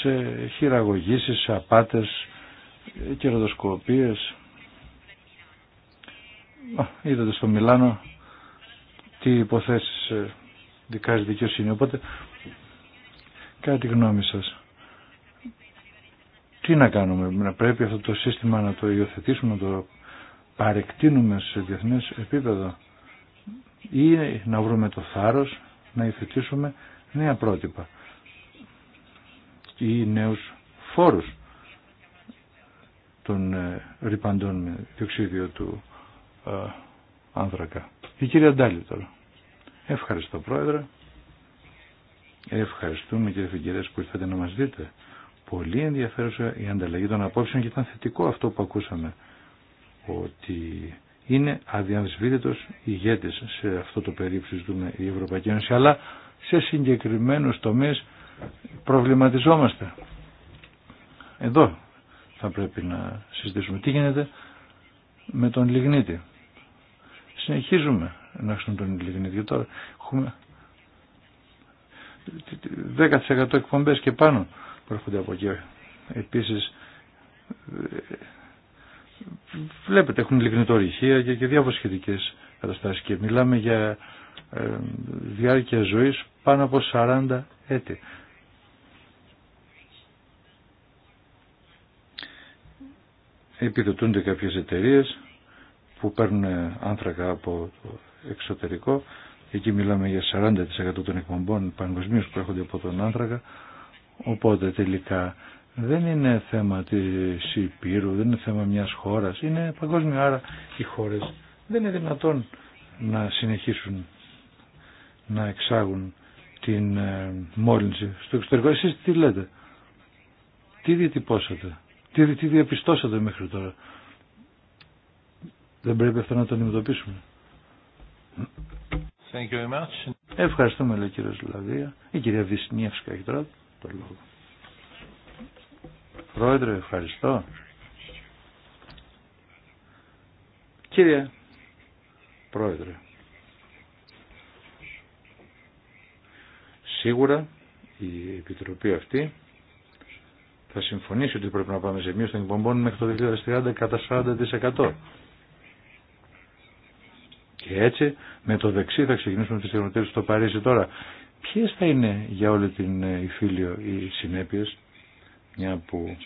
[SPEAKER 4] σε χειραγωγήσει, σε απάτε, κερδοσκοπίε. Είδατε στο Μιλάνο τι υποθέσει ε, δικάζει δικαιοσύνη. Οπότε Κάτι γνώμη σας. Τι να κάνουμε, να πρέπει αυτό το σύστημα να το υιοθετήσουμε, να το παρεκτείνουμε σε διεθνές επίπεδο ή να βρούμε το θάρρος να υιοθετήσουμε νέα πρότυπα ή νέους φόρους των ε, ρηπαντών με διοξίδιο του ε, άνθρακα. Η κυρία Ντάλη τώρα. Ευχαριστώ πρόεδρε. Ευχαριστούμε κύριε Φιγκερές που ήρθατε να μας δείτε. Πολύ ενδιαφέρουσα η ανταλλαγή των απόψεων και ήταν θετικό αυτό που ακούσαμε. Ότι είναι αδιαμφισβήτητος ηγέτη σε αυτό το περίπτωση ζητούμε η Ευρωπαϊκή Ένωση, αλλά σε συγκεκριμένου τομεί προβληματιζόμαστε. Εδώ θα πρέπει να συζητήσουμε τι γίνεται με τον Λιγνίτη. Συνεχίζουμε να έχουμε τον Λιγνίτη τώρα. Έχουμε 10% εκπομπές και πάνω προέρχονται από εκεί. Επίσης, βλέπετε, έχουν λιγνητορυχία και, και διάφορες σχετικές καταστάσεις και μιλάμε για ε, διάρκεια ζωής πάνω από 40 έτη. Επιδοτούνται κάποιες εταιρείες που παίρνουν άνθρακα από το εξωτερικό Εκεί μιλάμε για 40% των εκπομπών παγκοσμίω που έρχονται από τον άνθρακα. Οπότε τελικά δεν είναι θέμα της Υπήρου, δεν είναι θέμα μιας χώρας, είναι παγκόσμιο. Άρα οι χώρες δεν είναι δυνατόν να συνεχίσουν να εξάγουν την ε, μόλυνση στο εξωτερικό. Εσείς τι λέτε, τι διατυπώσατε, τι, τι διαπιστώσατε μέχρι τώρα. Δεν πρέπει αυτό να το αντιμετωπίσουμε. Thank you very much. Ευχαριστούμε, λέει ο κύριο Λαβία. Η κυρία Βυσνιεύσκα έχει τώρα το λόγο. Πρόεδρε, ευχαριστώ. Κύριε Πρόεδρε, σίγουρα η Επιτροπή αυτή θα συμφωνήσει ότι πρέπει να πάμε σε μείωση των υπομπών μέχρι το 2030 κατά 40%. Και έτσι με το δεξί θα ξεκινήσουμε τις θερμοτέρες στο Παρίσι τώρα. Ποιες θα είναι για όλη την Ιφίλιο ε, οι συνέπειες, μια που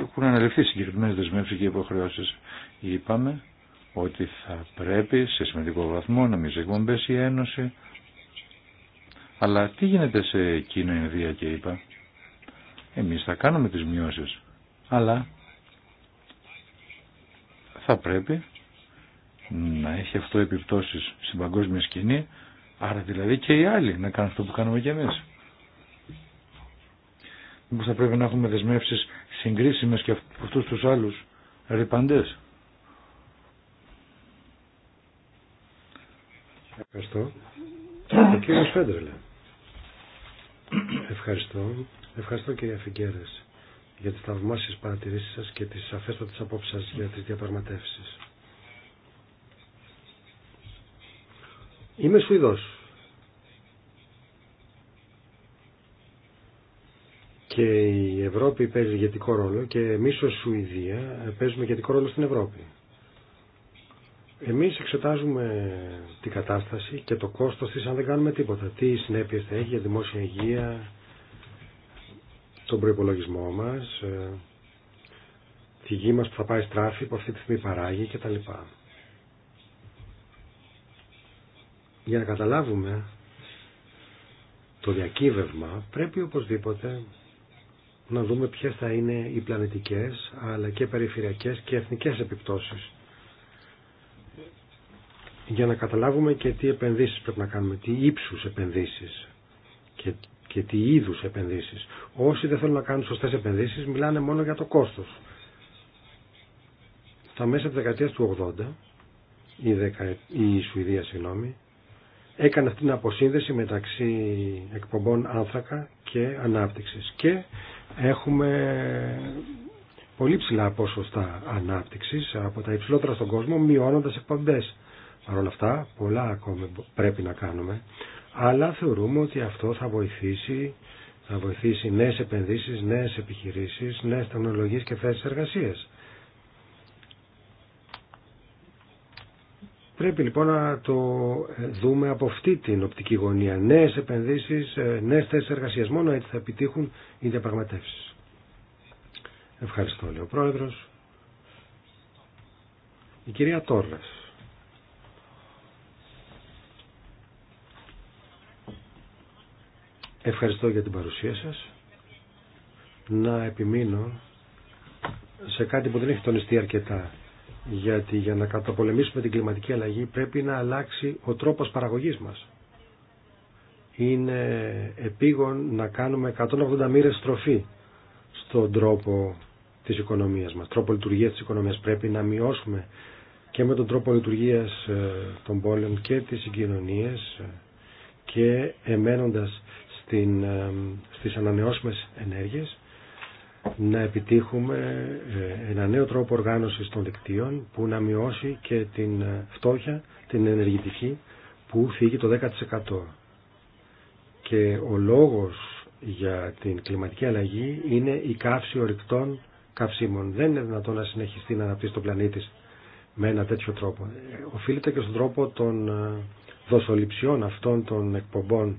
[SPEAKER 4] έχουν αναλυφθεί συγκεκριμένες δεσμεύσεις και υποχρεώσεις. Είπαμε ότι θα πρέπει σε σημαντικό βαθμό να μην ζεγμομπέσει η Ένωση. Αλλά τι γίνεται σε Κίνα, Ινδία και είπα. Εμείς θα κάνουμε τις μειώσεις. Αλλά θα πρέπει να έχει αυτό επιπτώσεις στην παγκόσμια σκηνή, άρα δηλαδή και οι άλλοι να κάνουν αυτό που κάνουμε και εμείς. Μήπως θα πρέπει να έχουμε δεσμεύσεις συγκρίσιμες και αυτούς τους άλλους ρηπαντές.
[SPEAKER 2] Ευχαριστώ. Ο κύριος Φέντρελε. Ευχαριστώ. Ευχαριστώ κύριε Φιγκέρες για τις θαυμάσιες παρατηρήσεις σας και τις σαφέστατες απόψεις σας για τις διαπραγματεύσεις. Είμαι Σουηδός. Και η Ευρώπη παίζει ηγετικό ρόλο και εμείς ως Σουηδία παίζουμε ηγετικό ρόλο στην Ευρώπη. Εμείς εξετάζουμε την κατάσταση και το κόστος της αν δεν κάνουμε τίποτα. Τι συνέπειες θα έχει για δημόσια υγεία, τον προϋπολογισμό μας, ε, τη γη μας που θα πάει στράφη που αυτή τη στιγμή παράγει κτλ. Για να καταλάβουμε το διακύβευμα πρέπει οπωσδήποτε να δούμε ποιες θα είναι οι πλανητικές αλλά και περιφερειακές και εθνικές επιπτώσεις για να καταλάβουμε και τι επενδύσεις πρέπει να κάνουμε, τι ύψους επενδύσεις και, και τι είδους επενδύσεις. Όσοι δεν θέλουν να κάνουν σωστές επενδύσεις μιλάνε μόνο για το κόστος. Στα μέσα της δεκαετίας του 80 η, η Σουηδία συγγνώμη, έκανε αυτή την αποσύνδεση μεταξύ εκπομπών άνθρακα και ανάπτυξης και έχουμε πολύ ψηλά ποσοστά ανάπτυξης από τα υψηλότερα στον κόσμο μειώνοντας εκπομπές. Παρ' όλα αυτά πολλά ακόμη πρέπει να κάνουμε αλλά θεωρούμε ότι αυτό θα βοηθήσει θα βοηθήσει νέες επενδύσεις, νέες επιχειρήσεις, νέες τεχνολογίες και θέσεις εργασίας. Πρέπει λοιπόν να το δούμε από αυτή την οπτική γωνία. Νέε επενδύσει, ε, νέε θέσει εργασία. Μόνο έτσι θα επιτύχουν οι διαπραγματεύσει. Ευχαριστώ, λέει ο πρόεδρο. Η κυρία Τόρλα. Ευχαριστώ για την παρουσία σας. Να επιμείνω σε κάτι που δεν έχει τονιστεί αρκετά γιατί για να καταπολεμήσουμε την κλιματική αλλαγή πρέπει να αλλάξει ο τρόπος παραγωγής μας. Είναι επίγον να κάνουμε 180 μοίρες στροφή στον τρόπο της οικονομίας μας, τρόπο λειτουργίας της οικονομίας. Πρέπει να μειώσουμε και με τον τρόπο λειτουργίας ε, των πόλεων και τις συγκοινωνίες ε, και εμένοντας στην, ε, στις ανανεώσιμες ενέργειες να επιτύχουμε ε, ένα νέο τρόπο οργάνωσης των δικτύων που να μειώσει και την ε, φτώχεια, την ενεργητική που φύγει το 10%. Και ο λόγος για την κλιματική αλλαγή είναι η καύση ορυκτών καυσίμων. Δεν είναι δυνατόν να συνεχιστεί να αναπτύσσει το πλανήτη με ένα τέτοιο τρόπο. Ε, οφείλεται και στον τρόπο των δοσοληψιών αυτών των εκπομπών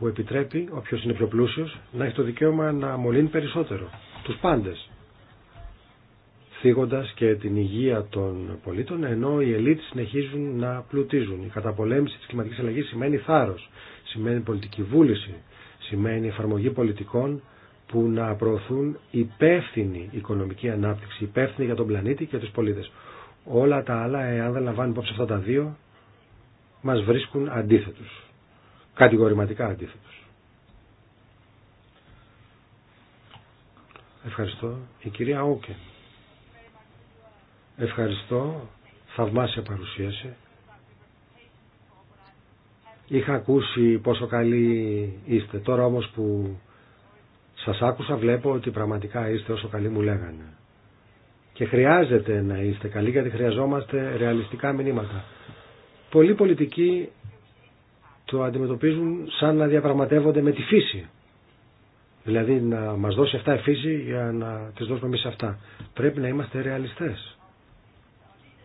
[SPEAKER 2] που επιτρέπει όποιο είναι πιο πλούσιο, να έχει το δικαίωμα να μολύνει περισσότερο Του πάντε θίγοντας και την υγεία των πολίτων ενώ οι ελίτ συνεχίζουν να πλουτίζουν. Η καταπολέμηση τη κλιματική αλλαγή σημαίνει θάρρο. σημαίνει πολιτική βούληση, σημαίνει εφαρμογή πολιτικών που να προωθούν υπεύθυνη οικονομική ανάπτυξη, υπεύθυνη για τον πλανήτη και του πολίτε. Όλα τα άλλα, εάν δεν λαμβάνουν υπόψη αυτά τα δύο, μα βρίσκουν αντίθετους. Κατηγορηματικά αντίθετος. Ευχαριστώ. Η κυρία Όκεν. Ευχαριστώ. Θαυμάσια παρουσίαση. Είχα ακούσει πόσο καλοί είστε. Τώρα όμως που σας άκουσα βλέπω ότι πραγματικά είστε όσο καλοί μου λέγανε. Και χρειάζεται να είστε καλοί γιατί χρειαζόμαστε ρεαλιστικά μηνύματα. Πολλοί πολιτική το αντιμετωπίζουν σαν να διαπραγματεύονται με τη φύση. Δηλαδή να μας δώσει αυτά η φύση για να τις δώσουμε εμείς αυτά. Πρέπει να είμαστε ρεαλιστές.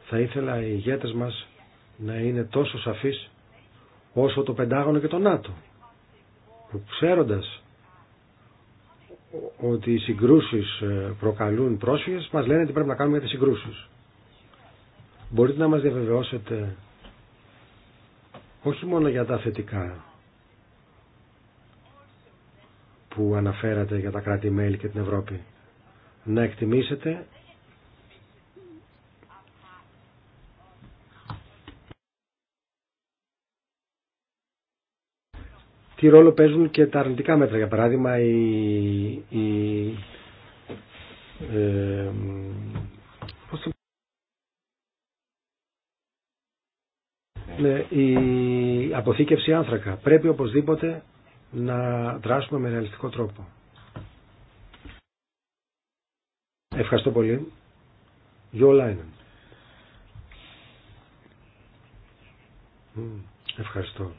[SPEAKER 2] Θα ήθελα οι ηγέτες μας να είναι τόσο σαφείς όσο το Πεντάγωνο και το ΝΑΤΟ. Που ξέροντας ότι οι συγκρούσεις ε, προκαλούν πρόσφυγες μας λένε τι πρέπει να κάνουμε για τις συγκρούσεις. Μπορείτε να μας διαβεβαιώσετε όχι μόνο για τα θετικά που αναφέρατε για τα κράτη-μέλη και την Ευρώπη. Να εκτιμήσετε τι ρόλο παίζουν και τα αρνητικά μέτρα. Για παράδειγμα, η, η ε, Ναι, η αποθήκευση άνθρακα. Πρέπει οπωσδήποτε να δράσουμε με ρεαλιστικό τρόπο. Ευχαριστώ πολύ. Γιώ Λάινεν. Ευχαριστώ.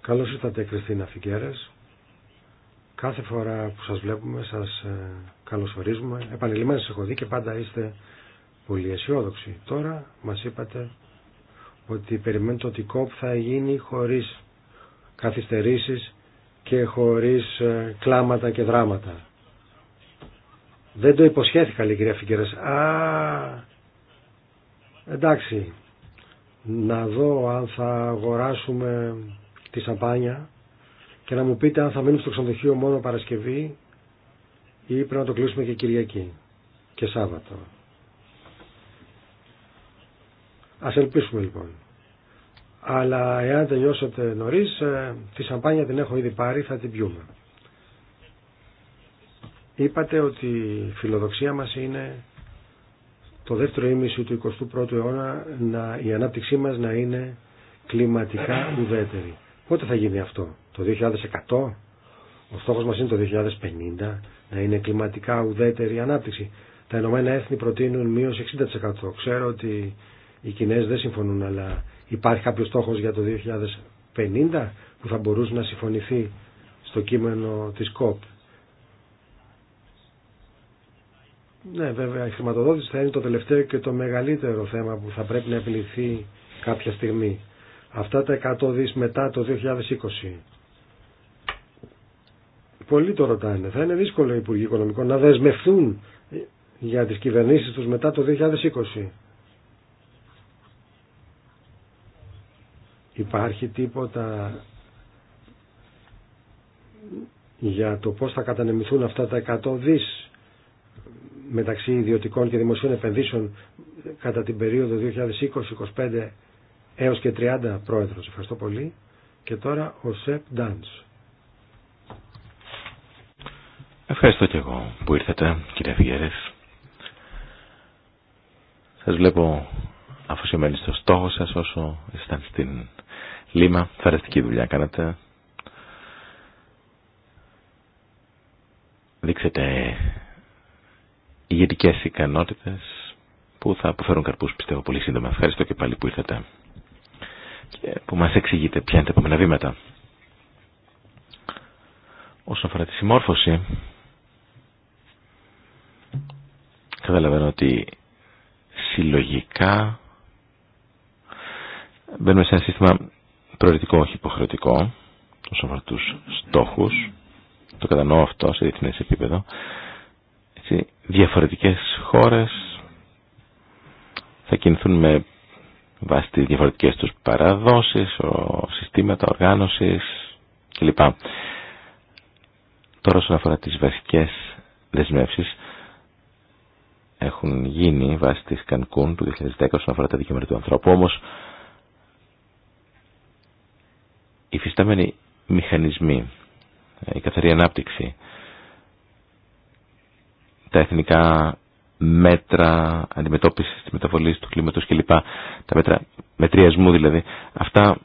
[SPEAKER 2] Καλώς ήρθατε Κριστίνα Φικέρες. Κάθε φορά που σας βλέπουμε σας ε, καλωσορίζουμε. Επανειλημμένα σας έχω δει και πάντα είστε πολύ αισιόδοξοι. Τώρα μας είπατε ότι περιμένω ότι η θα γίνει χωρίς καθυστερήσεις και χωρίς ε, κλάματα και δράματα. Δεν το υποσχέθηκα, λέει η κυρία Α, εντάξει, να δω αν θα αγοράσουμε τη σαμπάνια και να μου πείτε αν θα μείνουμε στο ξενοδοχείο μόνο Παρασκευή ή πρέπει να το κλείσουμε και Κυριακή και Σάββατο. Ας ελπίσουμε λοιπόν. Αλλά εάν τελειώσετε νωρίς, ε, τη σαμπάνια την έχω ήδη πάρει, θα την πιούμε. Είπατε ότι η φιλοδοξία μας είναι το δεύτερο ήμιση του 21ου αιώνα να, η ανάπτυξή μας να είναι κλιματικά ουδέτερη. Πότε θα γίνει αυτό, το 2100? Ο στόχος μας είναι το 2050 να είναι κλιματικά ουδέτερη η ανάπτυξη. Τα Ηνωμένα Έθνη προτείνουν μείωση 60%. Ξέρω ότι οι Κινέζοι δεν συμφωνούν, αλλά υπάρχει κάποιο στόχο για το 2050 που θα μπορούσε να συμφωνηθεί στο κείμενο της ΚΟΠ. Ναι, βέβαια, η χρηματοδότηση θα είναι το τελευταίο και το μεγαλύτερο θέμα που θα πρέπει να επιληθεί κάποια στιγμή. Αυτά τα 100 δις μετά το 2020. Πολλοί το ρωτάνε. Θα είναι δύσκολο οι Υπουργοί Οικονομικών να δεσμευτούν για τις κυβερνήσεις τους μετά το 2020. Υπάρχει τίποτα για το πώς θα κατανεμηθούν αυτά τα 100 δις μεταξύ ιδιωτικών και δημοσίων επενδύσεων κατά την περίοδο 2020-2025 έως και 30 πρόεδρος. Ευχαριστώ πολύ. Και τώρα ο Σεπ Ντάνς.
[SPEAKER 3] Ευχαριστώ και εγώ που ήρθατε κύριε Φιγέρες. Σας βλέπω αφοσιωμένοι στο στόχο σας όσο ήσταν στην Λίμα, φαραστική δουλειά κάνατε. Δείξετε ηγετικές ικανότητε που θα αποφέρουν καρπούς πιστεύω πολύ σύντομα. Ευχαριστώ και πάλι που ήρθατε και που μα εξηγείτε ποια είναι τα επόμενα βήματα. Όσον αφορά τη συμμόρφωση, καταλαβαίνω ότι συλλογικά μπαίνουμε σε ένα σύστημα προαιρετικό, όχι υποχρεωτικό, όσον αφορά του στόχου. Το κατανοώ αυτό σε διεθνέ επίπεδο. Έτσι, διαφορετικές χώρες θα κινηθούν με βάση τις διαφορετικές τους παραδόσεις, ο, συστήματα οργάνωσης κλπ. Τώρα όσον αφορά τις βασικές δεσμεύσεις έχουν γίνει βάσει της Κανκούν του 2010 όσον αφορά τα δικαιώματα του ανθρώπου. Όμως οι φυστάμενοι μηχανισμοί, η καθαρή ανάπτυξη, τα εθνικά μέτρα αντιμετώπισης της μεταβολής του κλίματος κλπ. Τα μέτρα μετριασμού δηλαδή. Αυτά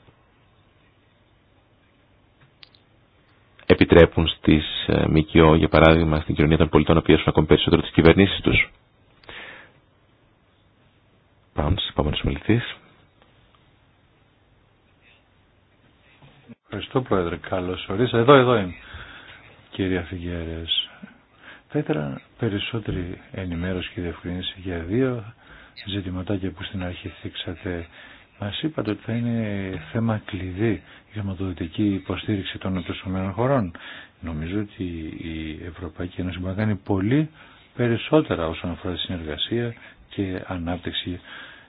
[SPEAKER 3] επιτρέπουν στις ε, ΜΚΟ, για παράδειγμα, στην κοινωνία των πολιτών να πιέσουν ακόμη περισσότερο τις κυβερνήσεις τους. Πάμε στους επόμενους μελητής.
[SPEAKER 4] Ευχαριστώ Πρόεδρε, καλώς ορίσατε. Εδώ, εδώ είμαι. Κυρία Φιγέρες, θα ήθελα περισσότερη ενημέρωση και διευκρινήση για δύο ζητηματάκια που στην αρχή θίξατε. Μας είπατε ότι θα είναι θέμα κλειδί η χρηματοδοτική υποστήριξη των επιστομένων χωρών. Νομίζω ότι η Ευρωπαϊκή Ένωση μπορεί να κάνει πολύ περισσότερα όσον αφορά τη συνεργασία και ανάπτυξη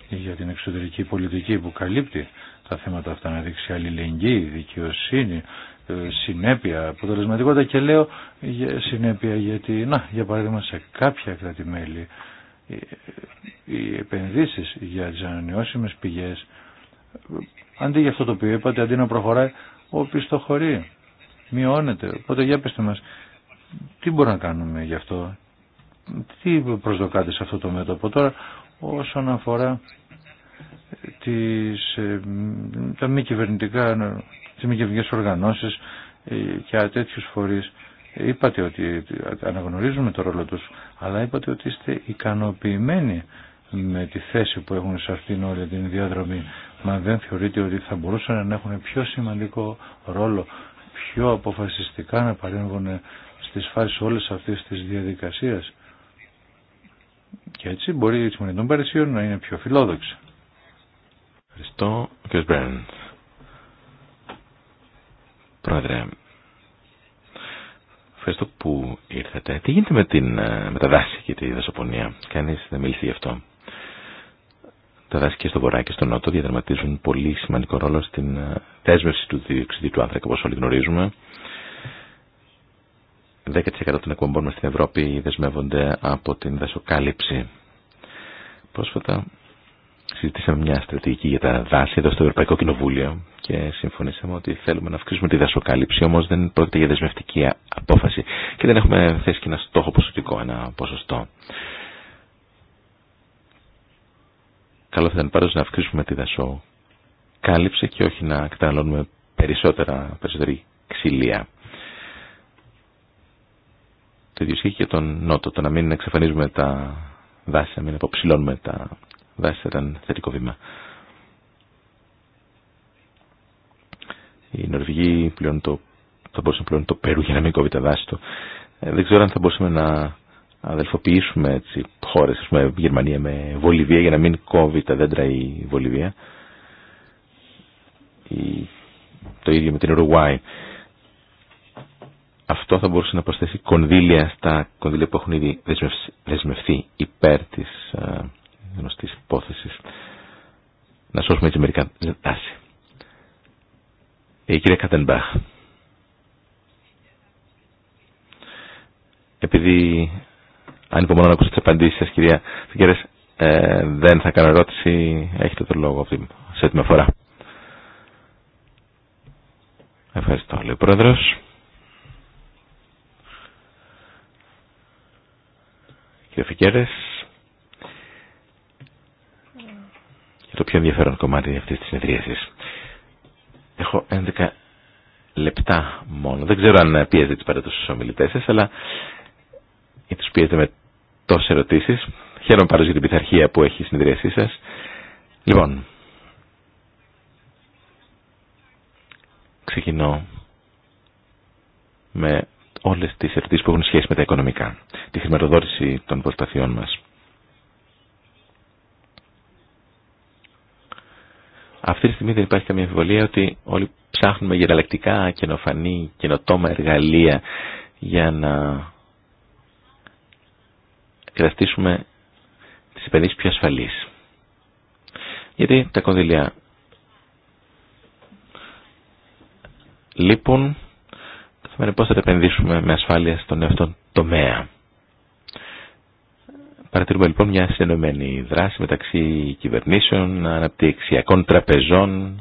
[SPEAKER 4] για την εξωτερική πολιτική που καλύπτει τα θέματα αυτά, να δείξει αλληλεγγύη, δικαιοσύνη, ε, συνέπεια, αποτελεσματικότητα και λέω ε, συνέπεια γιατί, να, για παράδειγμα σε κάποια μέλη ε, οι επενδύσεις για τις ανανεώσιμες πηγές αντί για αυτό το οποίο είπατε, αντί να προχωράει, ο πιστοχωρεί, μειώνεται. Οπότε για πετε μας, τι μπορούμε να κάνουμε γι' αυτό, τι προσδοκάτε σε αυτό το μέτωπο τώρα όσον αφορά τις, ε, τα μη κυβερνητικά, τις μη κυβερνητικές οργανώσεις και ε, τέτοιους φορείς. Είπατε ότι αναγνωρίζουμε το ρόλο τους, αλλά είπατε ότι είστε ικανοποιημένοι με τη θέση που έχουν σε αυτήν όλη την διαδρομή. Μα δεν θεωρείτε ότι θα μπορούσαν να έχουν πιο σημαντικό ρόλο, πιο αποφασιστικά να παρέμβουν στις φάσεις όλες αυτές της διαδικασίας. Και έτσι μπορεί η συμμονή των Παρισίων να είναι πιο φιλόδοξη.
[SPEAKER 3] Ευχαριστώ. Πρόεδρε, ευχαριστώ που ήρθατε. Τι γίνεται με, την, ε, με τα δάση και τη δασοπονία. Κανείς δεν μίλησε γι' αυτό. Τα δάση και στο βορρά και στο νότο διαδραματίζουν πολύ σημαντικό ρόλο στην ε, δέσμευση του διοξιδίου του άνθρακα, όπως όλοι γνωρίζουμε. 10% των εκπομπών μας στην Ευρώπη δεσμεύονται από την δασοκάλυψη. Πρόσφατα συζητήσαμε μια στρατηγική για τα δάση εδώ στο Ευρωπαϊκό Κοινοβούλιο και συμφωνήσαμε ότι θέλουμε να αυξήσουμε τη δασοκάλυψη, όμω δεν πρόκειται για δεσμευτική απόφαση και δεν έχουμε θέσει και ένα στόχο ποσοτικό, ένα ποσοστό. Καλό θα ήταν πάντω να αυξήσουμε τη δασοκάλυψη και όχι να καταναλώνουμε περισσότερα, περισσότερη ξυλία. Το ίδιο ισχύει και τον Νότο, το να μην εξαφανίζουμε τα δάση, να μην αποψηλώνουμε τα Βάση ήταν θετικό βήμα. η Νορβηγοί πλέον το, θα μπορούσαν πλέον το Περού για να μην κόβει τα δάση του. Ε, δεν ξέρω αν θα μπορούσαμε να αδελφοποιήσουμε έτσι, χώρες, ας πούμε Γερμανία με Βολιβία για να μην κόβει τα δέντρα η Βολιβία. Η... Το ίδιο με την Ουρουάη. Αυτό θα μπορούσε να προσθέσει κονδύλια στα κονδύλια που έχουν ήδη δεσμευθεί υπέρ της ε, Γνωστή υποθεση Να σώσουμε έτσι μερικά τάση. Η κυρία Κατενμπάχ. Επειδή αν υπομονώ να ακούσω τι απαντήσει σα, κυρία ε, δεν θα κάνω ερώτηση, έχετε τον λόγο αυτή, σε τι με αφορά. Ευχαριστώ, λέει ο Πρόεδρος. Κύριε Φικέρες, πιο ενδιαφέρον κομμάτι αυτής της συνεδρίασης. Έχω 11 λεπτά μόνο. Δεν ξέρω αν πιέζετε τους παρά τους ομιλητές σας, αλλά ή τους πιέζετε με τόσες ερωτήσεις. Χαίρομαι για την πειθαρχία που έχει η συνεδρίασή σας. Λοιπόν, ξεκινώ με όλες τις ερωτήσεις που έχουν σχέση με τα οικονομικά, τη χρηματοδότηση των προσπαθειών μας. Αυτή τη στιγμή δεν υπάρχει καμία αμφιβολία ότι όλοι ψάχνουμε για καινοφανή, καινοτόμα εργαλεία για να κρατήσουμε τις επενδύσεις πιο ασφαλείς. Γιατί τα κονδυλιά λείπουν, θα πώς θα τα επενδύσουμε με ασφάλεια στον εαυτό τομέα. Παρατηρούμε λοιπόν μια συνενωμένη δράση μεταξύ κυβερνήσεων, αναπτυξιακών τραπεζών,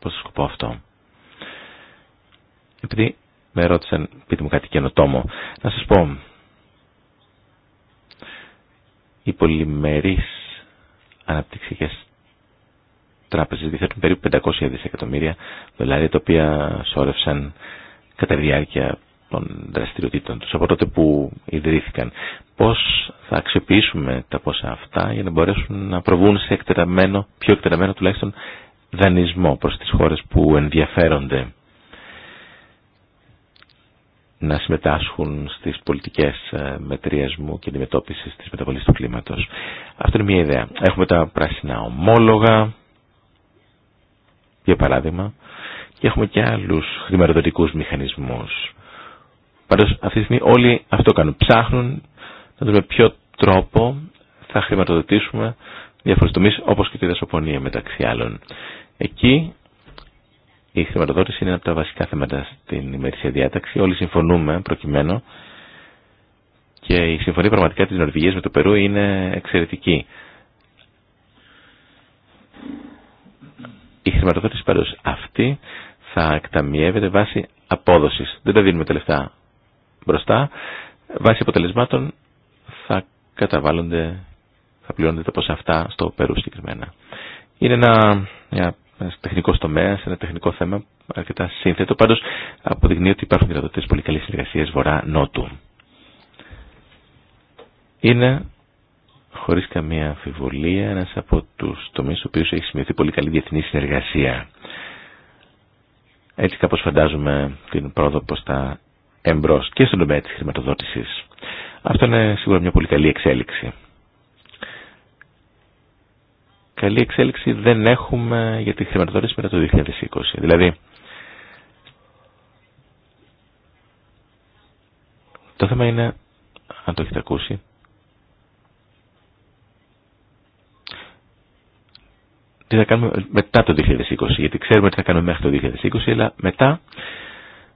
[SPEAKER 3] πώ το σκοπό αυτό. Επειδή με ρώτησαν, πείτε μου κάτι καινοτόμο, να σα πω, οι πολυμερεί αναπτυξιακέ τράπεζες διθέτουν περίπου 500 δισεκατομμύρια δολάρια, τα οποία σώρευσαν κατά διάρκεια των δραστηριοτήτων τους από τότε που ιδρύθηκαν. Πώς θα αξιοποιήσουμε τα πόσα αυτά για να μπορέσουν να προβούν σε εκτεραμένο, πιο εκτεραμένο τουλάχιστον δανεισμό προς τις χώρες που ενδιαφέρονται να συμμετάσχουν στις πολιτικές ε, μετριασμού και αντιμετώπιση της μεταβολής του κλίματος. Αυτό είναι μια ιδέα. Έχουμε τα πράσινα ομόλογα, για παράδειγμα, και έχουμε και άλλους χρηματοδοτικούς μηχανισμούς. Πάντω αυτή τη στιγμή όλοι αυτό κάνουν. Ψάχνουν να δούμε ποιο τρόπο θα χρηματοδοτήσουμε διάφορε τομεί όπω και τη δασοπονία μεταξύ άλλων. Εκεί η χρηματοδότηση είναι ένα από τα βασικά θέματα στην ημερήσια διάταξη. Όλοι συμφωνούμε προκειμένου και η συμφωνία πραγματικά τη Νορβηγία με το Περού είναι εξαιρετική. Η χρηματοδότηση πάντω αυτή θα εκταμιεύεται βάσει απόδοσης. Δεν τα δίνουμε τα λεφτά μπροστά, βάσει αποτελεσμάτων θα καταβάλλονται, θα πληρώνονται τα ποσά αυτά στο Περού συγκεκριμένα. Είναι ένα τεχνικό τομέα, ένα τεχνικό θέμα αρκετά σύνθετο, πάντως αποδεικνύει ότι υπάρχουν δυνατότητες πολύ καλής συνεργασίας βορρά-νότου. Είναι χωρίς καμία αμφιβολία ένας από τους τομείς στους οποίους έχει σημειωθεί πολύ καλή διεθνή συνεργασία. Έτσι κάπως φαντάζομαι την πρόοδο πω τα εμπρός και στον τομέα της χρηματοδότησης. Αυτό είναι σίγουρα μια πολύ καλή εξέλιξη. Καλή εξέλιξη δεν έχουμε για τη χρηματοδότηση μετά το 2020. Δηλαδή, το θέμα είναι, αν το έχετε ακούσει, τι θα κάνουμε μετά το 2020, γιατί ξέρουμε τι θα κάνουμε μέχρι το 2020, αλλά μετά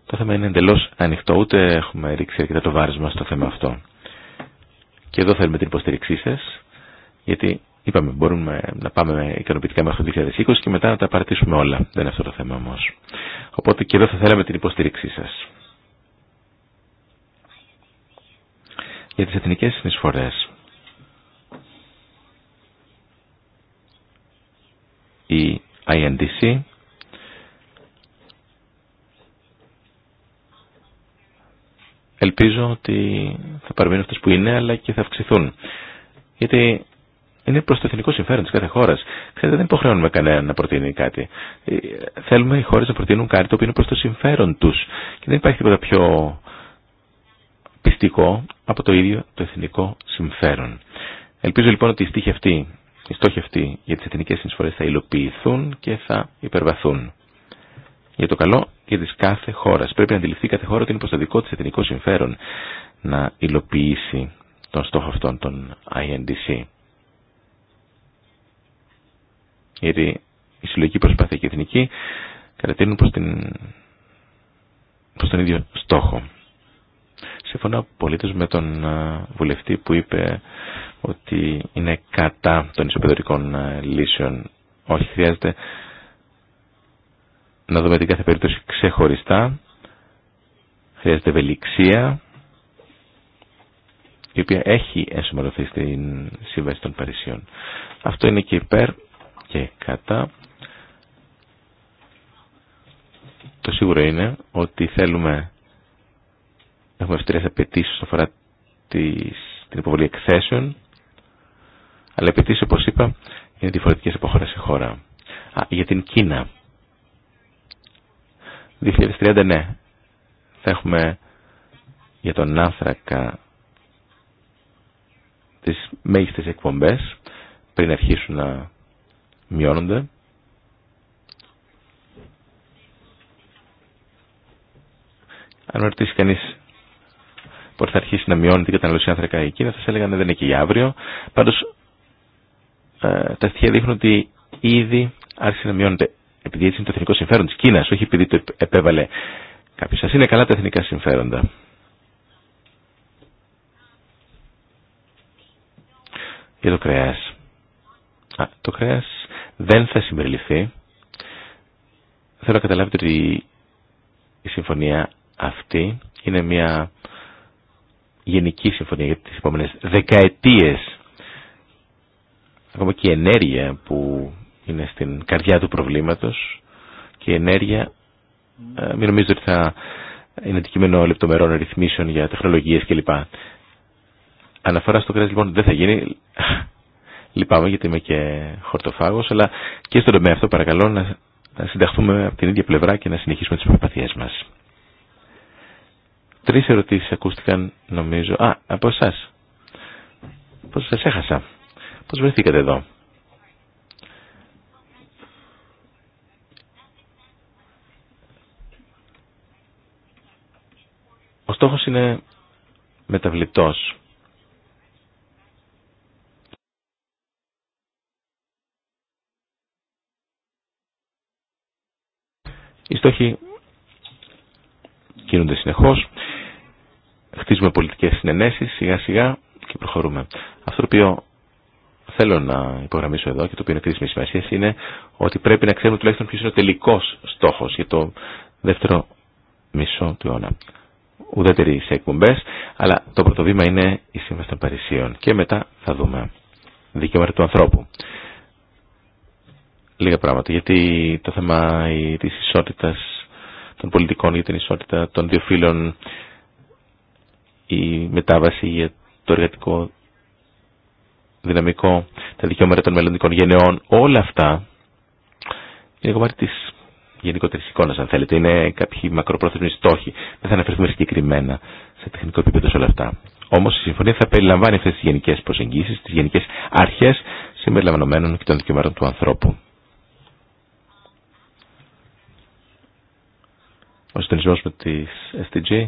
[SPEAKER 3] το θέμα είναι εντελώ ανοιχτό, ούτε έχουμε ρίξει αρκετά το βάρος μας στο θέμα αυτό. Και εδώ θέλουμε την υποστήριξή σας, γιατί είπαμε μπορούμε να πάμε ικανοποιητικά μέχρι το 2020 και μετά να τα παρατήσουμε όλα. Δεν είναι αυτό το θέμα όμω. Οπότε και εδώ θα θέλαμε την υποστήριξή σας. Για τις εθνικέ συνεισφορέ. Η INDC ελπίζω ότι θα παραμείνουν αυτές που είναι αλλά και θα αυξηθούν. Γιατί είναι προ το εθνικό συμφέρον τη κάθε χώρα. Ξέρετε, δεν υποχρεώνουμε κανέναν να προτείνει κάτι. Ε, θέλουμε οι χώρε να προτείνουν κάτι το οποίο είναι προ το συμφέρον του. Και δεν υπάρχει τίποτα πιο πιστικό από το ίδιο το εθνικό συμφέρον. Ελπίζω λοιπόν ότι οι αυτοί, αυτοί για τι εθνικέ συνεισφορέ θα υλοποιηθούν και θα υπερβαθούν για το καλό και τη κάθε χώρα Πρέπει να αντιληφθεί κάθε χώρα ότι είναι προ το δικό τη εθνικό συμφέρον να υλοποιήσει τον στόχο αυτόν, τον INDC. Γιατί η συλλογική προσπάθεια και η εθνική κατατείνουν προς, την... προς τον ίδιο στόχο. Συμφωνώ απολύτως με τον βουλευτή που είπε ότι είναι κατά των ισοπεδωτικών λύσεων. Όχι, χρειάζεται να δούμε την κάθε περίπτωση ξεχωριστά. Χρειάζεται ευελιξία, η οποία έχει ενσωματωθεί στην Σύμβαση των Παρισιών. Αυτό είναι και υπέρ και κατά. Το σίγουρο είναι ότι θέλουμε να έχουμε αυστηρές απαιτήσει όσον αφορά τις, την υποβολή εκθέσεων, αλλά οι απαιτήσει, όπως είπα, είναι διαφορετικές από χώρα σε χώρα. για την Κίνα. 2030 ναι, θα έχουμε για τον άνθρακα τις μέγιστες εκπομπές πριν αρχίσουν να μειώνονται. Αν ρωτήσει κανείς πότε θα αρχίσει να μειώνεται η καταναλωσία άνθρακα εκεί, θα σας έλεγαν ναι, δεν είναι και για αύριο. Πάντως ε, τα στοιχεία δείχνουν ότι ήδη άρχισε να μειώνεται επειδή έτσι είναι το εθνικό συμφέρον τη Κίνα, όχι επειδή το επέβαλε κάποιο. Α είναι καλά τα εθνικά συμφέροντα. Για το κρέα το κρέας δεν θα συμπεριληφθεί. Θέλω να καταλάβετε ότι η συμφωνία αυτή είναι μια γενική συμφωνία για τις επόμενες δεκαετίες. Ακόμα και η ενέργεια που είναι στην καρδιά του προβλήματος και η ενέργεια ε, μην νομίζετε ότι θα είναι αντικείμενο λεπτομερών ρυθμίσεων για τεχνολογίες κλπ. Αναφορά στο κράτο λοιπόν δεν θα γίνει. Λυπάμαι γιατί είμαι και χορτοφάγος, αλλά και στον τομέα αυτό παρακαλώ να, να συνταχθούμε από την ίδια πλευρά και να συνεχίσουμε τις προσπαθίες μας. Τρεις ερωτήσεις ακούστηκαν νομίζω. Α, από εσάς. Πώς σας έχασα. Πώς βρεθήκατε εδώ. στόχος είναι μεταβλητός. Οι στόχοι κινούνται συνεχώς, χτίζουμε πολιτικές συνενέσεις σιγά σιγά και προχωρούμε. Αυτό το οποίο θέλω να υπογραμμίσω εδώ και το οποίο είναι κρίσιμη σημασία είναι ότι πρέπει να ξέρουμε τουλάχιστον ποιος είναι ο τελικός στόχος για το δεύτερο μισό του αιώνα ουδέτεροι σε εκπομπέ, αλλά το πρώτο βήμα είναι η Σύμβαση των Παρισίων. Και μετά θα δούμε δικαιώματα του ανθρώπου. Λίγα πράγματα, γιατί το θέμα τη ισότητα των πολιτικών για την ισότητα των δύο φύλων, η μετάβαση για το εργατικό δυναμικό, τα δικαιώματα των μελλοντικών γενεών, όλα αυτά είναι κομμάτι της γενικότερη εικόνα, αν θέλετε. Είναι κάποιοι μακροπρόθεσμοι στόχοι. Δεν θα αναφερθούμε συγκεκριμένα σε τεχνικό επίπεδο σε όλα αυτά. Όμω η συμφωνία θα περιλαμβάνει αυτέ τι γενικέ προσεγγίσει, τι γενικέ αρχέ συμπεριλαμβανομένων και των δικαιωμάτων του ανθρώπου. Ο συντονισμό με τι SDG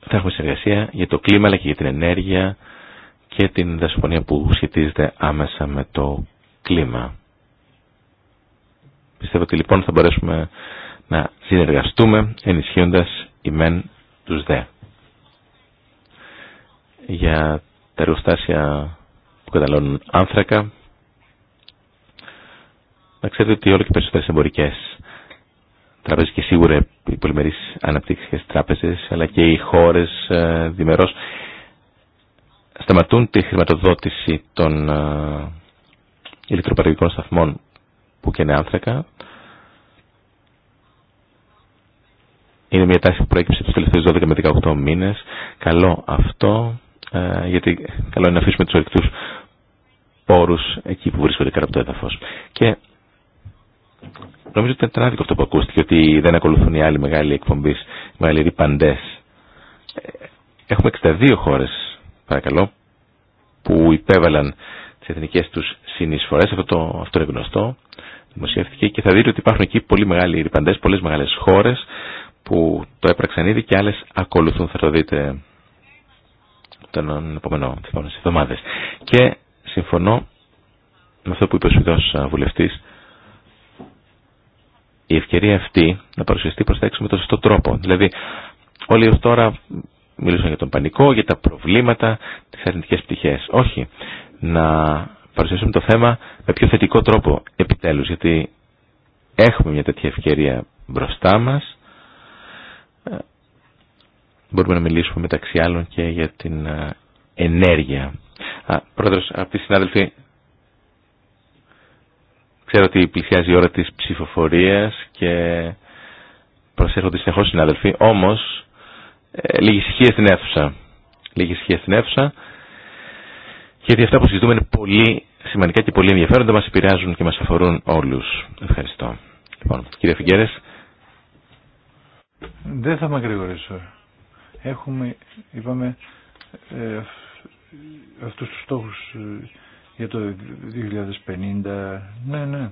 [SPEAKER 3] θα έχουμε συνεργασία για το κλίμα αλλά και για την ενέργεια και την δασοπονία που σχετίζεται άμεσα με το κλίμα. Πιστεύω ότι λοιπόν θα μπορέσουμε να συνεργαστούμε ενισχύοντας η μεν τους δε. Για τα εργοστάσια που καταλώνουν άνθρακα, να ξέρετε ότι όλο και περισσότερε εμπορικέ, τράπεζες και σίγουρα οι πολυμερείς αναπτύξεις τράπεζες, αλλά και οι χώρε ε, διμερώς, σταματούν τη χρηματοδότηση των ε, ηλεκτροπαραγωγικών σταθμών που και είναι άνθρακα. Είναι μια τάση που προέκυψε τους τελευταίους 12 με 18 μήνες. Καλό αυτό, ε, γιατί καλό είναι να αφήσουμε τους ορεικτούς πόρους εκεί που βρίσκονται κάτω από το έδαφος. Και νομίζω ότι ήταν άδικο αυτό που ακούστηκε, ότι δεν ακολουθούν οι άλλοι μεγάλοι εκπομπείς, οι μεγάλοι ρηπαντές. Ε, έχουμε 62 χώρες, παρακαλώ, που υπέβαλαν τις εθνικές τους συνεισφορές, αυτό, αυτό είναι γνωστό δημοσιεύτηκε και θα δείτε ότι υπάρχουν εκεί πολύ μεγάλοι ρηπαντέ, πολλές μεγάλες χώρες που το έπραξαν ήδη και άλλε ακολουθούν, θα το δείτε των επόμενε εβδομάδε. Και συμφωνώ με αυτό που είπε ο Σουηδό Βουλευτή η ευκαιρία αυτή να παρουσιαστεί προ τα έξω με τον σωστό τρόπο. Δηλαδή, όλοι ω τώρα μιλούσαν για τον πανικό, για τα προβλήματα, τι αρνητικέ πτυχέ. Όχι, να παρουσιάσουμε το θέμα με πιο θετικό τρόπο επιτέλους γιατί έχουμε μια τέτοια ευκαιρία μπροστά μας ε, μπορούμε να μιλήσουμε μεταξύ άλλων και για την ε, ενέργεια Α, Πρόεδρος, αυτοί συνάδελφοι ξέρω ότι πλησιάζει η ώρα της ψηφοφορίας και προσέρχονται συνεχώς συνάδελφοι όμως ε, λίγη ησυχία στην αίθουσα λίγη ησυχία στην αίθουσα γιατί αυτά που συζητούμε είναι πολύ σημαντικά και πολύ ενδιαφέροντα, μας επηρεάζουν και μας αφορούν όλους. Ευχαριστώ. Λοιπόν, κύριε Φιγκέρες.
[SPEAKER 4] Δεν θα με γρηγορήσω. Έχουμε, είπαμε, ε, αυτούς τους στόχους ε, για το 2050. Ναι, ναι.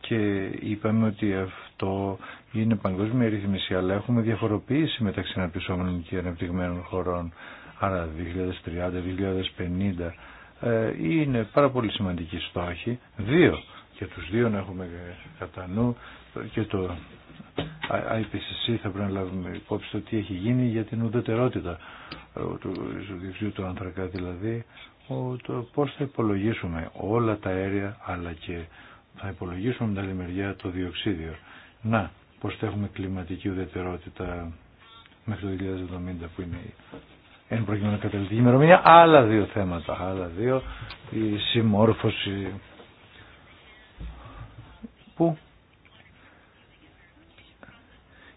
[SPEAKER 4] Και είπαμε ότι αυτό είναι παγκόσμια ρύθμιση, αλλά έχουμε διαφοροποίηση μεταξύ αναπτυσσόμενων και αναπτυγμένων χωρών. Άρα 2030, 2050 ε, είναι πάρα πολύ σημαντική στόχη. Δύο και τους δύο να έχουμε κατά νου και το IPCC θα πρέπει να λάβουμε υπόψη το τι έχει γίνει για την ουδετερότητα ε, του διοξιδίου του άνθρακα δηλαδή το πώς θα υπολογίσουμε όλα τα αέρια αλλά και θα υπολογίσουμε με την άλλη μεριά το διοξίδιο. Να, πώς θα έχουμε κλιματική ουδετερότητα μέχρι το 2070 που είναι εν προκειμένου η ημερομηνία, άλλα δύο θέματα, άλλα δύο, η συμμόρφωση που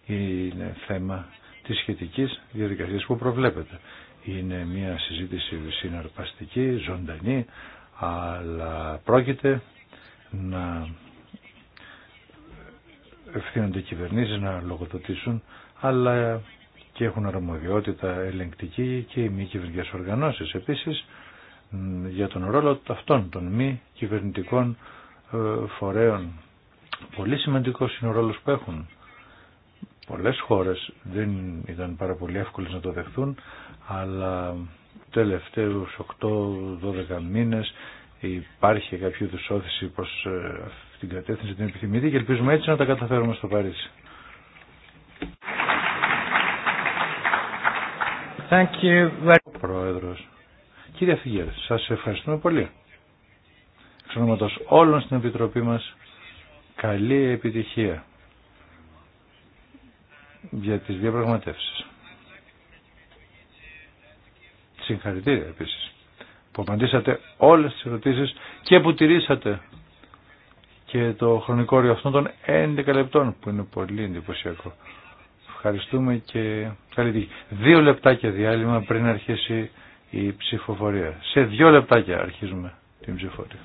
[SPEAKER 4] είναι θέμα της σχετικής διαδικασίας που προβλέπεται. Είναι μια συζήτηση συναρπαστική, ζωντανή, αλλά πρόκειται να ευθύνονται οι κυβερνήσεις να λογοδοτήσουν, αλλά και έχουν αρμοδιότητα ελεγκτική και οι μη κυβερνητικέ οργανώσεις. Επίσης, για τον ρόλο αυτών των μη κυβερνητικών ε, φορέων. Πολύ σημαντικό είναι ο ρόλος που έχουν. Πολλές χώρες δεν ήταν πάρα πολύ εύκολες να το δεχθούν, αλλά τελευταίους 8-12 μήνες υπάρχει κάποιο είδους όθηση προς ε, την κατεύθυνση την επιθυμητή και ελπίζουμε έτσι να τα καταφέρουμε στο Παρίσι. Thank you Πρόεδρος. Κύριε Φιγέρ, σας ευχαριστούμε πολύ. Εξ όλων στην Επιτροπή μας, καλή επιτυχία για τις διαπραγματεύσεις. Συγχαρητήρια επίσης που απαντήσατε όλες τις ερωτήσεις και που τηρήσατε και το χρονικό όριο αυτών των 11 λεπτών που είναι πολύ εντυπωσιακό. Ευχαριστούμε και καλή τύχη. Δύο λεπτάκια διάλειμμα πριν αρχίσει η ψηφοφορία. Σε δύο λεπτάκια αρχίζουμε την ψηφοφορία.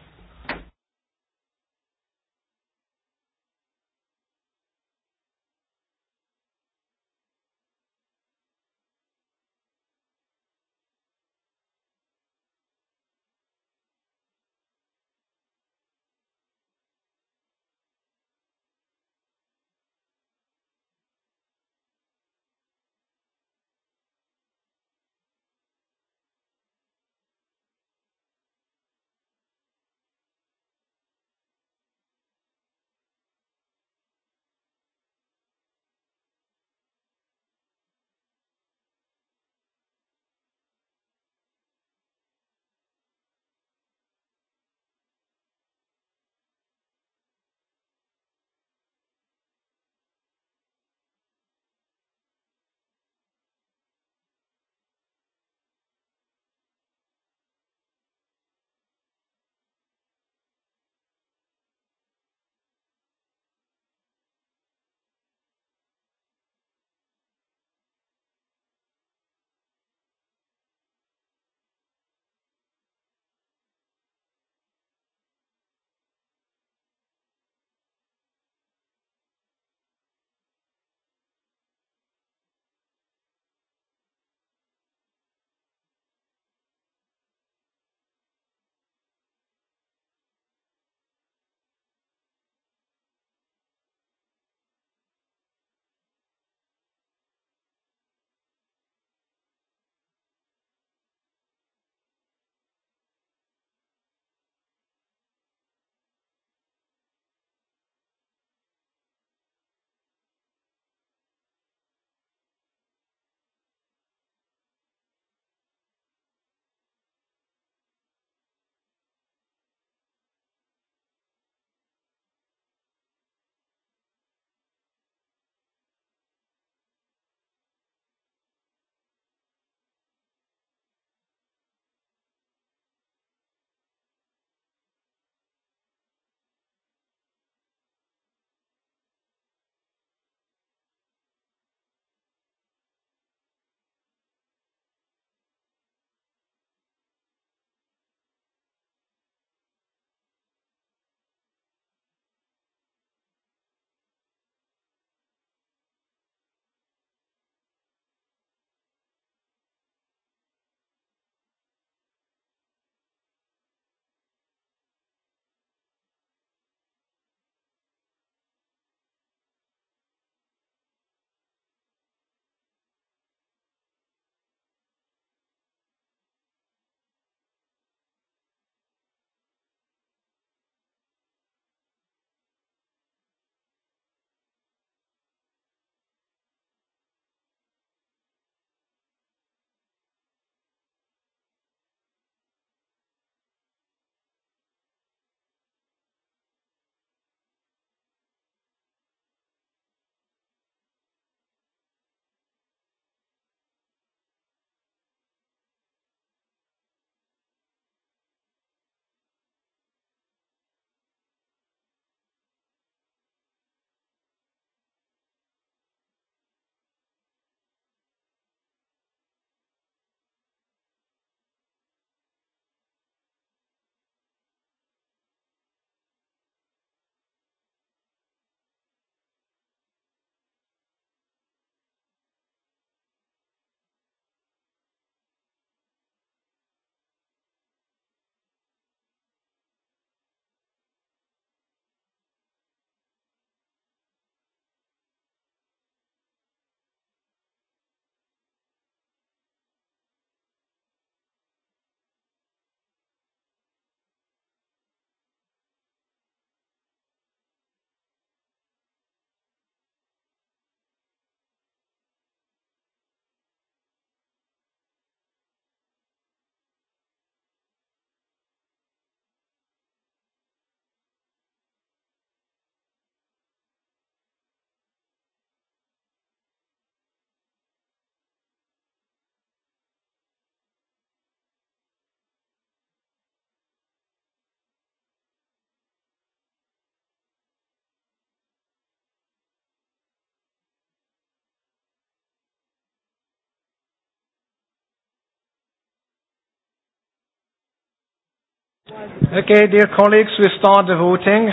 [SPEAKER 1] Okay, dear colleagues, we
[SPEAKER 2] start the voting.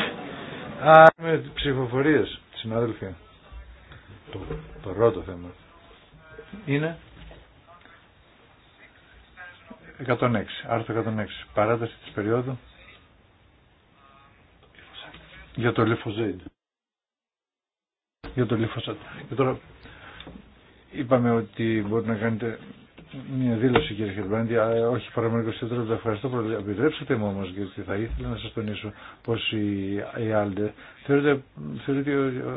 [SPEAKER 4] Με uh, Με ψηφοφορίες, συνάδελφοι. Το πρώτο θέμα είναι 106, άρθρο 106, παράταση της περίοδου για το λιφοζέιντ. Για το λιφοζέιντ. Και τώρα είπαμε ότι μπορεί να κάνετε μια δήλωση κύριε Χερμπάντη, ε, όχι παραμονικό με 24 Ευχαριστώ πολύ. Επιτρέψτε μου όμω, γιατί θα ήθελα να σα τονίσω πω η Άλντε θεωρείται, θεωρείται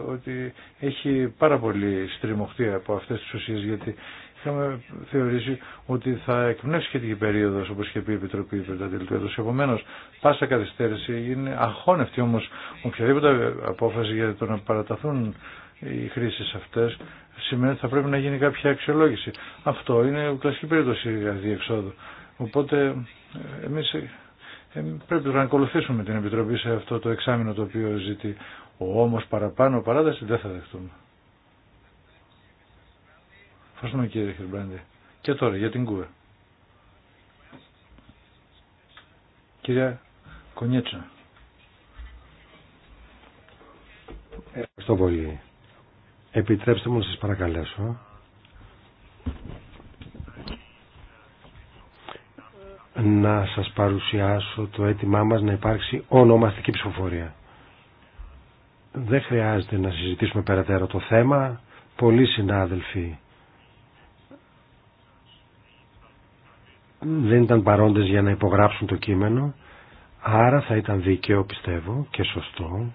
[SPEAKER 4] ότι έχει πάρα πολύ στριμωχτεί από αυτέ τι ουσίε, γιατί είχαμε θεωρήσει ότι θα εκπνεύσει σχετική περίοδο, όπω είχε πει η Επιτροπή τελευταία του Επομένω, πάσα καθυστέρηση είναι αχώνευτη όμω οποιαδήποτε απόφαση για το να παραταθούν οι χρήσει αυτέ, σημαίνει ότι θα πρέπει να γίνει κάποια αξιολόγηση. Αυτό είναι κλασική περίπτωση διεξόδου. Οπότε εμεί ε, ε, πρέπει να ακολουθήσουμε την Επιτροπή σε αυτό το εξάμεινο το οποίο ζητεί. Ο όμω παραπάνω παράταση δεν θα δεχτούμε. Ευχαριστούμε κύριε Χερμπάντη. Και τώρα για την ΚΟΕ. Κυρία Κονιέτσα.
[SPEAKER 2] Ευχαριστώ πολύ Επιτρέψτε μου να σας παρακαλέσω να σας παρουσιάσω το αίτημά μας να υπάρξει ονομαστική ψηφοφορία. Δεν χρειάζεται να συζητήσουμε περαιτέρω το θέμα. Πολλοί συνάδελφοι δεν ήταν παρόντες για να υπογράψουν το κείμενο, άρα θα ήταν δίκαιο πιστεύω και σωστό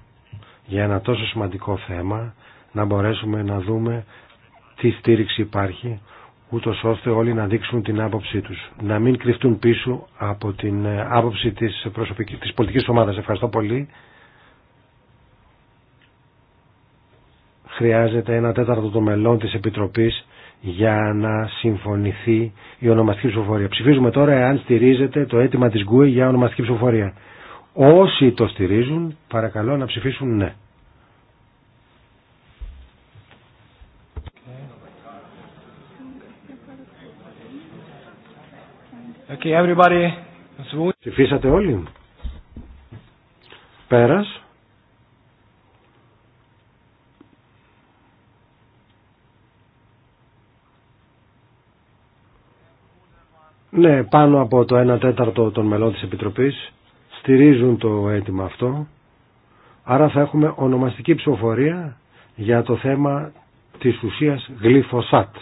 [SPEAKER 2] για ένα τόσο σημαντικό θέμα να μπορέσουμε να δούμε τι στήριξη υπάρχει ούτω ώστε όλοι να δείξουν την άποψή τους. Να μην κρυφτούν πίσω από την ε, άποψη της, της πολιτικής ομάδας. Ευχαριστώ πολύ. Χρειάζεται ένα τέταρτο των μελών της Επιτροπής για να συμφωνηθεί η ονομαστική ψηφοφορία. Ψηφίζουμε τώρα εάν στηρίζεται το αίτημα της Γκουε για ονομαστική ψηφοφορία. Όσοι το στηρίζουν, παρακαλώ να ψηφίσουν ναι. Okay, everybody. όλοι. Πέρας. Ναι, πάνω από το 1 τέταρτο των μελών της Επιτροπής στηρίζουν το αίτημα αυτό. Άρα θα έχουμε ονομαστική ψηφοφορία για το θέμα της ουσίας γλυφοσάτ.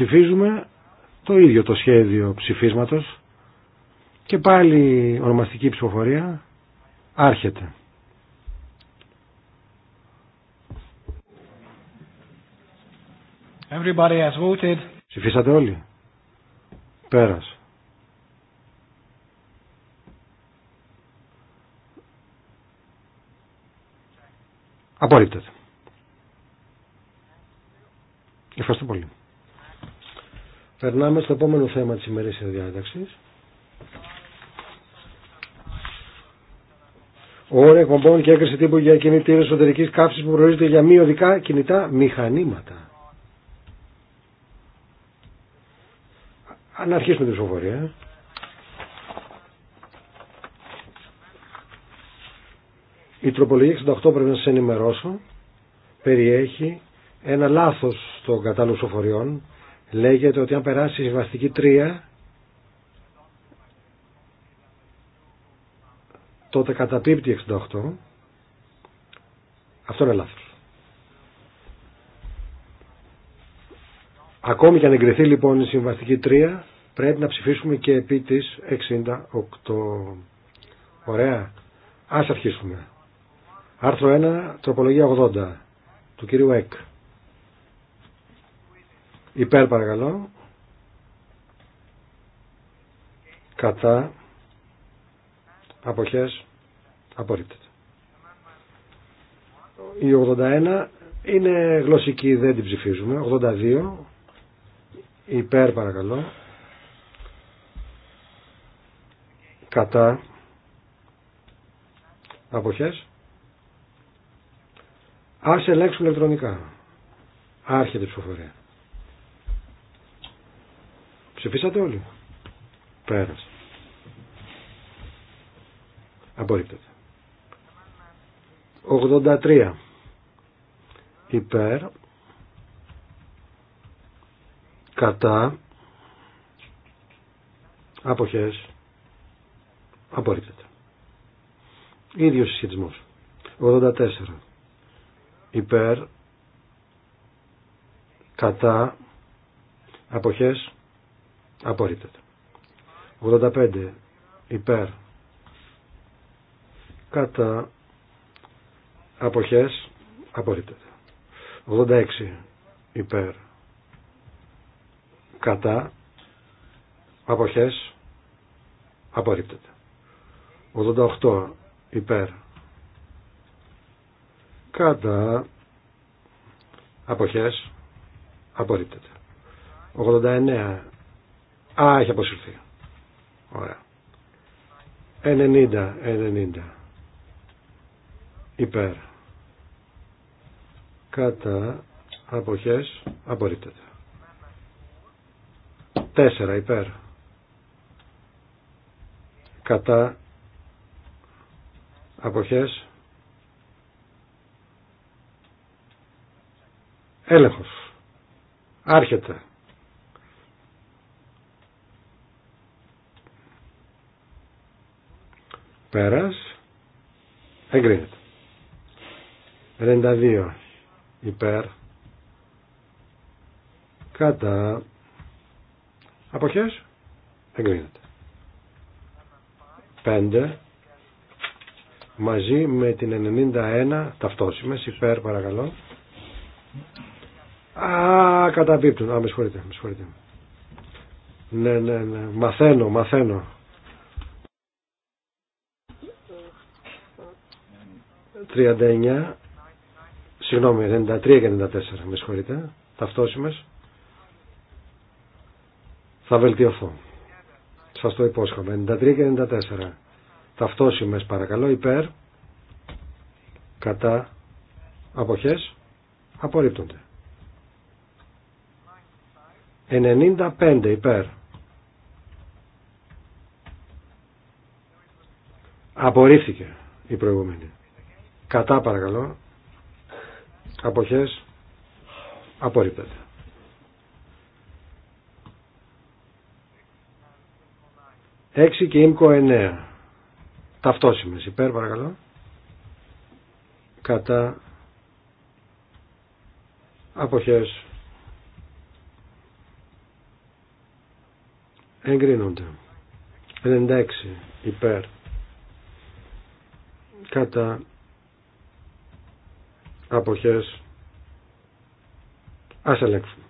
[SPEAKER 2] Ψηφίζουμε το ίδιο το σχέδιο ψηφίσματος και πάλι ονομαστική ψηφοφορία άρχεται. Everybody has voted. Ψηφίσατε όλοι. Πέρασε. Απορρίπτεται. Ευχαριστώ πολύ. Περνάμε στο επόμενο θέμα της ημερήσιας διάταξης. Όρια κομπών και έκριση τύπου για κινητήρες εσωτερική καύσης που προορίζεται για μη οδικά κινητά μηχανήματα. Αν αρχίσουμε την ψηφοφορία. Η τροπολογία 68 πρέπει να σε ενημερώσω. Περιέχει ένα λάθος στον κατάλογο ψηφοφοριών λέγεται ότι αν περάσει η συμβαστική 3 τότε καταπίπτει 68 αυτό είναι λάθος ακόμη και αν εγκριθεί λοιπόν η συμβαστική 3 πρέπει να ψηφίσουμε και επί της 68 ωραία ας αρχίσουμε άρθρο 1 τροπολογία 80 του κυρίου ΕΚ Υπέρ παρακαλώ. Κατά. Αποχές. Απορρίπτεται. Η 81 είναι γλωσσική, δεν την ψηφίζουμε. 82. Υπέρ παρακαλώ. Κατά. Αποχές. Ας ελέγξουμε ηλεκτρονικά. Άρχεται η ψηφοφορία. Ψηφίσατε όλοι. Πέρασε. Απορρίπτεται. 83 υπέρ κατά αποχές απορρίπτεται. Ίδιος συσχετισμός. 84 υπέρ κατά αποχές Απορρίπτεται. 85 υπέρ κατά αποχές απορρίπτεται. 86 υπέρ κατά αποχές απορρίπτεται. 88 υπέρ κατά αποχές απορρίπτεται. 89 Α, έχει αποσυρθεί. Ωραία. 90, 90. Υπέρ. Κατά αποχές απορρίπτεται. Τέσσερα υπέρ. Κατά αποχές έλεγχος. Άρχεται. Πέρας. Εγκρίνεται. 92. υπέρ. Κατά. Αποχές. Εγκρίνεται. 5 μαζί με την 91 ταυτόσημες υπέρ παρακαλώ. Α, καταπίπτουν. Α, με συγχωρείτε, με συγχωρείτε. Ναι, ναι, ναι. Μαθαίνω, μαθαίνω. 39, συγγνώμη, 93 και 94, με συγχωρείτε, ταυτόσιμες, θα βελτιωθώ. Σας το υπόσχομαι. 93 και 94. Ταυτόσιμες παρακαλώ υπέρ, κατά, αποχές, απορρίπτονται. 95 υπέρ. Απορρίφθηκε η προηγούμενη. Κατά παρακαλώ. Αποχές. Απορρίπτεται. Έξι και ΙΜΚΟ εννέα. Ταυτόσημες. Υπέρ παρακαλώ. Κατά. Αποχές. Εγκρίνονται. 96 υπέρ. Κατά αποχές ας ελέγξουμε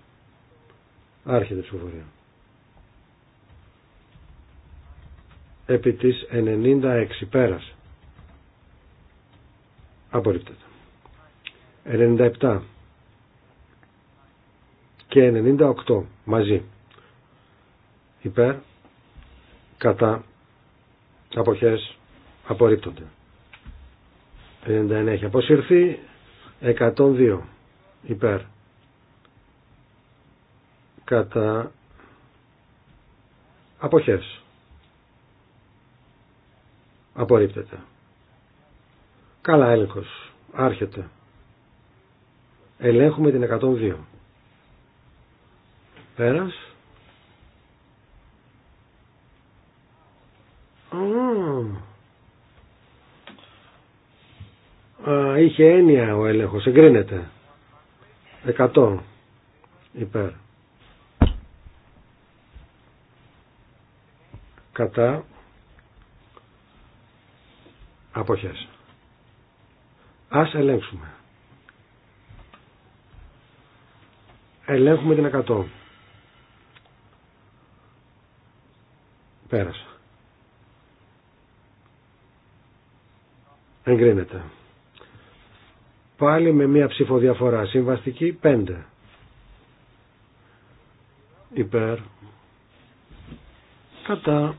[SPEAKER 2] άρχεται η ψηφοφορία επί της 96 πέρασε απορρίπτεται 97 και 98 μαζί υπέρ κατά αποχές απορρίπτονται 99 έχει αποσυρθεί 102 υπέρ κατά αποχές απορρίπτεται καλά έλεγχος άρχεται ελέγχουμε την 102 πέρας oh. Α, είχε έννοια ο έλεγχος. Εγκρίνεται. 100 υπέρ. Κατά αποχές. Ας ελέγξουμε. Ελέγχουμε την 100. Πέρασε. Εγκρίνεται. Πάλι με μία ψηφοδιαφορά. Συμβαστική 5. Υπέρ. Κατά.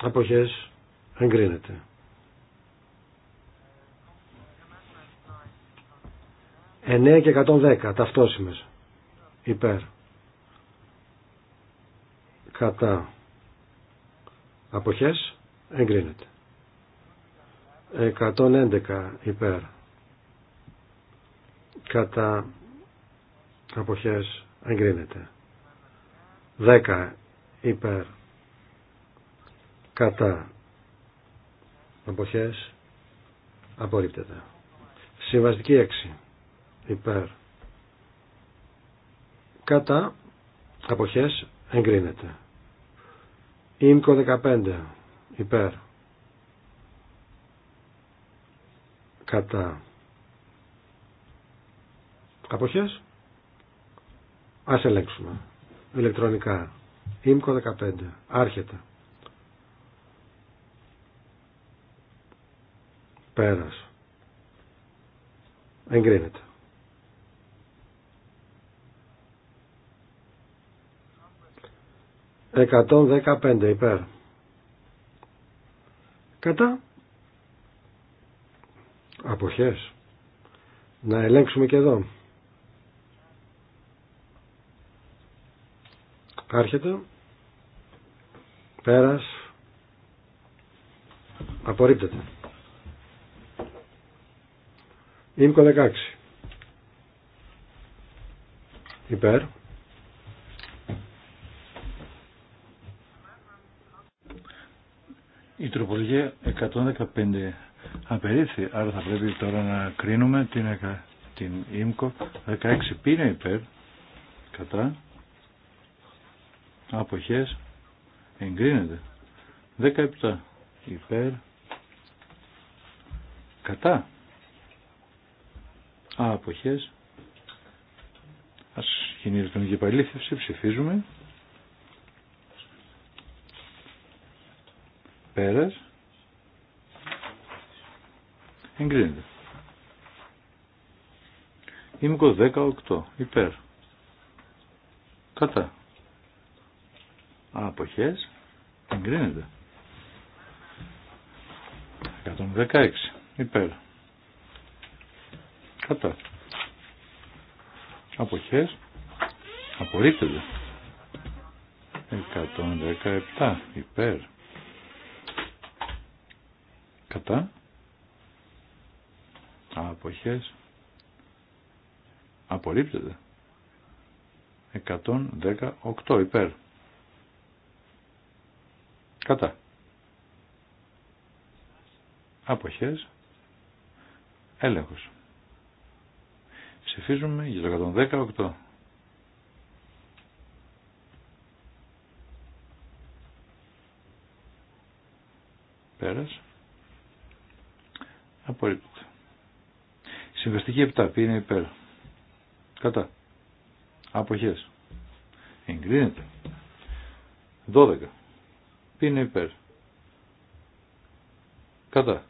[SPEAKER 2] Αποχές. Εγκρίνεται. Εννέα και 110. Ταυτόσιμες. Υπέρ. Κατά. Αποχές. Εγκρίνεται. 111 υπέρ κατά αποχές εγκρίνεται 10 υπέρ κατά αποχές απορρίπτεται συμβαστική 6 υπέρ κατά αποχές εγκρίνεται Ήμκο 15 υπέρ κατά Αποχές. Ας ελέγξουμε. Ηλεκτρονικά. Ίμκο 15. Άρχεται. Πέρας. Εγκρίνεται. 115 υπέρ. Κατά. Αποχές. Να ελέγξουμε και εδώ. Άρχεται. Πέρας. Απορρίπτεται. Ήμκο 16.
[SPEAKER 4] Υπέρ. Η τροπολογία 115 απερίφθη, άρα θα πρέπει τώρα να κρίνουμε την, την ΙΜΚΟ 16 πίνε υπέρ, κατά, αποχές εγκρίνεται 17 υπέρ κατά Α, αποχές ας γίνει η ηλεκτρονική ψηφίζουμε πέρας εγκρίνεται Ήμικο 18 υπέρ κατά αποχές εγκρίνεται 116 υπέρ κατά αποχές απορρίπτεται 117 υπέρ κατά αποχές απορρίπτεται 118 υπέρ Κατά. Αποχές. Έλεγχος. Ψηφίζουμε για το 118. Πέρας. Απορρίπτω. Συμβαστική 7. Ποιοι είναι υπέρ. Κατά. Αποχές. Εγκρίνεται. 12 είναι υπέρ. Κατά.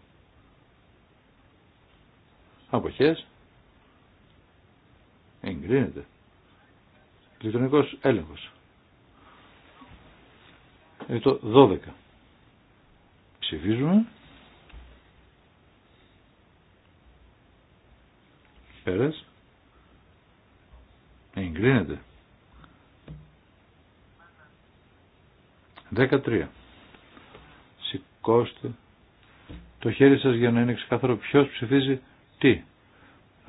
[SPEAKER 4] Αποχές. Εγκρίνεται. Ηλεκτρονικός έλεγχος. Είναι το 12. Ψηφίζουμε. Πέρας. Εγκρίνεται. 13 σηκώστε το χέρι σας για να είναι ξεκάθαρο ποιος ψηφίζει τι.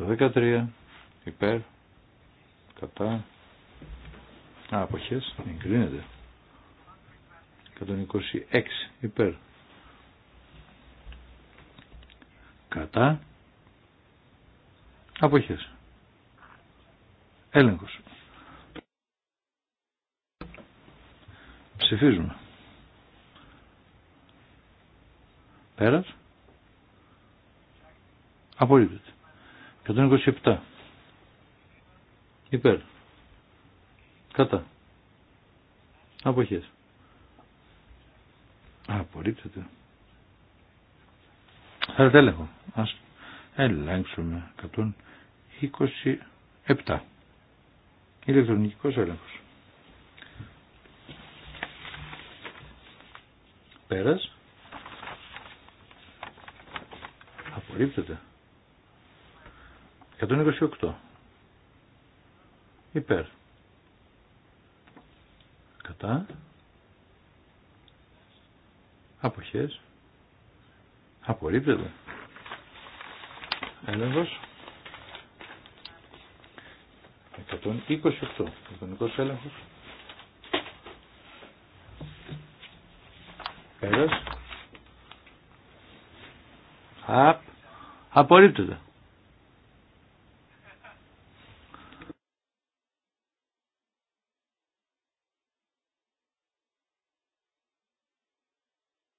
[SPEAKER 4] 13 υπέρ, κατά, αποχές, εγκρίνεται. 126 υπέρ. Κατά, αποχές. Έλεγχος. Ψηφίζουμε. Πέρα Απορρίπτεται. 127. Υπέρ. Κατά. Αποχές. Απορρίπτεται. Θα έλεγχο. Ας ελέγξουμε 127. Ηλεκτρονικός έλεγχος. Πέρας. Απορρίπτεται. 128. Υπέρ. Κατά. Αποχές. Απορρίπτεται. Έλεγχος. 128. Οικονομικός έλεγχος. Πέρας. Απ, απορρίπτεται.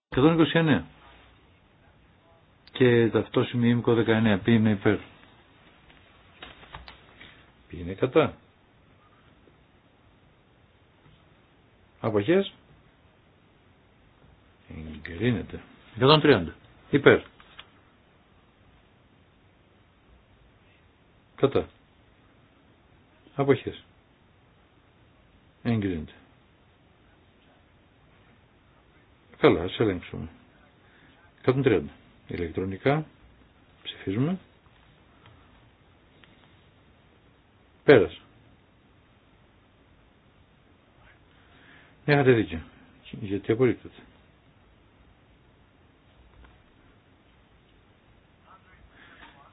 [SPEAKER 4] 29. Και ταυτόσημη ήμικο 19. Ποιοι είναι υπέρ. Ποιοι είναι κατά. Αποχές. Εγκρίνεται. 130. Υπέρ. Κατά. Αποχές. Εγκρίνεται. Καλά, ας ελέγξουμε. 130. Ηλεκτρονικά. Ψηφίζουμε. Πέρασε. Ναι, είχατε δίκιο. Γιατί απορρίπτεται.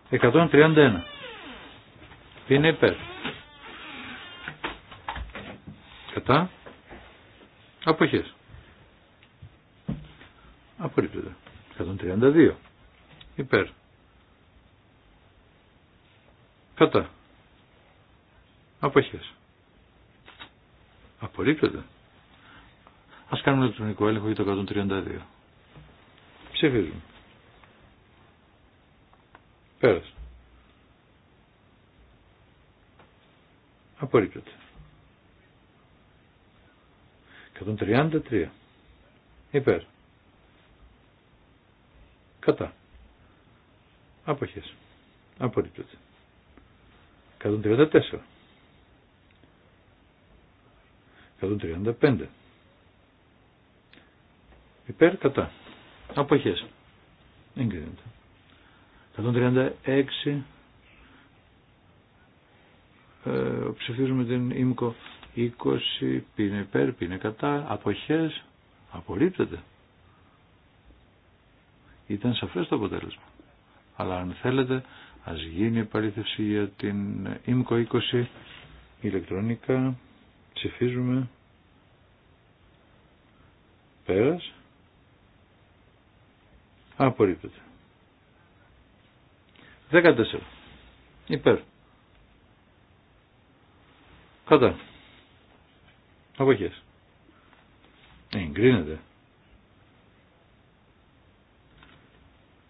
[SPEAKER 4] 131 είναι υπέρ. Κατά. Αποχές. Απορρίπτεται. 132. Υπέρ. Κατά. Αποχές. Απορρίπτεται. Ας κάνουμε ηλεκτρονικό έλεγχο για το 132. Ψηφίζουμε. Πέρασε. Απορρίπτωται. 133. Υπέρ. Κατά. Αποχές. Απορρίπτωται. 134. 135. Υπέρ, κατά. Αποχές. Εγκρίνεται. 136 ε, ψηφίζουμε την ΙΜΚΟ 20, πίνε υπέρ, πίνε κατά, αποχές, απορρίπτεται. Ήταν σαφές το αποτέλεσμα. Αλλά αν θέλετε, ας γίνει παρήθευση για την ΙΜΚΟ 20 ηλεκτρονικά, ψηφίζουμε, πέρας, απορρίπτεται. 14. Υπέρ. Κατά. Αποχές. Ε, εγκρίνεται.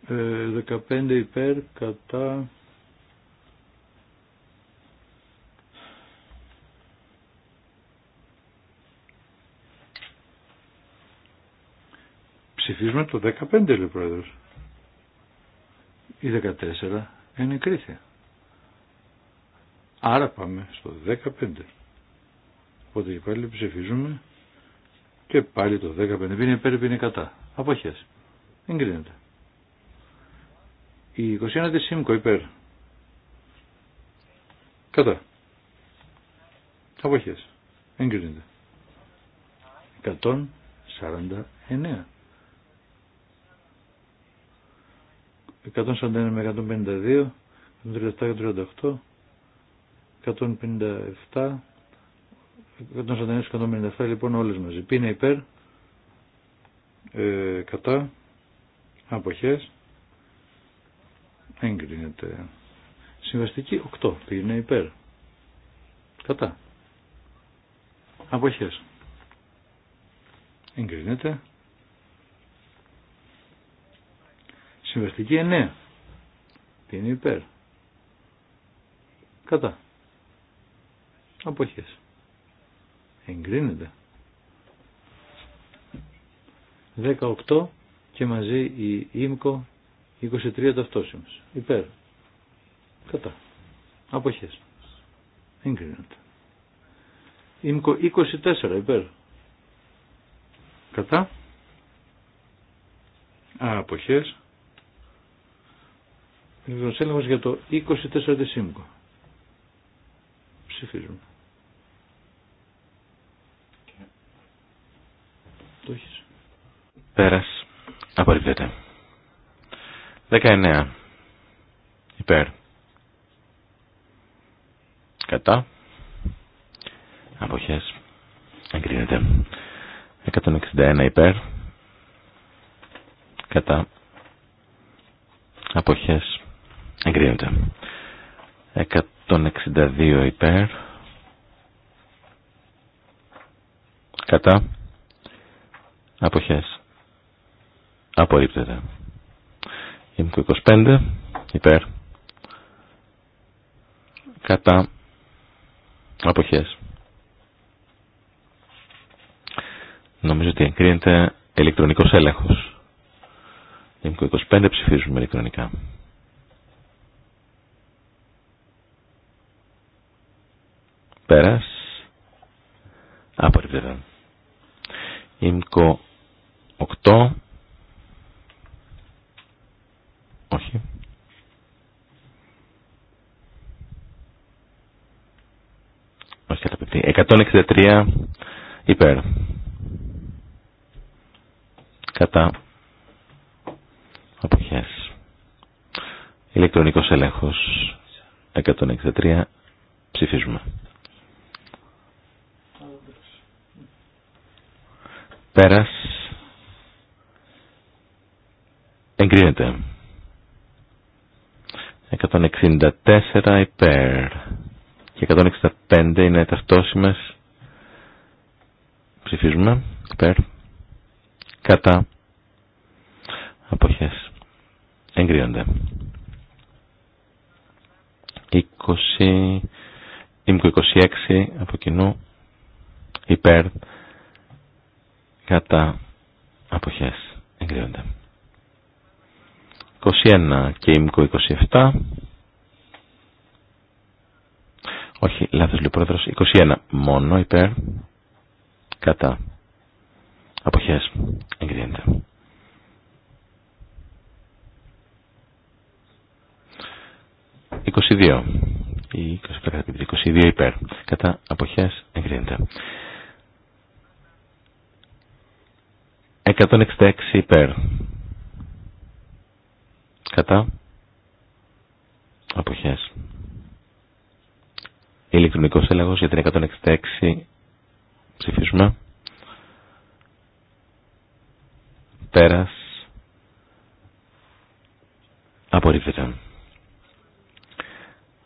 [SPEAKER 4] 15 ε, υπέρ κατά ψηφίζουμε το 15 λέει ο πρόεδρος ή 14 ενεκρίθη Άρα πάμε στο 15. Οπότε και πάλι ψηφίζουμε και πάλι το 15. Είναι υπέρ, είναι κατά. Αποχές. Εγκρίνεται. Η 21 της ΣΥΜΚΟ υπέρ. Κατά. Αποχές. Εγκρίνεται. 149. 141 με 152, 137 και 138 157, 149-157 λοιπόν όλες μαζί. Ποιοι υπέρ, ε, κατά, αποχές, εγκρίνεται. Συμβαστική 8, ποιοι υπέρ, κατά, αποχές, εγκρίνεται. Συμβαστική 9, ποιοι είναι υπέρ, κατά. Αποχές. Εγκρίνεται. 18 και μαζί η ΙΜΚΟ 23 ταυτόσημες. Υπέρ. Κατά. Αποχές. Εγκρίνεται. ΙΜΚΟ 24 υπέρ. Κατά. Α, αποχές. για το 24 της ΙΜΚΟ. Ψηφίζουμε.
[SPEAKER 3] Πέρας. Απορρίπτεται. 19. Υπέρ. Κατά. Αποχές. Εγκρίνεται. 161 υπέρ. Κατά. Αποχές. Εγκρίνεται. 162 υπέρ. Κατά. Αποχές Απορρίπτεται. ΥΜΚΟ 25. Υπέρ. Κατά. Αποχές. Νομίζω ότι εγκρίνεται ηλεκτρονικός έλεγχος. ΥΜΚΟ 25 ψηφίζουμε ηλεκτρονικά. Πέρας. Απορρίπτεται. ΥΜΚΟ 8 όχι. Όχι καταπληκτή. 163 υπέρ. Κατά αποχές. Ηλεκτρονικός ελέγχος 163 ψηφίζουμε. Πέρας εγκρίνεται. 164 υπέρ και 165 είναι ταυτόσιμες ψηφίζουμε υπέρ κατά αποχές εγκρίνονται 20 26 από κοινού υπέρ κατά αποχές εγκρίνονται 21 και ΙΜΚΟ 27. Όχι, λάθος λέει ο 21 μόνο υπέρ. Κατά. Αποχές. Εγκρίνεται. ή 22 υπέρ. Κατά αποχές εγκρίνεται. 166 υπέρ κατά αποχές. Ηλεκτρονικός έλεγχος για την 166 ψηφίσουμε. Πέρας απορρίφθηκαν.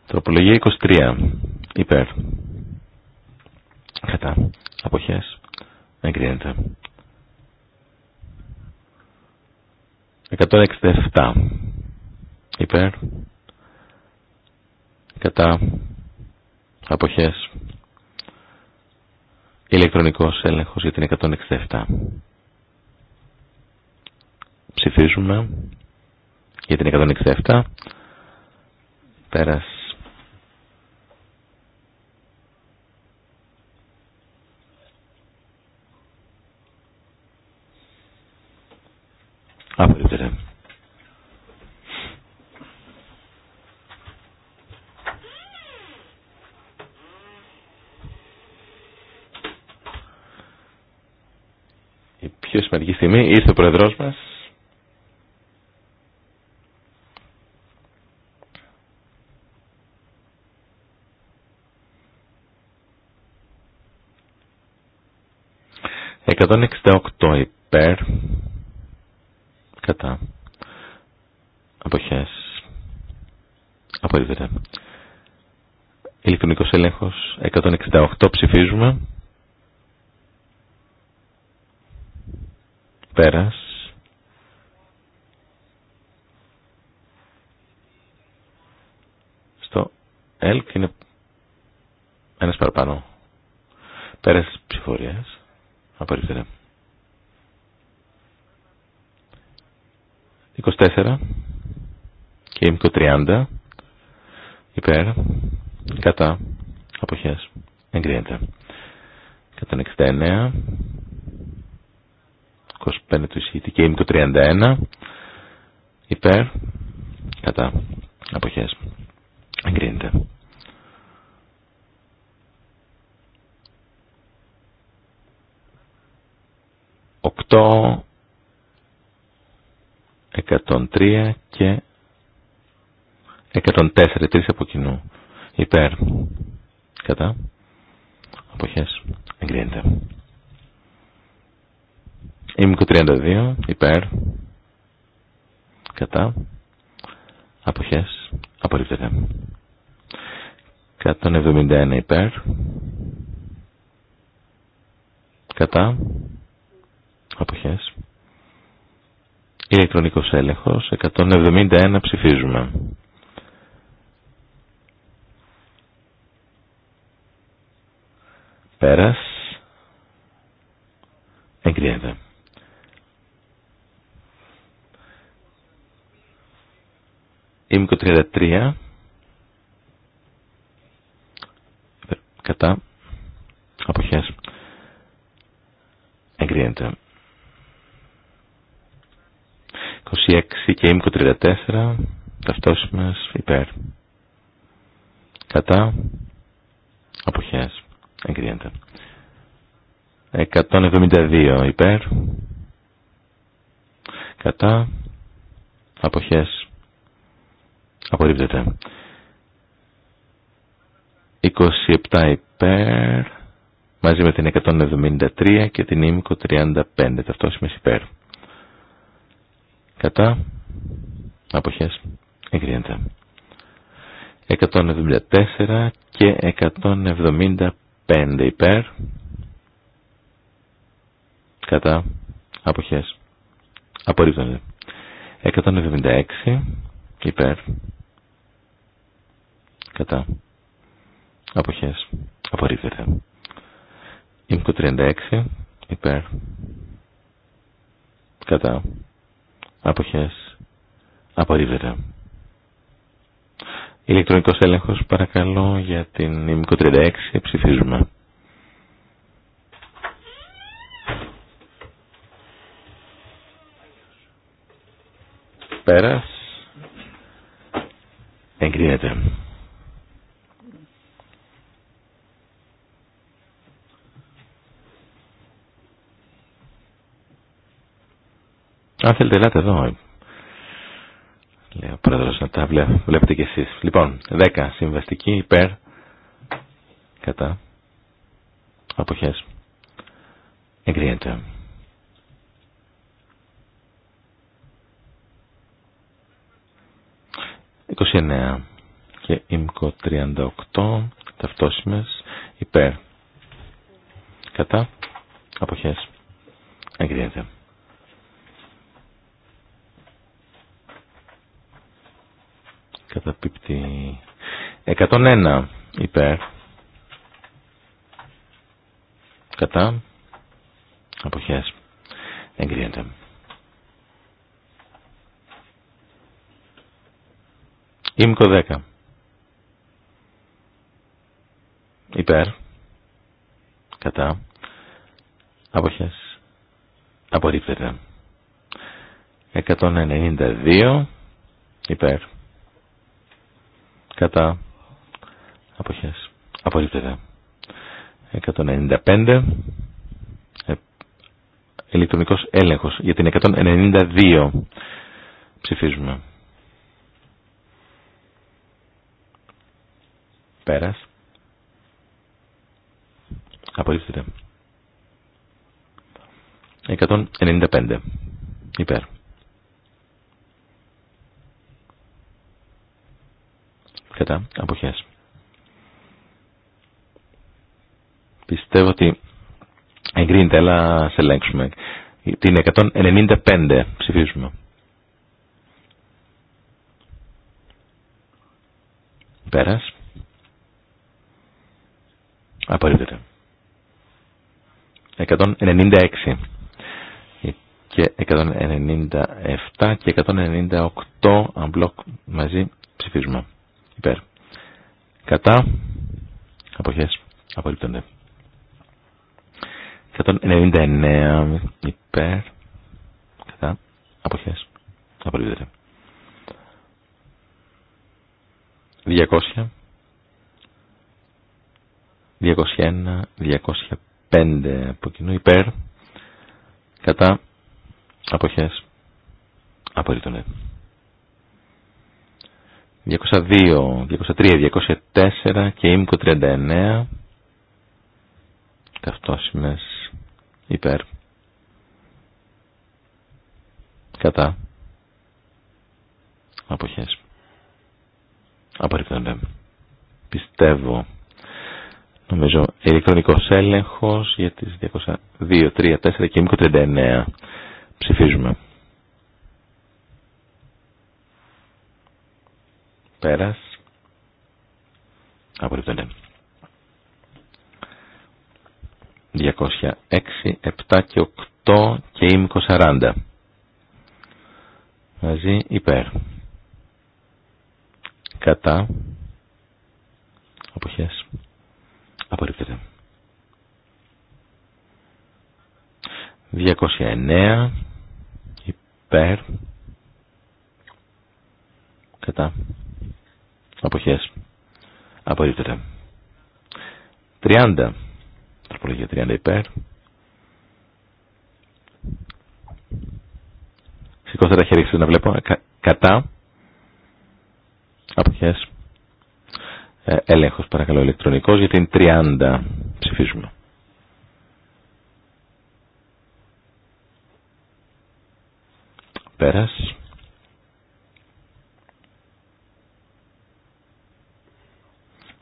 [SPEAKER 3] Τροπολογία 23 υπέρ κατά αποχές εγκρίνεται. 167 υπέρ κατά αποχές ηλεκτρονικός έλεγχος για την 167 ψηφίζουμε για την 167 πέρας Αφού πιο σημαντική στιγμή. Ήρθε ο Πρόεδρός μας. Εκατόν υπέρ κατά αποχές απορρίβεται ηλεκτρονικός έλεγχος 168 ψηφίζουμε Πέρας. Στο ΕΛΚ είναι ένας παραπάνω. Πέρας της ψηφορίας. Απορρίπτεται. 24 και ήμικο 30 υπέρ κατά αποχές εγκρίνεται 169 25 του εισηγητή και το 31 υπέρ κατά αποχές εγκρίνεται. Οκτώ, 103 και 104, τρεις από κοινού, υπέρ, κατά, αποχές, εγκρίνεται. Ήμικο 32 υπέρ κατά αποχές απορρίπτεται. 171 υπέρ κατά αποχές ηλεκτρονικός έλεγχος 171 ψηφίζουμε πέρας εγκρίνεται Ήμικο 33. Κατά. Αποχές. Εγκρίνεται. 26 και Ήμικο 34. Ταυτόσιμες υπέρ. Κατά. Αποχές. Εγκρίνεται. 172 υπέρ. Κατά. Αποχές Απορρίπτεται. 27 υπέρ μαζί με την 173 και την ήμικο 35 ταυτόσιμες υπέρ. Κατά αποχές εγκρίνεται. 174 και 175 υπέρ. Κατά αποχές απορρίπτονται. 176 υπέρ κατά αποχές απορρίφεται. ΙΜΚΟ 36 υπέρ κατά αποχές απορρίφεται. ηλεκτρονικός έλεγχος παρακαλώ για την ΙΜΚΟ 36 ψηφίζουμε πέρας εγκρίνεται Αν θέλετε, ελάτε εδώ. λέω ο πρόεδρος να τα βλέπετε κι εσείς. Λοιπόν, 10 συμβαστικοί υπέρ κατά αποχές εγκρίνεται. και ΙΜΚΟ 38 ταυτόσιμες υπέρ κατά αποχές εγκρίνεται. καταπίπτει 101 υπέρ κατά αποχές εγκρίνεται 10 υπέρ κατά αποχές απορρίπτεται 192 υπέρ κατά αποχές απορρίπτεται 195 ε, ηλεκτρονικός έλεγχος για την 192 ψηφίζουμε πέρας απορρίπτεται 195 υπέρ κατά αποχές. Πιστεύω ότι εγκρίνεται, αλλά σε ελέγξουμε. Την 195 ψηφίζουμε. Πέρας. Απορρίπτεται. 196 και 197 και 198 unblock μαζί ψηφίζουμε. Υπέρ. Κατά. Αποχές. απολύπτονται. 199 υπέρ. Κατά. Αποχές. απολύπτονται. 200. 201, 205 από κοινού υπέρ, κατά, αποχές, απολύτωνε. 202, 203, 204 και ΙΜΚΟ 39 Καυτόσιμες υπέρ κατά αποχές απορρίπτονται πιστεύω νομίζω ηλεκτρονικός έλεγχος για τις 202, 3, 4 και ΙΜΚΟ 39 ψηφίζουμε Πέρας. Απορρίπτονται. 206, 7 και 8 και ήμικο 40. Μαζί υπέρ. Κατά. Αποχές. Απορρίπτεται. 209 υπέρ κατά Αποχές. Απορρίπτεται. 30. Τροπολογία 30 υπέρ. Σηκώστε τα χέρια να βλέπω. κατά. Αποχές. Ε, έλεγχος παρακαλώ ηλεκτρονικός γιατί είναι 30. Ψηφίζουμε. Πέρας.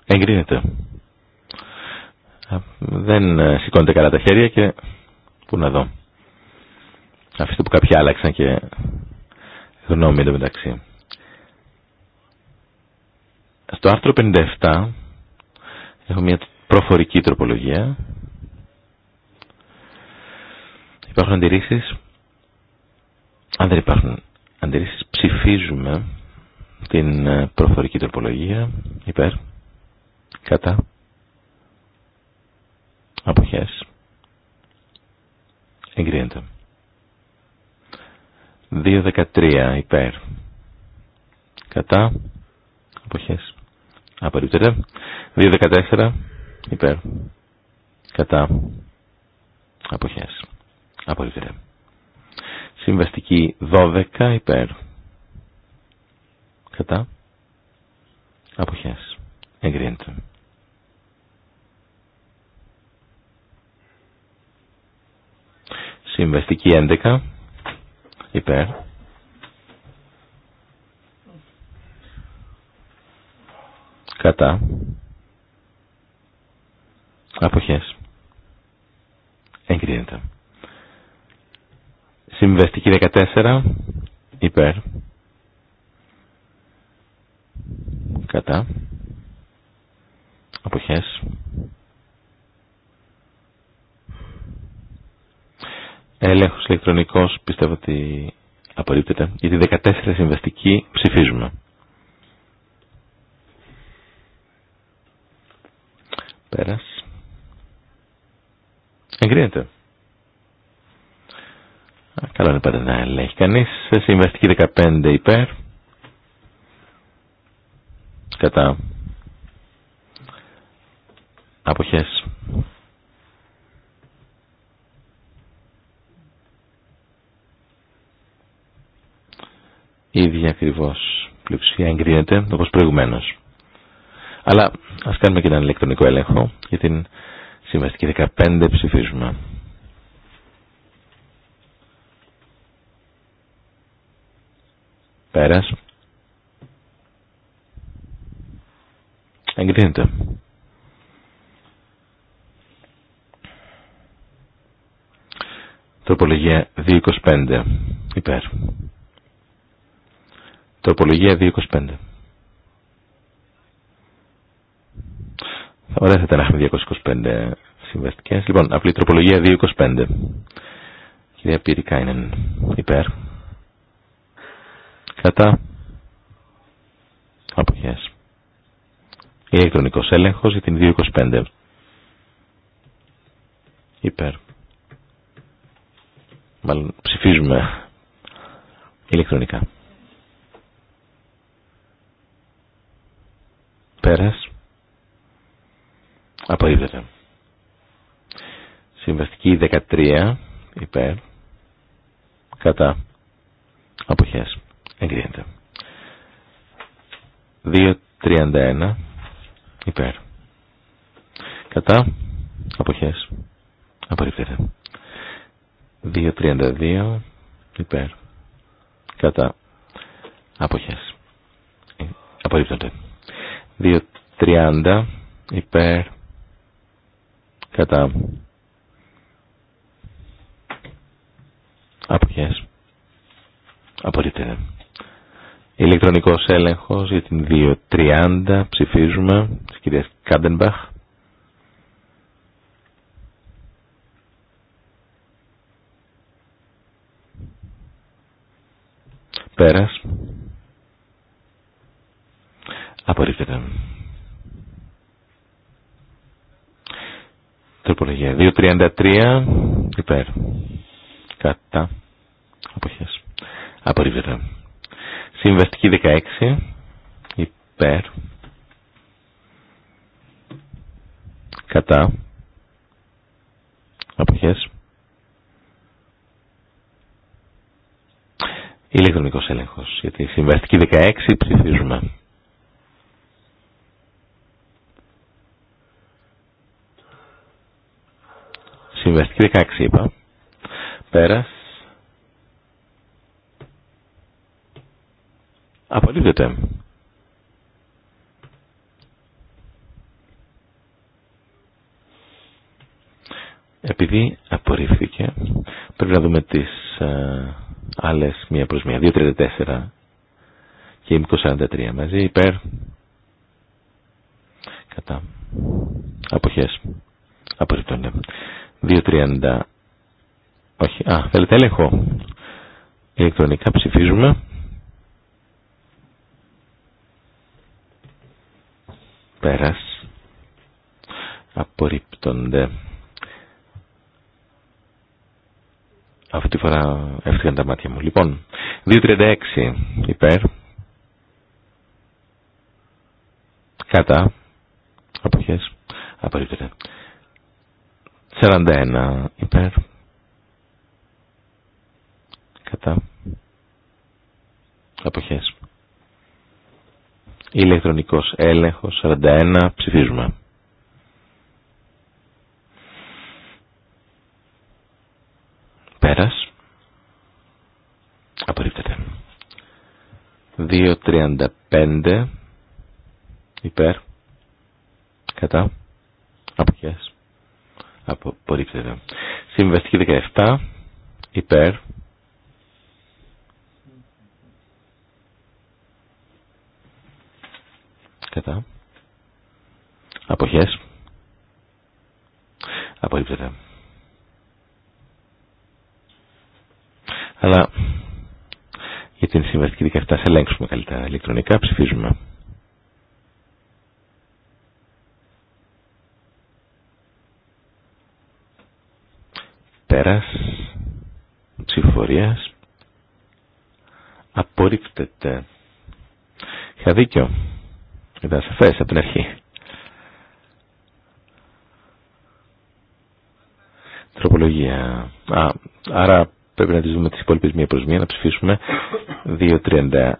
[SPEAKER 3] Εγκρίνεται. Δεν ε, σηκώνεται καλά τα χέρια και πού να δω. Αφήστε που κάποιοι άλλαξαν και γνώμη μεταξύ. Στο άρθρο 57 έχω μια προφορική τροπολογία. Υπάρχουν αντιρρήσεις. Αν δεν υπάρχουν αντιρρήσεις ψηφίζουμε την ε, προφορική τροπολογία υπέρ κατά αποχές εγκρίνεται 2.13 υπέρ κατά αποχές απορρίπτεται 2.14 υπέρ κατά αποχές απορρίπτεται συμβαστική 12 υπέρ κατά αποχές εγκρίνεται Συμβεστική 11 υπέρ. Κατά. Αποχές. Εγκρίνεται. Συμβεστική 14 υπέρ. Κατά. Αποχές. Έλεγχος ηλεκτρονικός πιστεύω ότι απορρίπτεται. γιατί 14 συμβαστικοί ψηφίζουμε. Πέρας. Εγκρίνεται. Καλό είναι πάντα να ελέγχει κανείς. Συμβαστική 15 υπέρ. Κατά. Αποχές. η ίδια ακριβώ πλειοψηφία εγκρίνεται όπως προηγουμένως. Αλλά ας κάνουμε και έναν ηλεκτρονικό έλεγχο για την συμβαστική 15 ψηφίζουμε. Πέρας. Εγκρίνεται. Τροπολογία 2.25 υπέρ. Τροπολογία 225. Ωραία θα ήταν να έχουμε 225 συμβαστικές. Λοιπόν, απλή τροπολογία 225. Κυρία Πυρικά είναι υπέρ. Κατά. Αποχές. Ηλεκτρονικός έλεγχος για την 225. Υπέρ. Μάλλον ψηφίζουμε ηλεκτρονικά. Πέρας. Συμβαστική 13 υπέρ. Κατά. Αποχές. Εγκρίνεται. 2.31 υπέρ. Κατά. Αποχές. Απορρίπτεται. 2.32 υπέρ. Κατά. Αποχές. Ε, απορρίπτονται. 2.30 υπέρ κατά αποχές απορρίπτεται ηλεκτρονικός έλεγχος για την 2.30 ψηφίζουμε της κυρίας Κάντενμπαχ πέρας τροπολογία. 2.33 υπέρ. Κατά. Αποχές. Απορρίβεται. Συμβαστική 16 υπέρ. Κατά. Αποχές. Ηλεκτρονικός έλεγχος. Γιατί συμβαστική 16 ψηφίζουμε. Συμβαστική 16 είπα. Πέρας. Απολύτωται. Επειδή απορρίφθηκε, πρέπει να δούμε τις αλλε άλλες μία προς μία. 2.34 και 2.43 μαζί, υπέρ, κατά, αποχές, Απορρίπτονται. 2.30. Όχι. Α, θέλετε έλεγχο. Ηλεκτρονικά ψηφίζουμε. Πέρας. Απορρίπτονται. Αυτή τη φορά έφτιαχναν τα μάτια μου. Λοιπόν, 2.36 υπέρ. Κατά. Αποχές. Απορρίπτονται. 41 υπέρ. Κατά. Αποχές. Ηλεκτρονικός έλεγχος 41 ψηφίζουμε.
[SPEAKER 1] Πέρας. Απορρίπτεται.
[SPEAKER 3] 2.35 υπέρ. Κατά. Αποχές απορρίπτεται. Συμβαστική 17 υπέρ κατά αποχές απορρίπτεται. Αλλά για την συμβαστική 17 θα ελέγξουμε καλύτερα ηλεκτρονικά, ψηφίζουμε. πέρας ψηφορίας απορρίπτεται. Είχα δίκιο. Ήταν σαφές από την αρχή. Τροπολογία. Α, άρα πρέπει να τις δούμε τις υπόλοιπες μία προς μία, να ψηφίσουμε 2.30.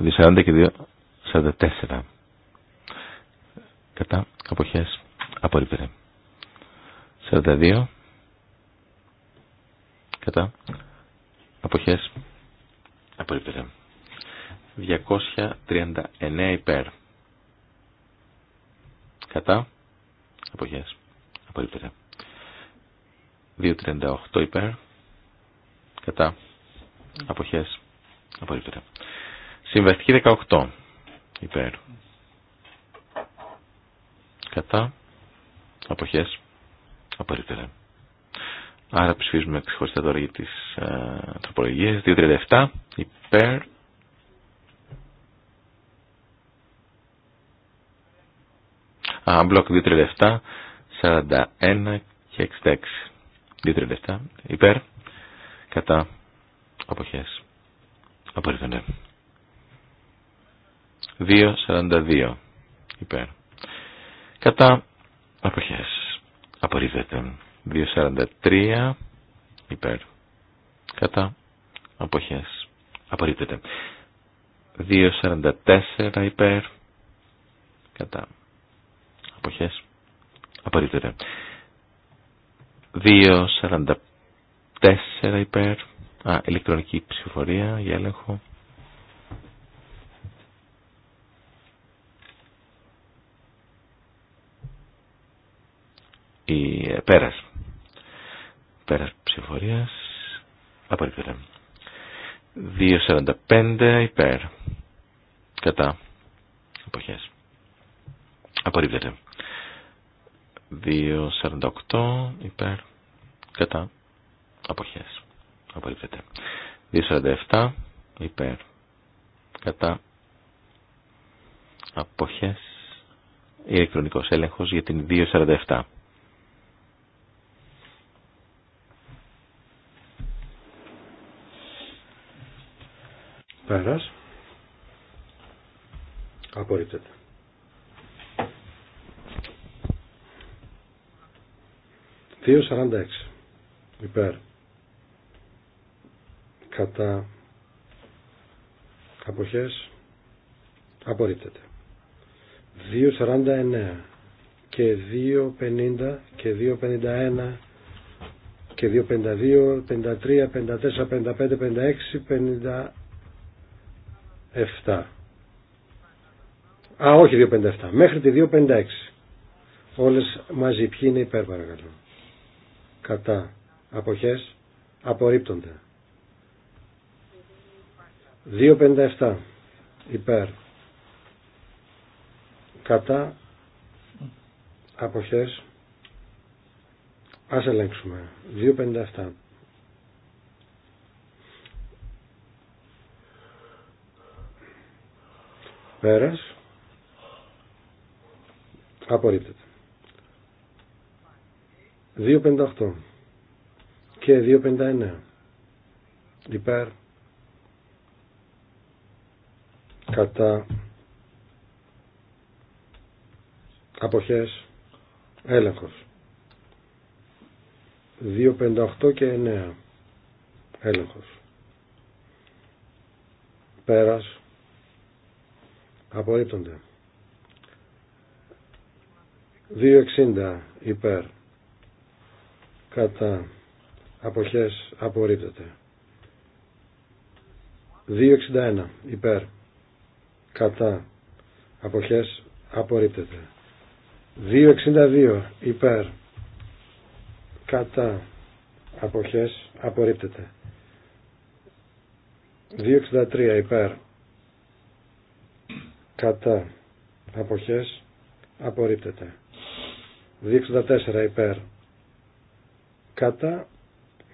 [SPEAKER 3] 2.40 και 2.44. Κατά αποχές απορρίπτεται. 42 κατά αποχές απορρίπτεται 239 υπέρ κατά αποχές απορρίπτεται 238 υπέρ κατά αποχές απορρίπτεται συμβαστική 18 υπέρ κατά αποχές Απορρίπτεται. Άρα ψηφίζουμε ξεχωριστά τώρα για τις ε, 2.37 υπέρ. Α, μπλοκ 2.37, 41 και 66. 2.37 υπέρ. Κατά αποχές. Απορρίπτεται. 2.42 υπέρ. Κατά αποχές. Απορρίπτεται. 2.43 υπέρ. Κατά. Αποχές. Απορρίπτεται. 2.44 υπέρ. Κατά. Αποχές. Απορρίπτεται. 2.44 υπέρ. Α, ηλεκτρονική ψηφοφορία για έλεγχο. Ε, πέρας. Πέρας ψηφορίας. Απορρίπτεται. 2.45 υπέρ. Κατά. Εποχές. Απορρίπτεται. 2.48 υπέρ. Κατά. Αποχές. Απορρίπτεται. 2.47 υπέρ. Κατά. Αποχές. Ηλεκτρονικός έλεγχος για την 2.47.
[SPEAKER 2] Πέρας. Απορρίπτεται. 2.46 υπέρ κατά αποχές απορρίπτεται 2.49 και 2.50 και 2.51 και 2.52 53, 54, 55, 56, 2.57. Α, όχι 2.57. Μέχρι τη 2.56. Όλες μαζί. Ποιοι είναι υπέρ παρακαλώ. Κατά. Αποχές. Απορρίπτονται. 2.57. Υπέρ. Κατά. Αποχές. Ας ελέγξουμε. 2.57. Πέρας. Απορρίπτεται. 2.58 και 2.59 υπέρ κατά αποχές έλεγχος 2.58 και 9 έλεγχος πέρας απορρίπτονται 2.60 υπέρ κατά αποχές απορρίπτεται 2.61 υπέρ κατά αποχές απορρίπτεται 2.62 υπέρ κατά αποχές απορρίπτεται 2.63 υπέρ κατά αποχές απορρίπτεται 264 υπέρ κατά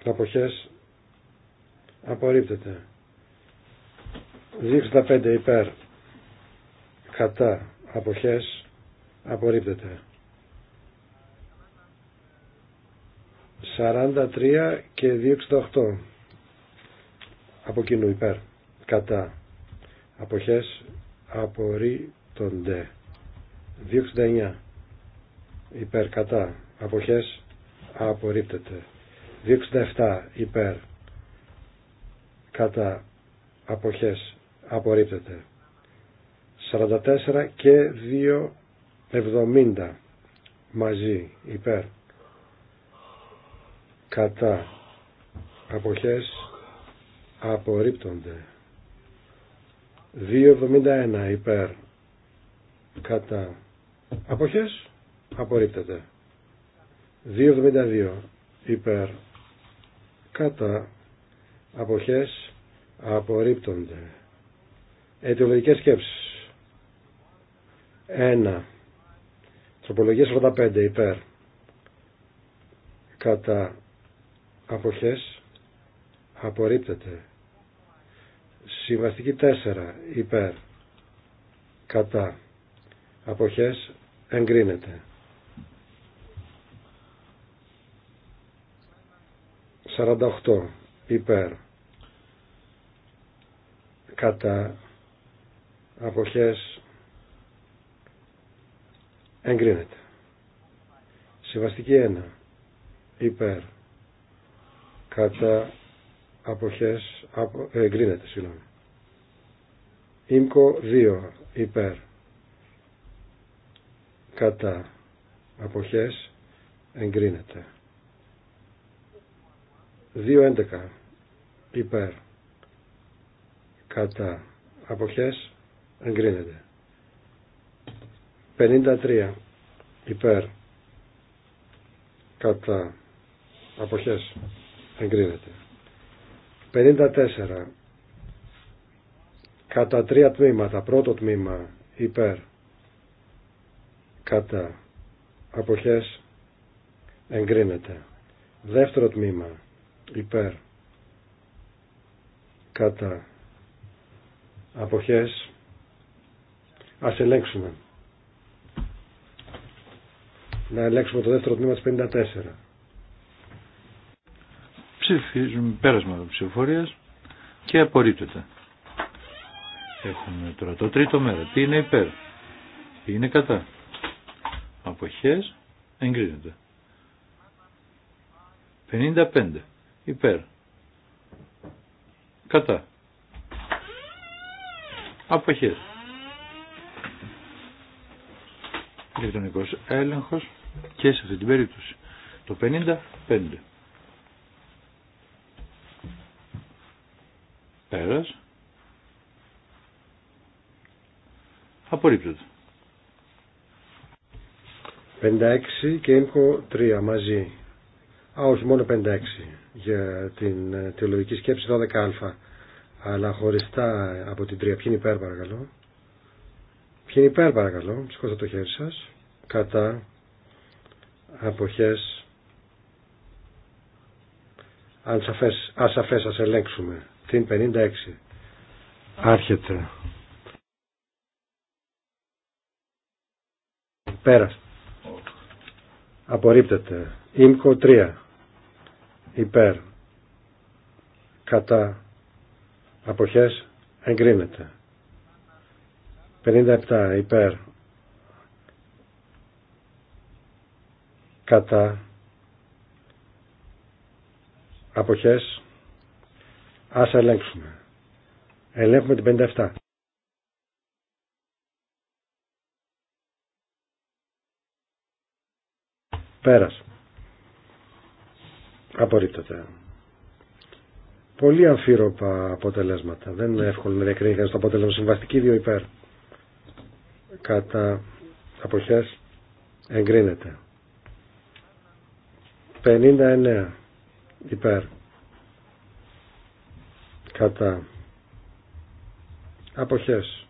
[SPEAKER 2] αποχές απορρίπτεται 265 υπέρ κατά αποχές απορρίπτεται 43 και 268 από κοινού υπέρ κατά αποχές απορρίτονται 269 υπέρ κατά αποχές απορρίπτεται 267 υπέρ κατά αποχές απορρίπτεται 44 και 270 μαζί υπέρ κατά αποχές απορρίπτονται 2.71 υπέρ κατά αποχές απορρίπτεται 2.72 υπέρ κατά αποχές απορρίπτονται αιτιολογικές σκέψεις 1 τροπολογίες 45 υπέρ κατά αποχές απορρίπτεται Συμβαστική 4 υπέρ κατά αποχές εγκρίνεται. 48 υπέρ κατά αποχές εγκρίνεται. Συμβαστική 1 υπέρ κατά αποχές ε, εγκρίνεται συγγνώμη. Ήμκο 2 υπέρ κατά αποχές εγκρίνεται. 2.11 υπέρ κατά αποχές εγκρίνεται. 53 υπέρ κατά αποχές εγκρίνεται. 54 κατά τρία τμήματα. Πρώτο τμήμα υπέρ κατά αποχές εγκρίνεται. Δεύτερο τμήμα υπέρ κατά αποχές ας ελέγξουμε. Να ελέγξουμε το δεύτερο τμήμα της 54.
[SPEAKER 4] Ψηφίζουμε πέρασμα της ψηφοφορίας και απορρίπτεται. Έχουμε τώρα το τρίτο μέρο. Τι είναι υπέρ. Τι είναι κατά. Αποχές εγκρίνεται. 55. Υπέρ. Κατά. Αποχές. Ηλεκτρονικός έλεγχος και σε αυτή την περίπτωση. Το 55. Πέρας.
[SPEAKER 2] Απορρίπτεται. 56 και ΕΜΚΟ 3 μαζί. Α, όχι μόνο 56 για την θεολογική σκέψη 12α. Αλλά χωριστά από την 3. Ποιοι είναι υπέρ παρακαλώ. Ποιοι είναι υπέρ παρακαλώ. Σηκώστε το χέρι σας. Κατά αποχές αν σαφές, ασαφές ας ελέγξουμε την 56 άρχεται πέρα. Απορρίπτεται. Ήμκο 3. Υπέρ. Κατά. Αποχές. Εγκρίνεται. 57. Υπέρ. Κατά. Αποχές. Ας ελέγξουμε. Ελέγχουμε την 57. Πέρας. Απορρίπτεται. Πολύ αμφίροπα αποτελέσματα. Δεν είναι εύκολο να διακρίνει το αποτέλεσμα. Συμβαστική δύο υπέρ. Κατά αποχές εγκρίνεται. 59 υπέρ. Κατά αποχές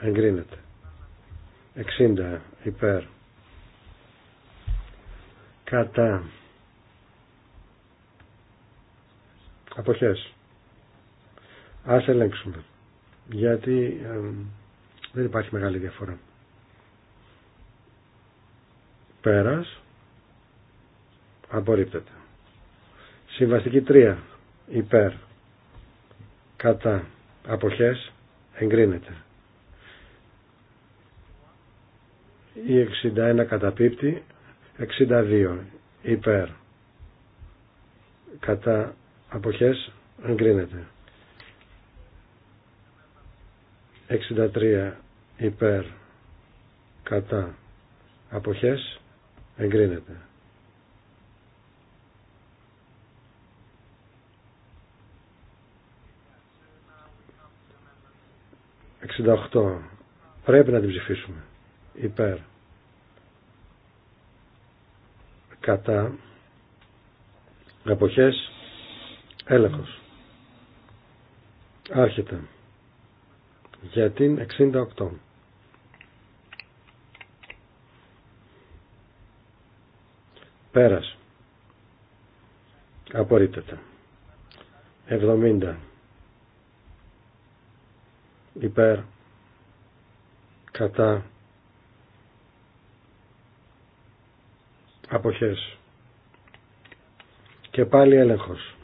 [SPEAKER 2] εγκρίνεται. 60 υπέρ κατά αποχές ας ελέγξουμε γιατί δεν υπάρχει μεγάλη διαφορά πέρας απορρίπτεται συμβαστική 3 υπέρ κατά αποχές εγκρίνεται η 61 καταπίπτει 62 υπέρ κατά αποχές εγκρίνεται 63 υπέρ κατά αποχές εγκρίνεται 68 πρέπει να την ψηφίσουμε υπέρ κατά εποχές έλεγχος άρχεται για την 68 πέρας απορρίπτεται 70 υπέρ κατά αποχές και πάλι έλεγχος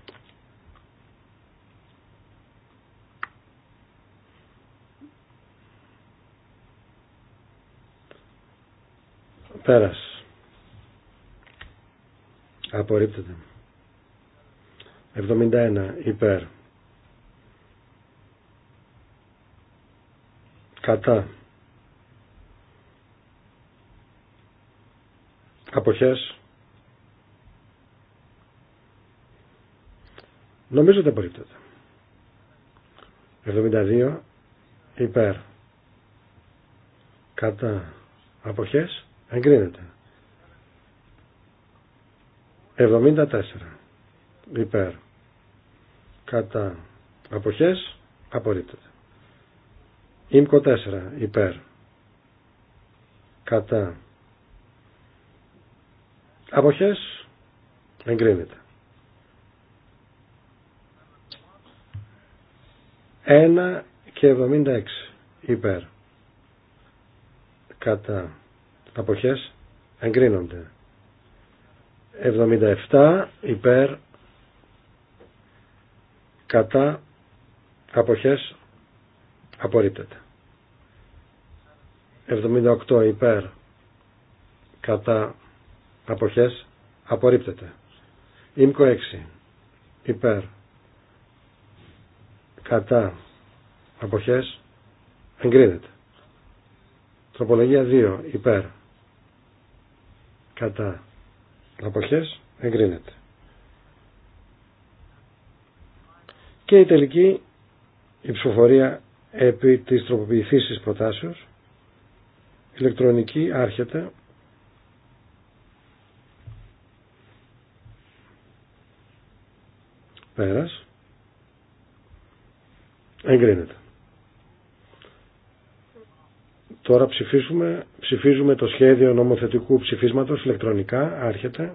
[SPEAKER 2] πέρας απορρίπτεται 71 υπέρ κατά Αποχές. Νομίζω ότι απορρίπτεται. 72 υπέρ. Κατά. Αποχές. Εγκρίνεται. 74 υπέρ. Κατά. Αποχές. Απορρίπτεται. Ήμκο 4 υπέρ. Κατά Αποχές. Εγκρίνεται. Ένα και 76 υπέρ. Κατά. Αποχές. Εγκρίνονται. 77 υπέρ. Κατά. Αποχές. Απορρίπτεται. 78 υπέρ. Κατά αποχές απορρίπτεται. Ήμκο 6 υπέρ κατά αποχές εγκρίνεται. Τροπολογία 2 υπέρ κατά αποχές εγκρίνεται. Και η τελική η ψηφοφορία επί της τροποποιηθήσης προτάσεως ηλεκτρονική άρχεται Πέρας. Εγκρίνεται. Τώρα ψηφίσουμε, ψηφίζουμε το σχέδιο νομοθετικού ψηφίσματος ηλεκτρονικά. Άρχεται.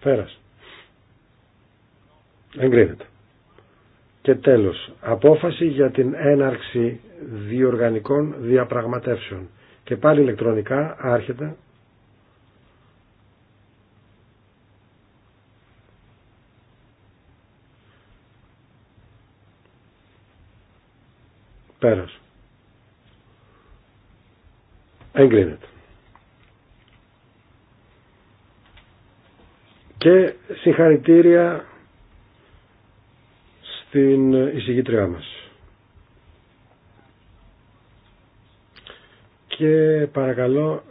[SPEAKER 2] Πέρας. Εγκρίνεται. Και τέλος, απόφαση για την έναρξη διοργανικών διαπραγματεύσεων. Και πάλι ηλεκτρονικά άρχεται. Πέρας. Εγκρίνεται. Και συγχαρητήρια στην εισηγήτριά μας. και παρακαλώ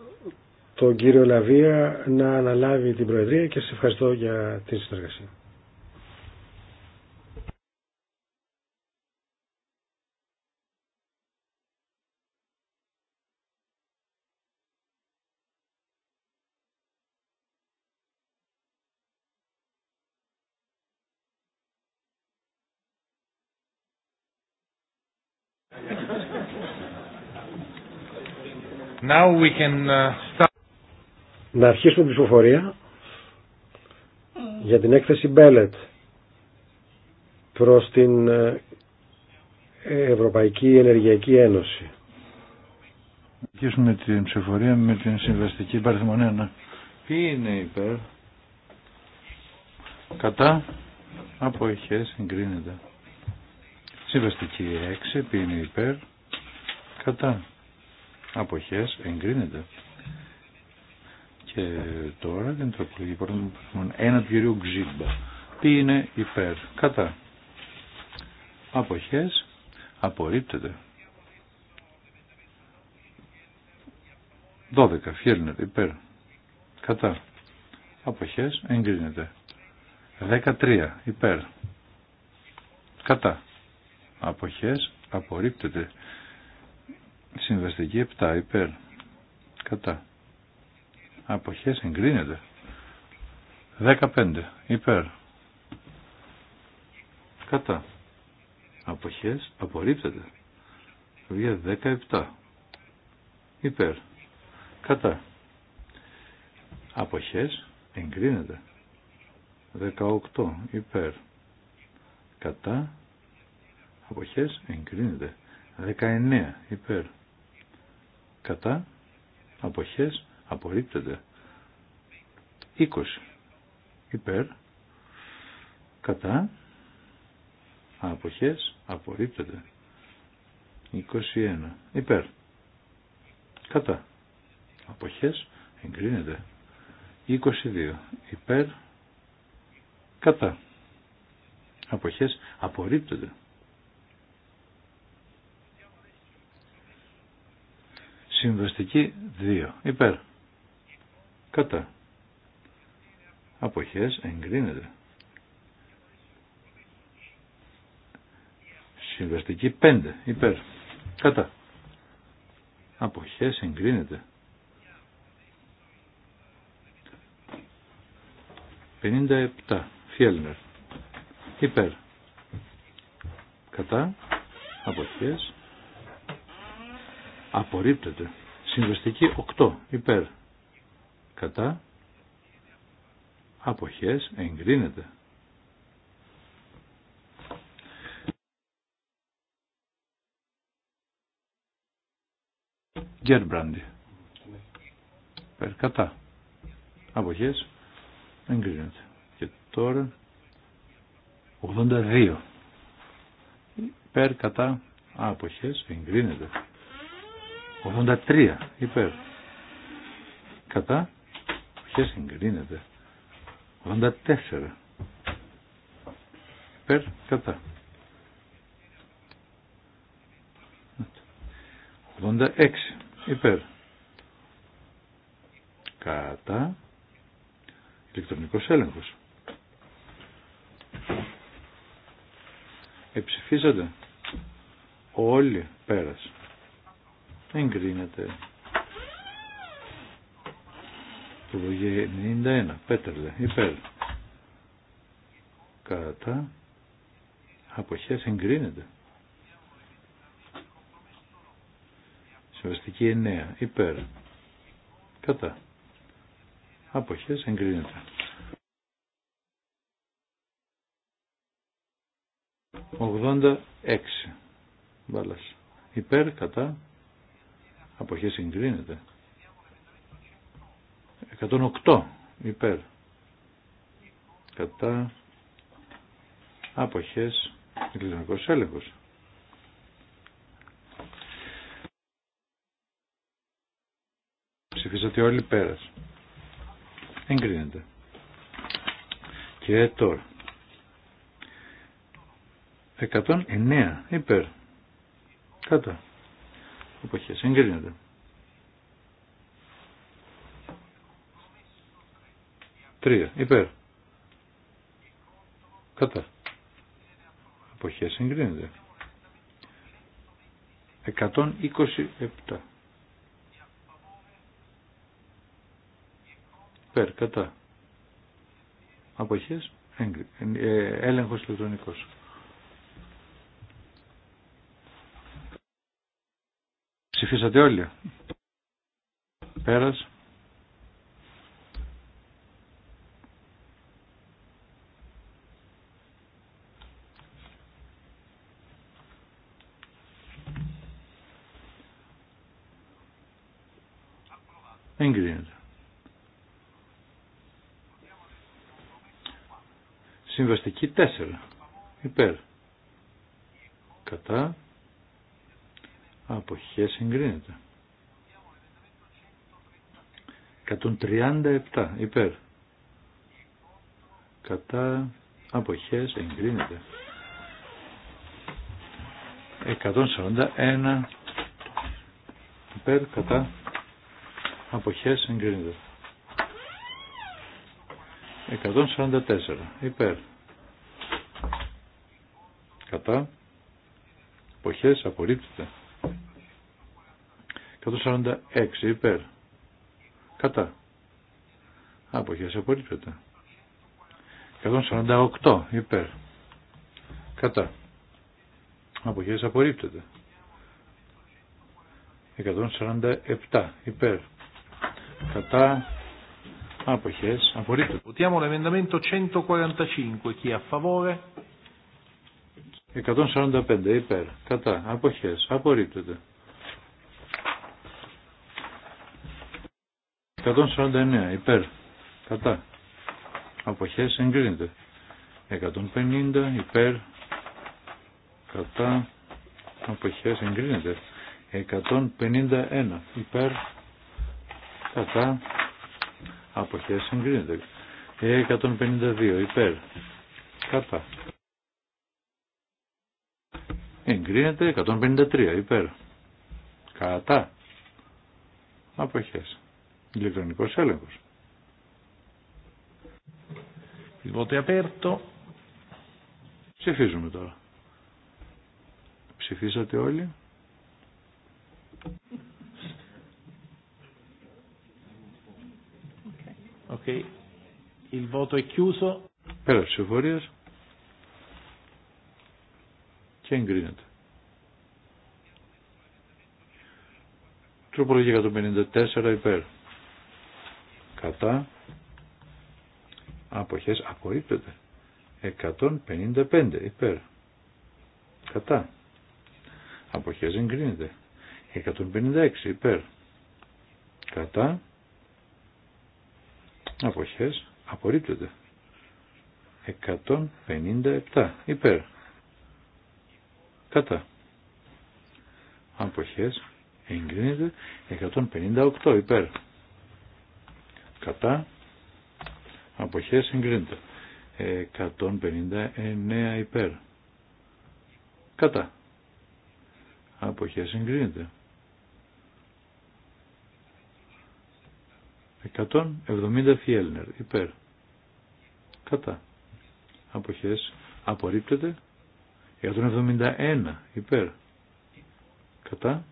[SPEAKER 2] τον κύριο Λαβία να αναλάβει την Προεδρία και σε ευχαριστώ για την συνεργασία. Uh, Να αρχίσουμε την ψηφοφορία για την έκθεση Μπέλετ προς την ε, Ευρωπαϊκή Ενεργειακή Ένωση.
[SPEAKER 4] Να αρχίσουμε την ψηφοφορία με την συμβαστική παρθυμονένα. Ποιοι είναι υπέρ. Κατά. Από ηχές συγκρίνεται. Συμβαστική έξι. Ποιοι είναι υπέρ. Κατά αποχές εγκρίνεται. Και τώρα την τροπολογία υπορνών ένα του κυρίου Ξύμπα. Τι είναι υπέρ, κατά. Αποχές απορρίπτεται. 12. Φιέλνερ υπέρ. Κατά. Αποχές εγκρίνεται. 13. Υπέρ. Κατά. Αποχές απορρίπτεται. Συμβαστική 7 υπέρ. Κατά. Αποχές εγκρίνεται. 15 υπέρ. Κατά. Αποχές απορρίπτεται. Βιβλία 17 υπέρ. Κατά. Αποχές εγκρίνεται. 18 υπέρ. Κατά. Αποχές εγκρίνεται. 19 υπέρ κατά αποχές απορρίπτεται 20 υπέρ κατά αποχές απορρίπτεται 21 υπέρ κατά αποχές εγκρίνεται 22 υπέρ κατά αποχές απορρίπτεται Συμβαστική 2. Υπέρ. Κατά. Αποχές εγκρίνεται. Συμβαστική 5. Υπέρ. Κατά. Αποχές εγκρίνεται. 57. Φιέλνερ. Υπέρ. Κατά. Αποχές απορρίπτεται. Συμβαστική 8 υπέρ κατά αποχές εγκρίνεται. Γκέρμπραντι. Υπέρ κατά αποχές εγκρίνεται. Και τώρα 82 υπέρ κατά αποχές εγκρίνεται. 83 υπέρ. Κατά. Ποιε συγκρίνεται. 84 υπέρ. Κατά. 86 υπέρ. Κατά. Ηλεκτρονικός έλεγχος. Εψηφίζονται. Όλοι πέρασε εγκρίνεται. βογέ 91. Πέτερλε. Υπέρ. Κατά. Αποχές εγκρίνεται. Συμβαστική 9. Υπέρ. Κατά. Αποχές εγκρίνεται. 86. Μπάλας. Υπέρ, κατά, αποχές εγκρίνεται 108 υπέρ κατά αποχές κλινικός έλεγχος ψηφίσατε όλοι πέρας εγκρίνεται και τώρα 109 υπέρ κατά εποχές. Εγκρίνεται. Τρία. Υπέρ. Κατά. Εποχές. Εγκρίνεται. 127. Υπέρ. Κατά. Αποχές. Ε, ε, έλεγχος ηλεκτρονικός. Ψηφίσατε όλοι. Πέρας. Εγκρίνεται. Συμβαστική 4. Υπέρ. Κατά αποχές εγκρίνεται 137 υπέρ κατά αποχές εγκρίνεται 141 υπέρ κατά αποχές εγκρίνεται 144 υπέρ κατά αποχές απορρίπτεται 146 υπέρ. Κατά. Αποχές απορρίπτεται. 148 υπέρ. Κατά. Αποχές απορρίπτεται. 147 υπέρ. Κατά. Αποχές απορρίπτεται.
[SPEAKER 2] Votiamo l'emendamento 145. Chi è favore?
[SPEAKER 4] 145 υπέρ. Κατά. Αποχές απορρίπτεται. 149 υπέρ. Κατά. Αποχές εγκρίνεται. 150 υπέρ. Κατά. Αποχές εγκρίνεται. 151 υπέρ. Κατά. Αποχές εγκρίνεται. 152 υπέρ. Κατά. Εγκρίνεται 153 υπέρ. Κατά. Αποχές ηλεκτρονικός έλεγχος. Il voto Ψηφίζουμε τώρα. Ψηφίσατε όλοι.
[SPEAKER 3] Okay. Il voto è chiuso. Πέρα
[SPEAKER 4] ψηφορίας. Και εγκρίνεται. Τροπολογία 154 υπέρ κατά αποχές απορρίπτεται 155 υπέρ κατά αποχές εγκρίνεται 156 υπέρ κατά αποχές απορρίπτεται 157 υπέρ κατά αποχές εγκρίνεται 158 υπέρ κατά αποχές εγκρίνεται 159 υπέρ κατά αποχές εγκρίνεται 170 φιέλνερ υπέρ κατά αποχές απορρίπτεται 171 υπέρ κατά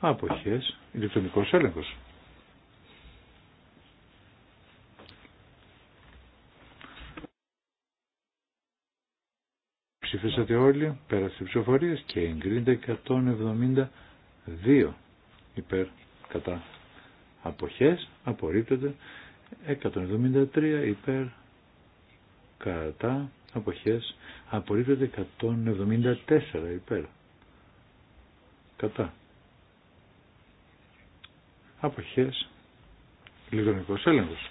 [SPEAKER 4] αποχές ηλεκτρονικός έλεγχος Ψηφίσατε όλοι, πέρασε ψηφοφορίες και εγκρίνεται 172 υπέρ κατά αποχές, απορρίπτεται 173 υπέρ κατά αποχές, απορρίπτεται 174 υπέρ κατά αποχές, λιγονικός έλεγχος.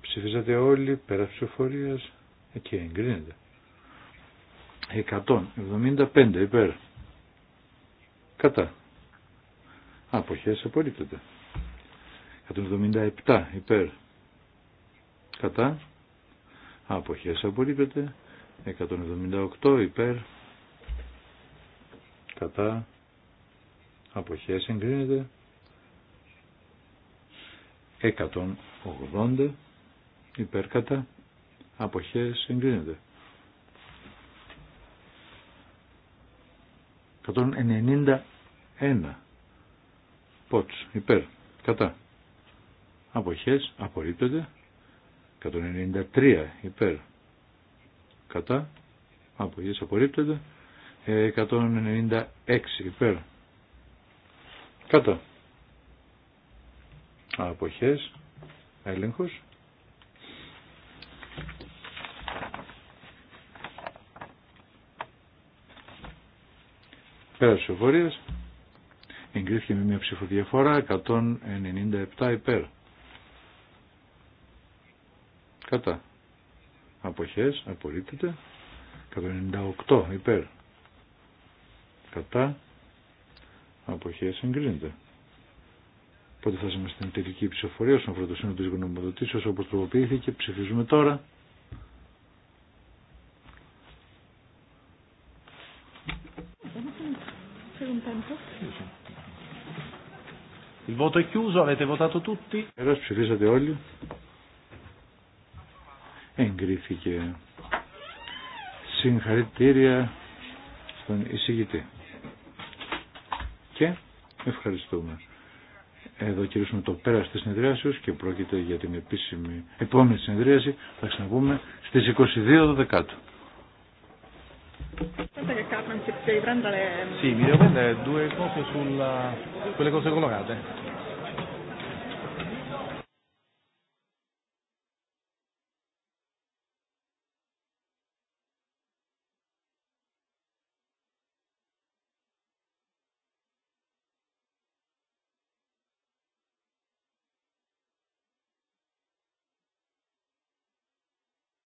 [SPEAKER 4] Ψηφίσατε όλοι πέρα ψηφοφορία και εγκρίνεται. 175 υπέρ. Κατά. Αποχές απορρίπτεται. 177 υπέρ. Κατά. Αποχές απορρίπτεται. 178 υπέρ. Κατά. Αποχές εγκρίνεται. 180 υπέρ κατά αποχές εγκρίνεται. 191 πότς υπέρ κατά αποχές απορρίπτεται 193 υπέρ κατά αποχές απορρίπτεται 196 υπέρ κατά αποχές έλεγχος Εγκρίθηκε με μια ψηφοδιαφορά 197 υπέρ. Κατά. Αποχές. Απορρίπτεται. 198 υπέρ. Κατά. Αποχές. Εγκρίνεται. Οπότε είμαστε στην τελική ψηφοφορία όσον αφορά το σύνολο τη γνωμοδοτήσεω όπω τροποποιήθηκε. Ψηφίζουμε τώρα. Il voto è chiuso, avete votato tutti. Εδώ ψηφίσατε όλοι. Εγκρίθηκε. Συγχαρητήρια στον εισηγητή. Και ευχαριστούμε. Εδώ κυρίσουμε το πέρα της συνεδρίασης και πρόκειται για την επίσημη επόμενη συνεδρίαση. Θα ξαναπούμε στις 22 Δεκάτου
[SPEAKER 1] aspetta che Carmen si deve prendere... Sì, mi devo
[SPEAKER 4] prendere due cose sulla... quelle cose collocate